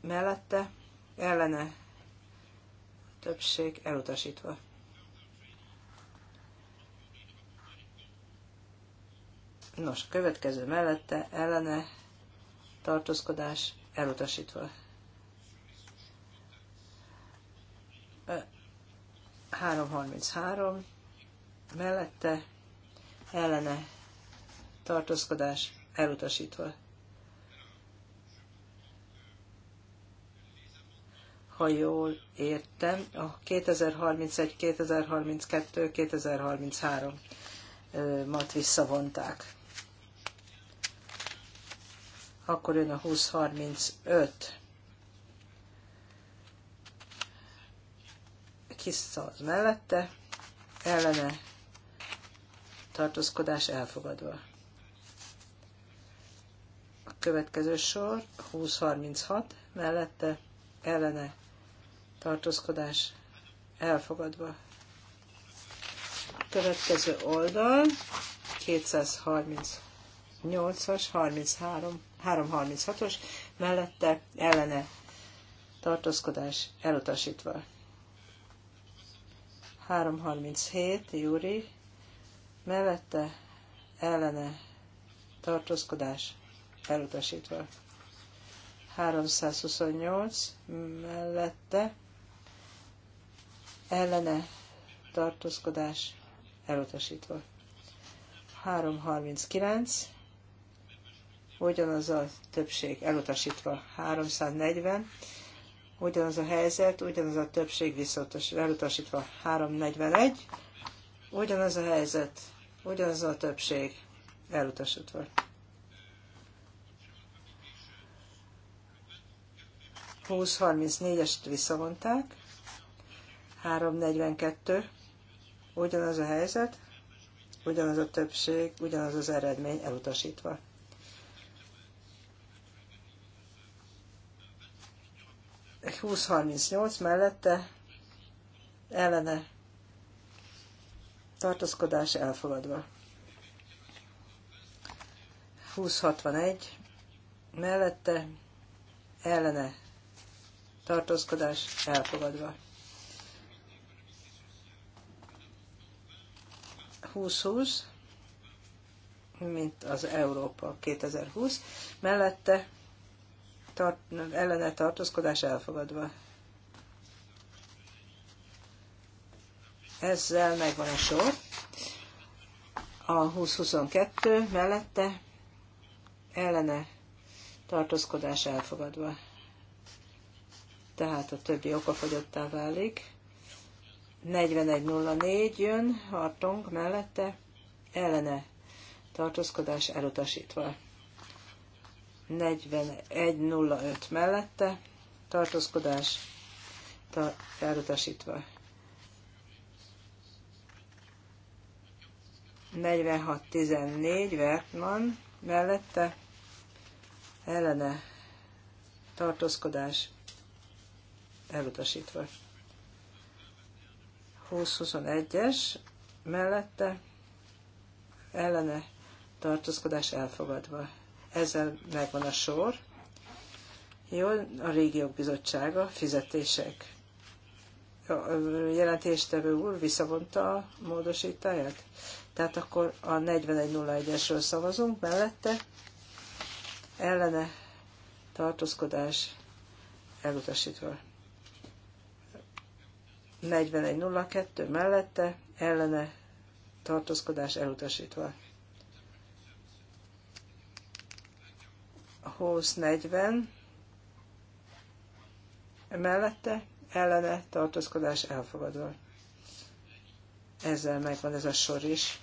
Speaker 1: Mellette ellene többség elutasítva. Nos, következő mellette ellene tartózkodás elutasítva. Ö, 333 mellette ellene tartózkodás elutasítva. Ha jól értem, a 2031, 2032, 2033 mat visszavonták. Akkor jön a 2035. az mellette, ellene tartózkodás elfogadva. Következő sor 2036 mellette ellene tartózkodás elfogadva. Következő oldal 238-as, 336-os mellette ellene tartózkodás elutasítva. 337 Júri mellette ellene tartózkodás elutasítva. 328 mellette ellene tartózkodás elutasítva. 339 ugyanaz a többség elutasítva. 340 ugyanaz a helyzet, ugyanaz a többség viszontos, elutasítva. 341 ugyanaz a helyzet, ugyanaz a többség elutasítva. 20-34-est visszavonták, 3-42, ugyanaz a helyzet, ugyanaz a többség, ugyanaz az eredmény elutasítva. Egy 20-38 mellette ellene tartózkodás elfogadva. 20-61 mellette ellene tartózkodás elfogadva. 2020, mint az Európa 2020, mellette tart, ellene tartózkodás elfogadva. Ezzel megvan a sor. A 20-22 mellette ellene tartózkodás elfogadva tehát a többi okafogyottá válik. 41.04 jön, hartunk mellette, ellene tartózkodás elutasítva. 41.05 mellette, tartózkodás ta, elutasítva. 46.14 Vertman mellette, ellene tartózkodás elutasítva. 20-21-es mellette ellene tartózkodás elfogadva. Ezzel megvan a sor. Jó, a régiók bizottsága, fizetések. A jelentéstevő úr visszavonta a módosítáját. Tehát akkor a 4101-esről szavazunk mellette. Ellene tartózkodás elutasítva. 4102 mellette ellene tartózkodás elutasítva. 2040 mellette ellene tartózkodás elfogadva. Ezzel megvan ez a sor is.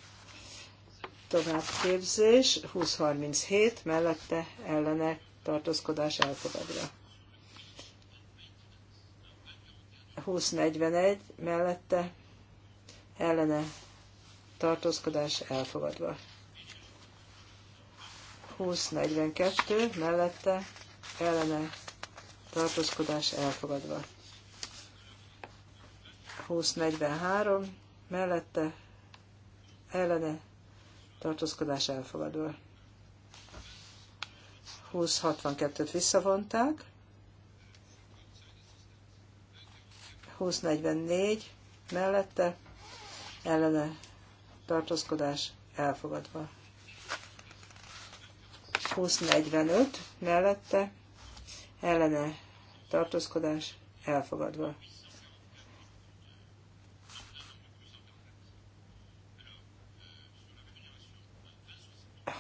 Speaker 1: Továbbképzés 2037 mellette ellene tartózkodás elfogadva. 2041 mellette ellene tartózkodás elfogadva. 2042 mellette ellene tartózkodás elfogadva. 2043 mellette ellene tartózkodás elfogadva. 2062-t visszavonták, 2044 mellette ellene tartózkodás elfogadva. 2045 mellette ellene tartózkodás elfogadva.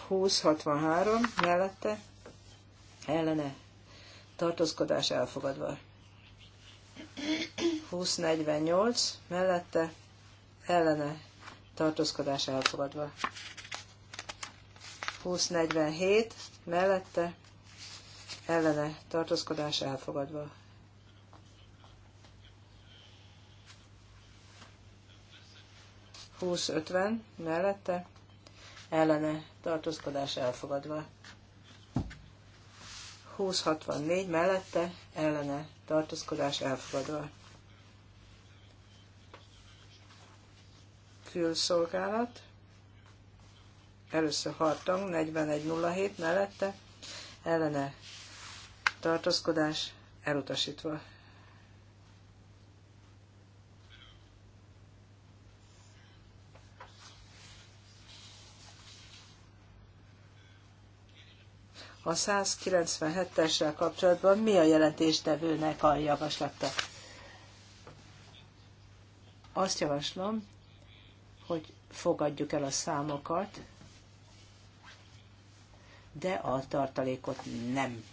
Speaker 1: Húsz hatvanhárom mellette ellene tartózkodás elfogadva. 2048 mellette ellene tartózkodás elfogadva. 2047 mellette ellene tartózkodás elfogadva. 2050 mellette ellene tartózkodás elfogadva. 2064 mellette ellene tartózkodás elfogadva. Külszolgálat. Először Hartang 4107 mellette ellene tartózkodás elutasítva. A 197-essel kapcsolatban mi a jelentéstevőnek a javaslata? Azt javaslom, hogy fogadjuk el a számokat, de a tartalékot nem.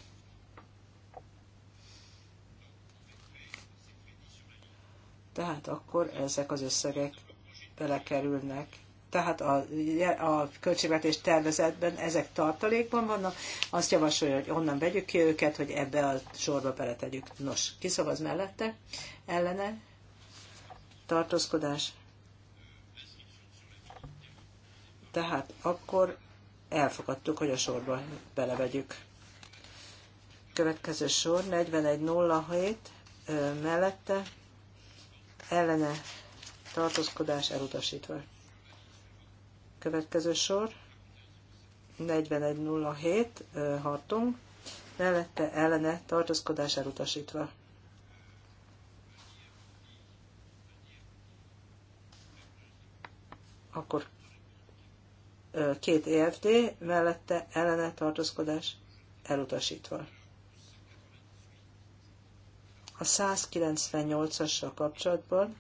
Speaker 1: Tehát akkor ezek az összegek belekerülnek tehát a, a költségvetés tervezetben ezek tartalékban vannak, azt javasolja, hogy onnan vegyük ki őket, hogy ebbe a sorba beletegyük. Nos, kiszavaz mellette, ellene, tartózkodás. Tehát akkor elfogadtuk, hogy a sorba belevegyük. Következő sor 4107 mellette ellene tartózkodás elutasítva. Következő sor. 4107 Hartunk. Mellette ellene tartozkodás elutasítva. Akkor két EFD, mellette ellene tartózkodás elutasítva. A 198-assal kapcsolatban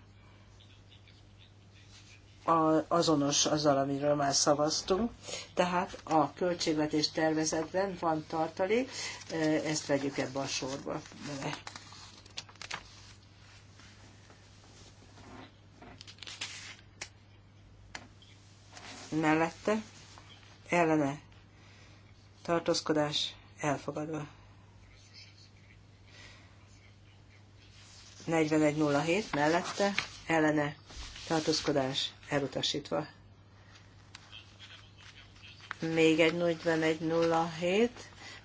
Speaker 1: a, azonos azzal, amiről már szavaztunk. Tehát a költségvetés tervezetben van tartalék, eh, ezt vegyük ebbe a sorba Mellette, ellene, tartózkodás elfogadva. 4107 mellette, ellene, tartózkodás elutasítva. Még egy 4107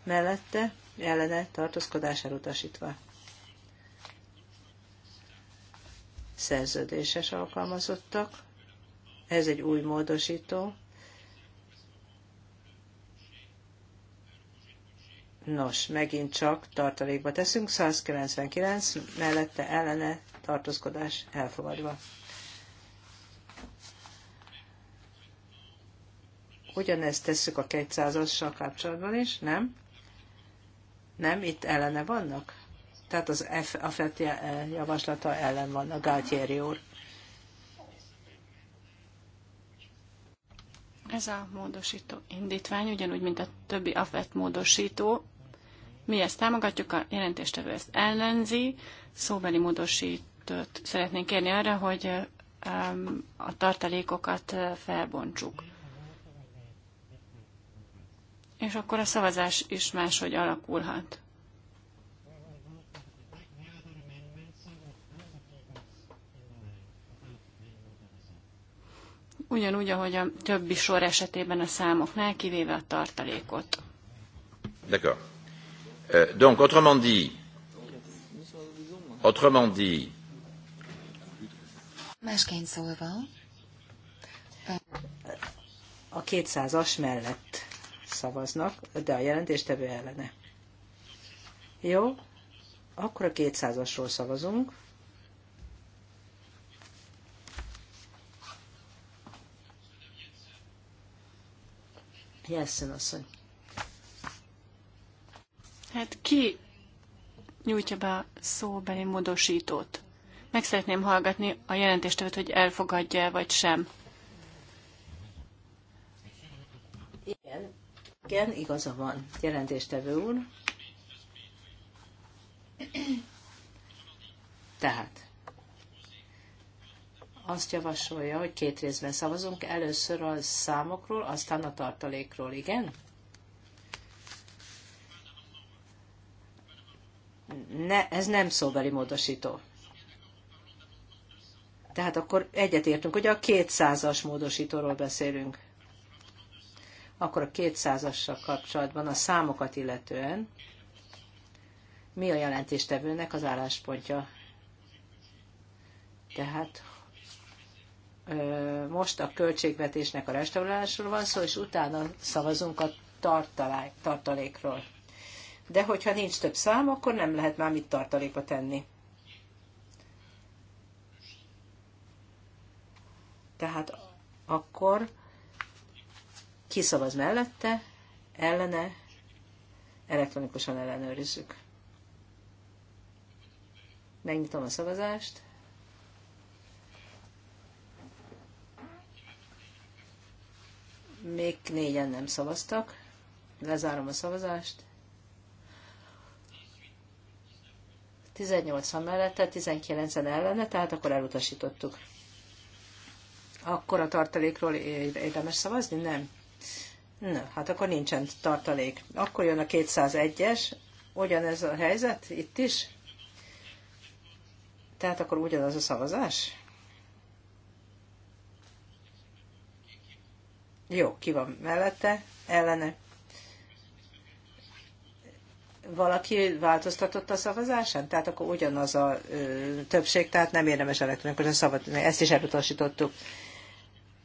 Speaker 1: mellette ellene tartózkodás elutasítva. Szerződéses alkalmazottak. Ez egy új módosító. Nos, megint csak tartalékba teszünk, 199 mellette ellene tartózkodás elfogadva. Ugyanezt tesszük a 200-assal kapcsolatban is, nem? Nem, itt ellene vannak? Tehát az F, a FET javaslata ellen van a Gátyéri úr.
Speaker 2: Ez a módosító indítvány, ugyanúgy, mint a többi AFET módosító, mi ezt támogatjuk, a jelentéstevő ezt ellenzi, szóbeli módosítót szeretnénk kérni arra, hogy um, a tartalékokat uh, felbontsuk és akkor a szavazás is máshogy alakulhat. Ugyanúgy, ahogy a többi sor esetében a számoknál, kivéve a tartalékot.
Speaker 1: D'accord. Euh, donc, autrement dit, autrement dit, Másként szólva, a 200-as mellett szavaznak, de a jelentéstevő ellene. Jó, akkor a 200-asról szavazunk. Jelszen asszony.
Speaker 2: Hát ki nyújtja be szóbeli módosítót? Meg szeretném hallgatni a jelentéstevőt, hogy elfogadja -e, vagy sem.
Speaker 1: Igen. Igen, igaza van, jelentéstevő úr. Tehát azt javasolja, hogy két részben szavazunk, először a számokról, aztán a tartalékról, igen? Ne, ez nem szóbeli módosító. Tehát akkor egyetértünk, hogy a 200-as módosítóról beszélünk akkor a 200 kapcsolatban a számokat illetően mi a jelentéstevőnek az álláspontja? Tehát most a költségvetésnek a restaurálásról van szó, és utána szavazunk a tartalékról. De hogyha nincs több szám, akkor nem lehet már mit tartalékba tenni. Tehát akkor ki szavaz mellette, ellene, elektronikusan ellenőrizzük. Megnyitom a szavazást. Még négyen nem szavaztak. Lezárom a szavazást. 18 mellette, 19-en ellene, tehát akkor elutasítottuk. Akkor a tartalékról érdemes szavazni? Nem. Na, hát akkor nincsen tartalék. Akkor jön a 201-es, ugyanez a helyzet itt is. Tehát akkor ugyanaz a szavazás? Jó, ki van mellette, ellene. Valaki változtatott a szavazásán? Tehát akkor ugyanaz a ö, többség, tehát nem érdemes elektronikusan szavazni. Ezt is elutasítottuk.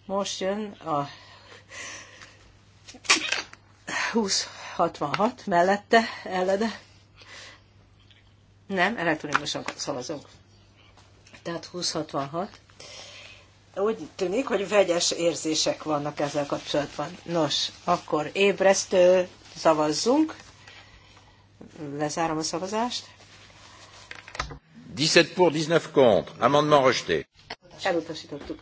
Speaker 1: Most jön a 2066 mellette, ellene. Nem, elektronikusan szavazunk. Tehát 2066. Úgy tűnik, hogy vegyes érzések vannak ezzel kapcsolatban. Nos, akkor ébresztő szavazzunk. Lezárom a szavazást. 17 pour, 19 contre. Amendement rejeté. Elutasítottuk.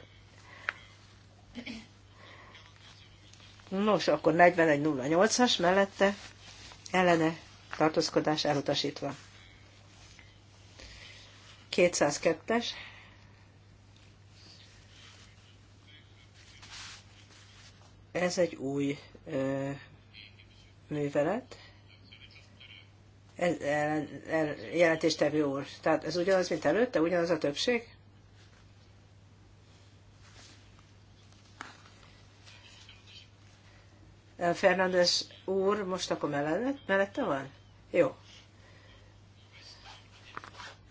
Speaker 1: Nos, akkor 41.08-as mellette ellene tartózkodás elutasítva. 202-es. Ez egy új ö, művelet. Ez, el, el, jelentéstevő úr. Tehát ez ugyanaz, mint előtte, ugyanaz a többség? Fernandes úr most akkor mellett, mellette van? Jó.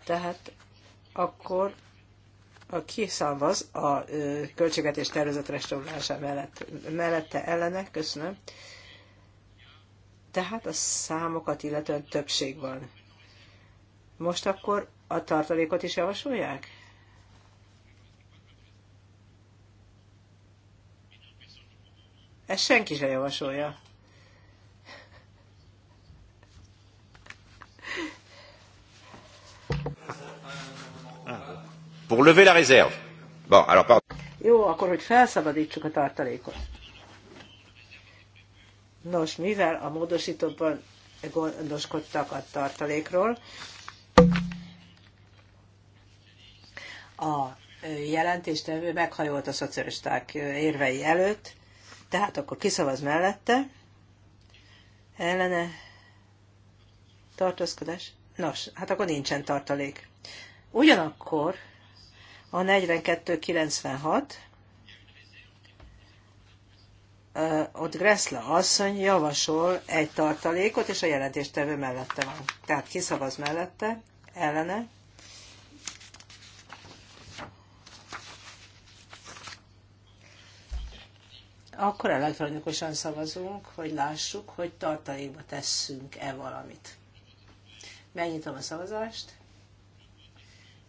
Speaker 1: Tehát akkor a ki a költségvetés tervezet restaurálása mellett, mellette ellene, köszönöm. Tehát a számokat illetően többség van. Most akkor a tartalékot is javasolják? Ezt senki se javasolja. Pour lever la réserve. Bon, alors pardon. Jó, akkor hogy felszabadítsuk a tartalékot. Nos, mivel a módosítóban gondoskodtak a tartalékról, a jelentéstevő meghajolt a szocialisták érvei előtt, tehát akkor kiszavaz mellette, ellene tartózkodás. Nos, hát akkor nincsen tartalék. Ugyanakkor a 4296 ott Gressla asszony javasol egy tartalékot, és a jelentéstevő mellette van. Tehát kiszavaz mellette, ellene, Akkor elektronikusan szavazunk, hogy lássuk, hogy tartalékba tesszünk-e valamit. Megnyitom a szavazást,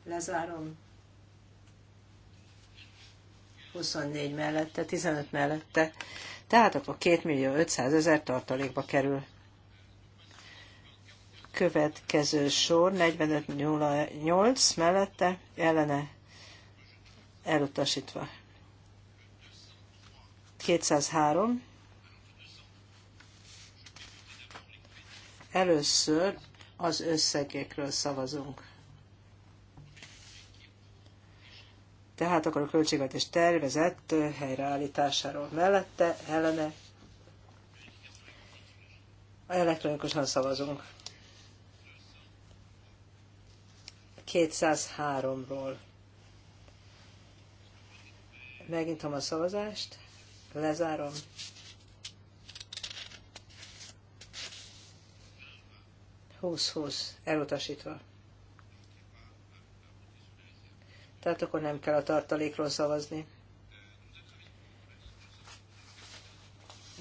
Speaker 1: lezárom. 24 mellette, 15 mellette, tehát akkor 2 millió 500 ezer tartalékba kerül. Következő sor 45 8 mellette ellene elutasítva. 203. Először az összegekről szavazunk. Tehát akkor a költségvetés tervezett helyreállításáról mellette, ellene elektronikusan szavazunk. 203-ról. Megnyitom a szavazást. Lezárom. Húsz-húsz, elutasítva. Tehát akkor nem kell a tartalékról szavazni.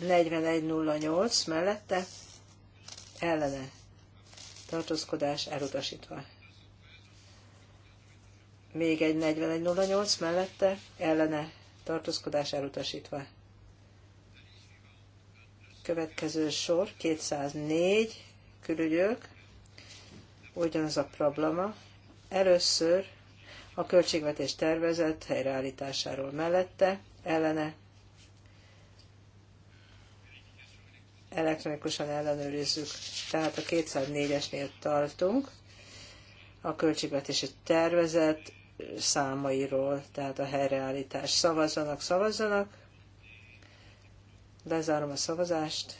Speaker 1: 4108 mellette ellene tartózkodás elutasítva. Még egy 4108 mellette ellene tartózkodás elutasítva. Következő sor, 204, külügyök, ugyanaz a probléma. Először a költségvetés tervezett helyreállításáról mellette, ellene elektronikusan ellenőrizzük. Tehát a 204-esnél tartunk a költségvetési tervezet számairól, tehát a helyreállítás. Szavazzanak, szavazzanak. Lezárom a szavazást.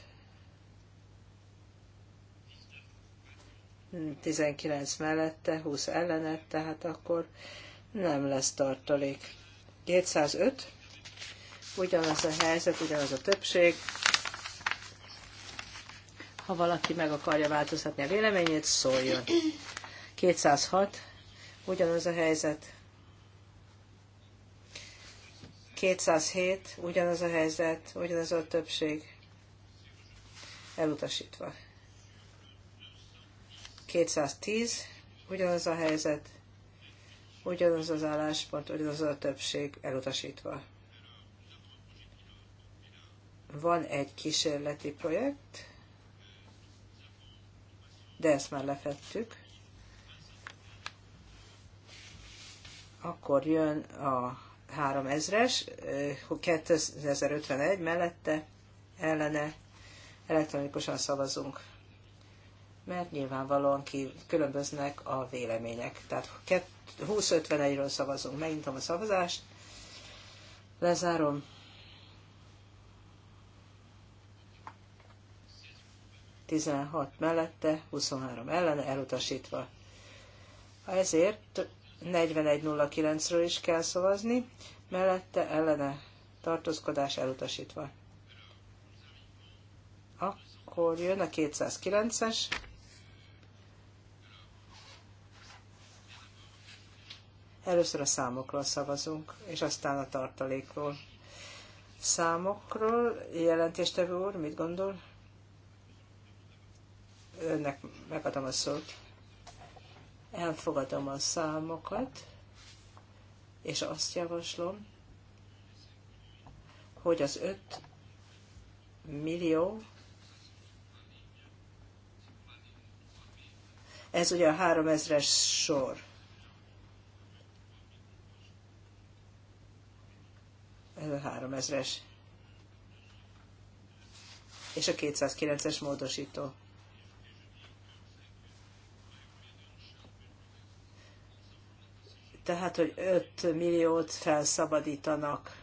Speaker 1: 19 mellette, 20 ellenet, tehát akkor nem lesz tartalék. 205, ugyanaz a helyzet, ugyanaz a többség. Ha valaki meg akarja változtatni a véleményét, szóljon. 206, ugyanaz a helyzet, 207, ugyanaz a helyzet, ugyanaz a többség. Elutasítva. 210, ugyanaz a helyzet, ugyanaz az álláspont, ugyanaz a többség elutasítva. Van egy kísérleti projekt, de ezt már lefettük. Akkor jön a 3000 ezres, 2051 mellette ellene elektronikusan szavazunk, mert nyilvánvalóan ki, különböznek a vélemények. Tehát 2051-ről szavazunk, megintom a szavazást, lezárom. Tizenhat mellette, 23 ellene elutasítva. Ezért 4109-ről is kell szavazni, mellette ellene tartózkodás elutasítva. Akkor jön a 209-es. Először a számokról szavazunk, és aztán a tartalékról. Számokról jelentéstevő úr mit gondol? Önnek megadom a szót elfogadom a számokat, és azt javaslom, hogy az 5 millió, ez ugye a 3000-es sor. Ez a 3000-es. És a 209-es módosító. tehát hogy 5 milliót felszabadítanak.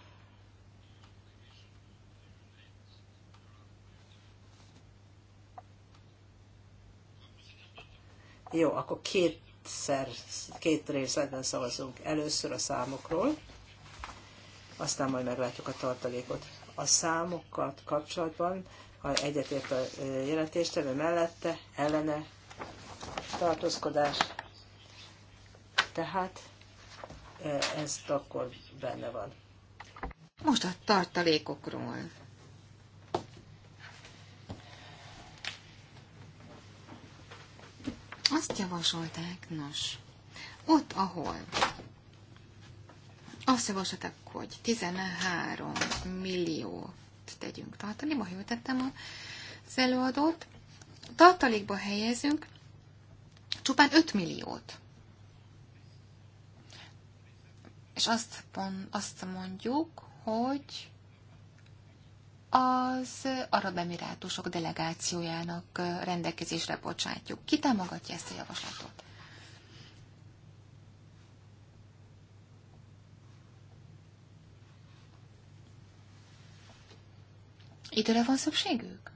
Speaker 1: Jó, akkor kétszer, két részletben szavazunk. Először a számokról, aztán majd meglátjuk a tartalékot. A számokat kapcsolatban, ha egyetért a jelentéstevő mellette, ellene, tartózkodás, tehát E, Ez akkor benne van.
Speaker 3: Most a tartalékokról. Azt javasolták, nos, ott, ahol azt javasolták, hogy 13 milliót tegyünk tartalékba, ha jól tettem az előadót, tartalékba helyezünk csupán 5 milliót. és azt, azt mondjuk, hogy az Arab Emirátusok delegációjának rendelkezésre bocsátjuk. Ki támogatja ezt a javaslatot? Időre van szükségük?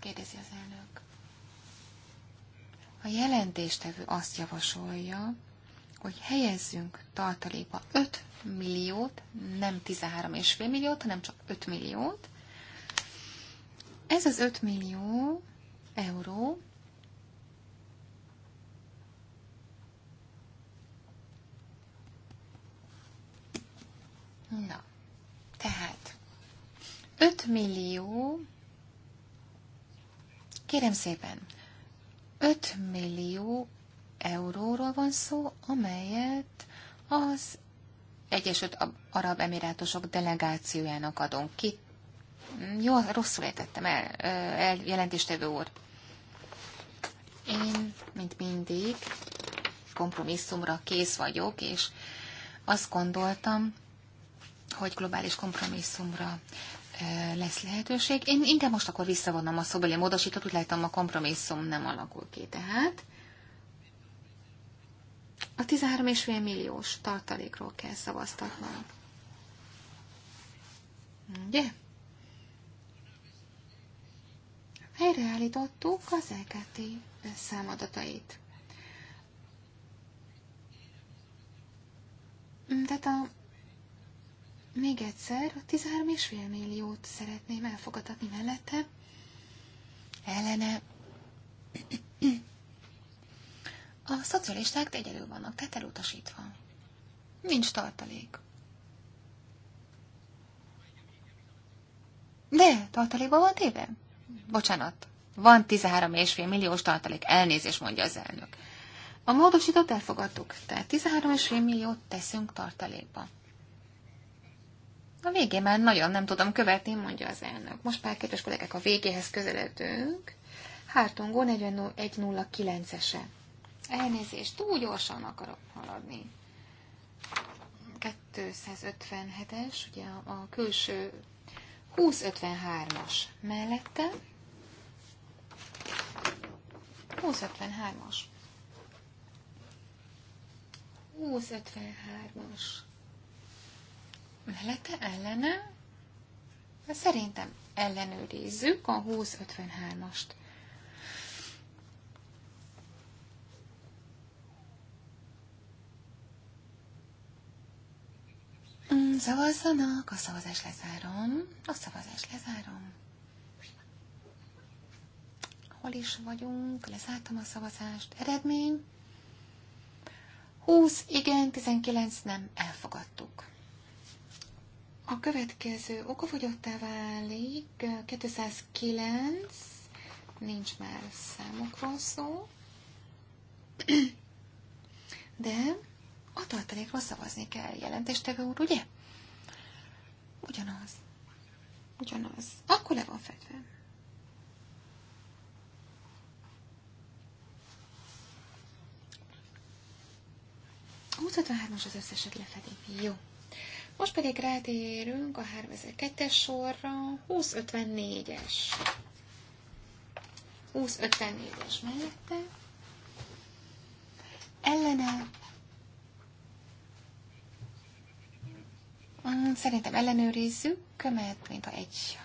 Speaker 3: kérdezi az elnök. A jelentéstevő azt javasolja, hogy helyezzünk tartalékba 5 milliót, nem 13,5 milliót, hanem csak 5 milliót. Ez az 5 millió euró Na, tehát 5 millió, kérem szépen, 5 millió euróról van szó, amelyet az Egyesült Arab Emirátusok delegációjának adunk ki. Jó, rosszul értettem el, el jelentéstevő úr. Én, mint mindig, kompromisszumra kész vagyok, és azt gondoltam, hogy globális kompromisszumra lesz lehetőség. Én inkább most akkor visszavonom a szobeli módosítót, úgy látom a kompromisszum nem alakul ki tehát. A 13,5 milliós tartalékról kell szavaztatnom. Ugye? Helyreállítottuk az EKT számadatait. Tehát a, még egyszer, a 13,5 milliót szeretném elfogadatni mellette. Ellene a szocialisták egyedül vannak, tehát elutasítva. Nincs tartalék. De, tartalékban van téve? Bocsánat, van 13,5 milliós tartalék, elnézés mondja az elnök. A módosítót elfogadtuk, tehát 13,5 milliót teszünk tartalékba. A végén már nagyon nem tudom követni, mondja az elnök. Most pár kedves kollégák, a végéhez közeledünk. Hártongó 4109-ese. Elnézést, túl gyorsan akarok haladni. 257-es, ugye a külső 2053-as mellette. 2053-as. 2053-as. Mellette ellene? Hát szerintem ellenőrizzük a 2053-ast. Szavazzanak, a szavazás lezárom. A szavazás lezárom. Hol is vagyunk? Lezártam a szavazást. Eredmény? 20 igen, 19 nem. Elfogadtuk. A következő okafogyottá válik 209, nincs már számokról szó, de a tartalékról szavazni kell, jelentéstevő úr, ugye? Ugyanaz. Ugyanaz. Akkor le van fedve. A 23-as az összeset lefedi. Jó. Most pedig rátérünk a 3002-es sorra, 2054-es. 2054-es mellette. Ellene Mm, szerintem ellenőrizzük, mert a egy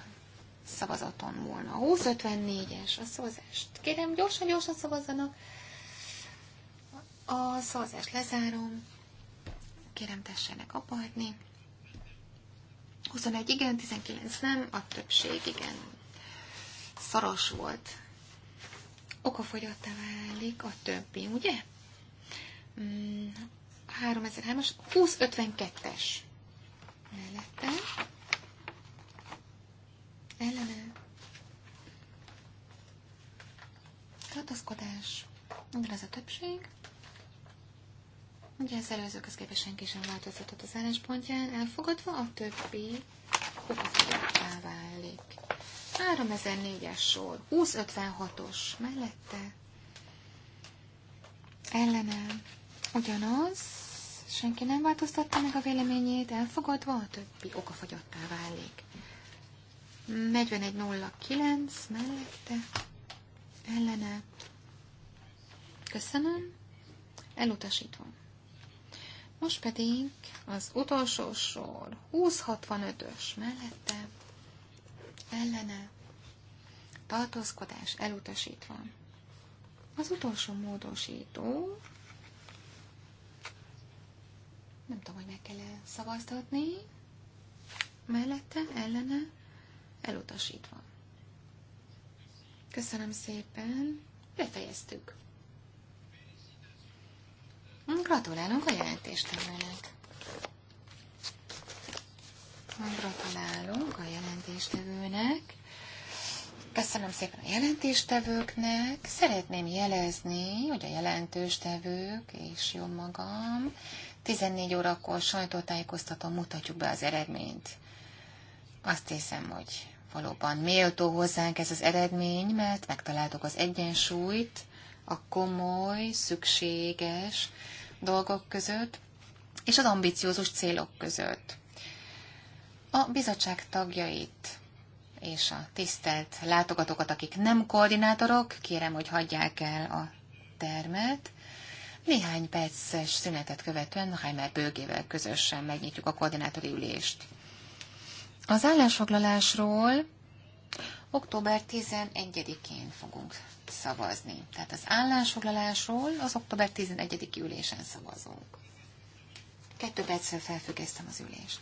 Speaker 3: szavazaton múlna. 54 es a szavazást. Kérem, gyorsan-gyorsan szavazzanak. A szavazást lezárom. Kérem, tessenek apadni. 21 igen, 19 nem, a többség igen. Szaros volt. Okafogyottá válik a többi, ugye? 3003-as, 52 es mellette, ellene, tartozkodás, ez a többség, ugye az előző közképe senki sem változtatott az álláspontján, elfogadva a többi okafogyottá válik. 3004-es sor, 2056-os mellette, Ellene. ugyanaz, senki nem változtatta meg a véleményét, elfogadva a többi okafagyottá válik. 4109 mellette, ellene, köszönöm, Elutasítom. Most pedig az utolsó sor 2065-ös mellette, ellene, tartózkodás elutasítva. Az utolsó módosító nem tudom, hogy meg kell -e szavaztatni, mellette, ellene, elutasítva. Köszönöm szépen, befejeztük. Gratulálunk a jelentéstevőnek. Gratulálunk a jelentéstevőnek. Köszönöm szépen a jelentéstevőknek. Szeretném jelezni, hogy a jelentőstevők és jó magam 14 órakor sajtótájékoztató mutatjuk be az eredményt. Azt hiszem, hogy valóban méltó hozzánk ez az eredmény, mert megtaláltuk az egyensúlyt a komoly, szükséges dolgok között, és az ambiciózus célok között. A bizottság tagjait és a tisztelt látogatókat, akik nem koordinátorok, kérem, hogy hagyják el a termet. Néhány perces szünetet követően Heimer Bőgével közösen megnyitjuk a koordinátori ülést. Az állásfoglalásról október 11-én fogunk szavazni. Tehát az állásfoglalásról az október 11-i ülésen szavazunk. Kettő perccel felfüggesztem az ülést.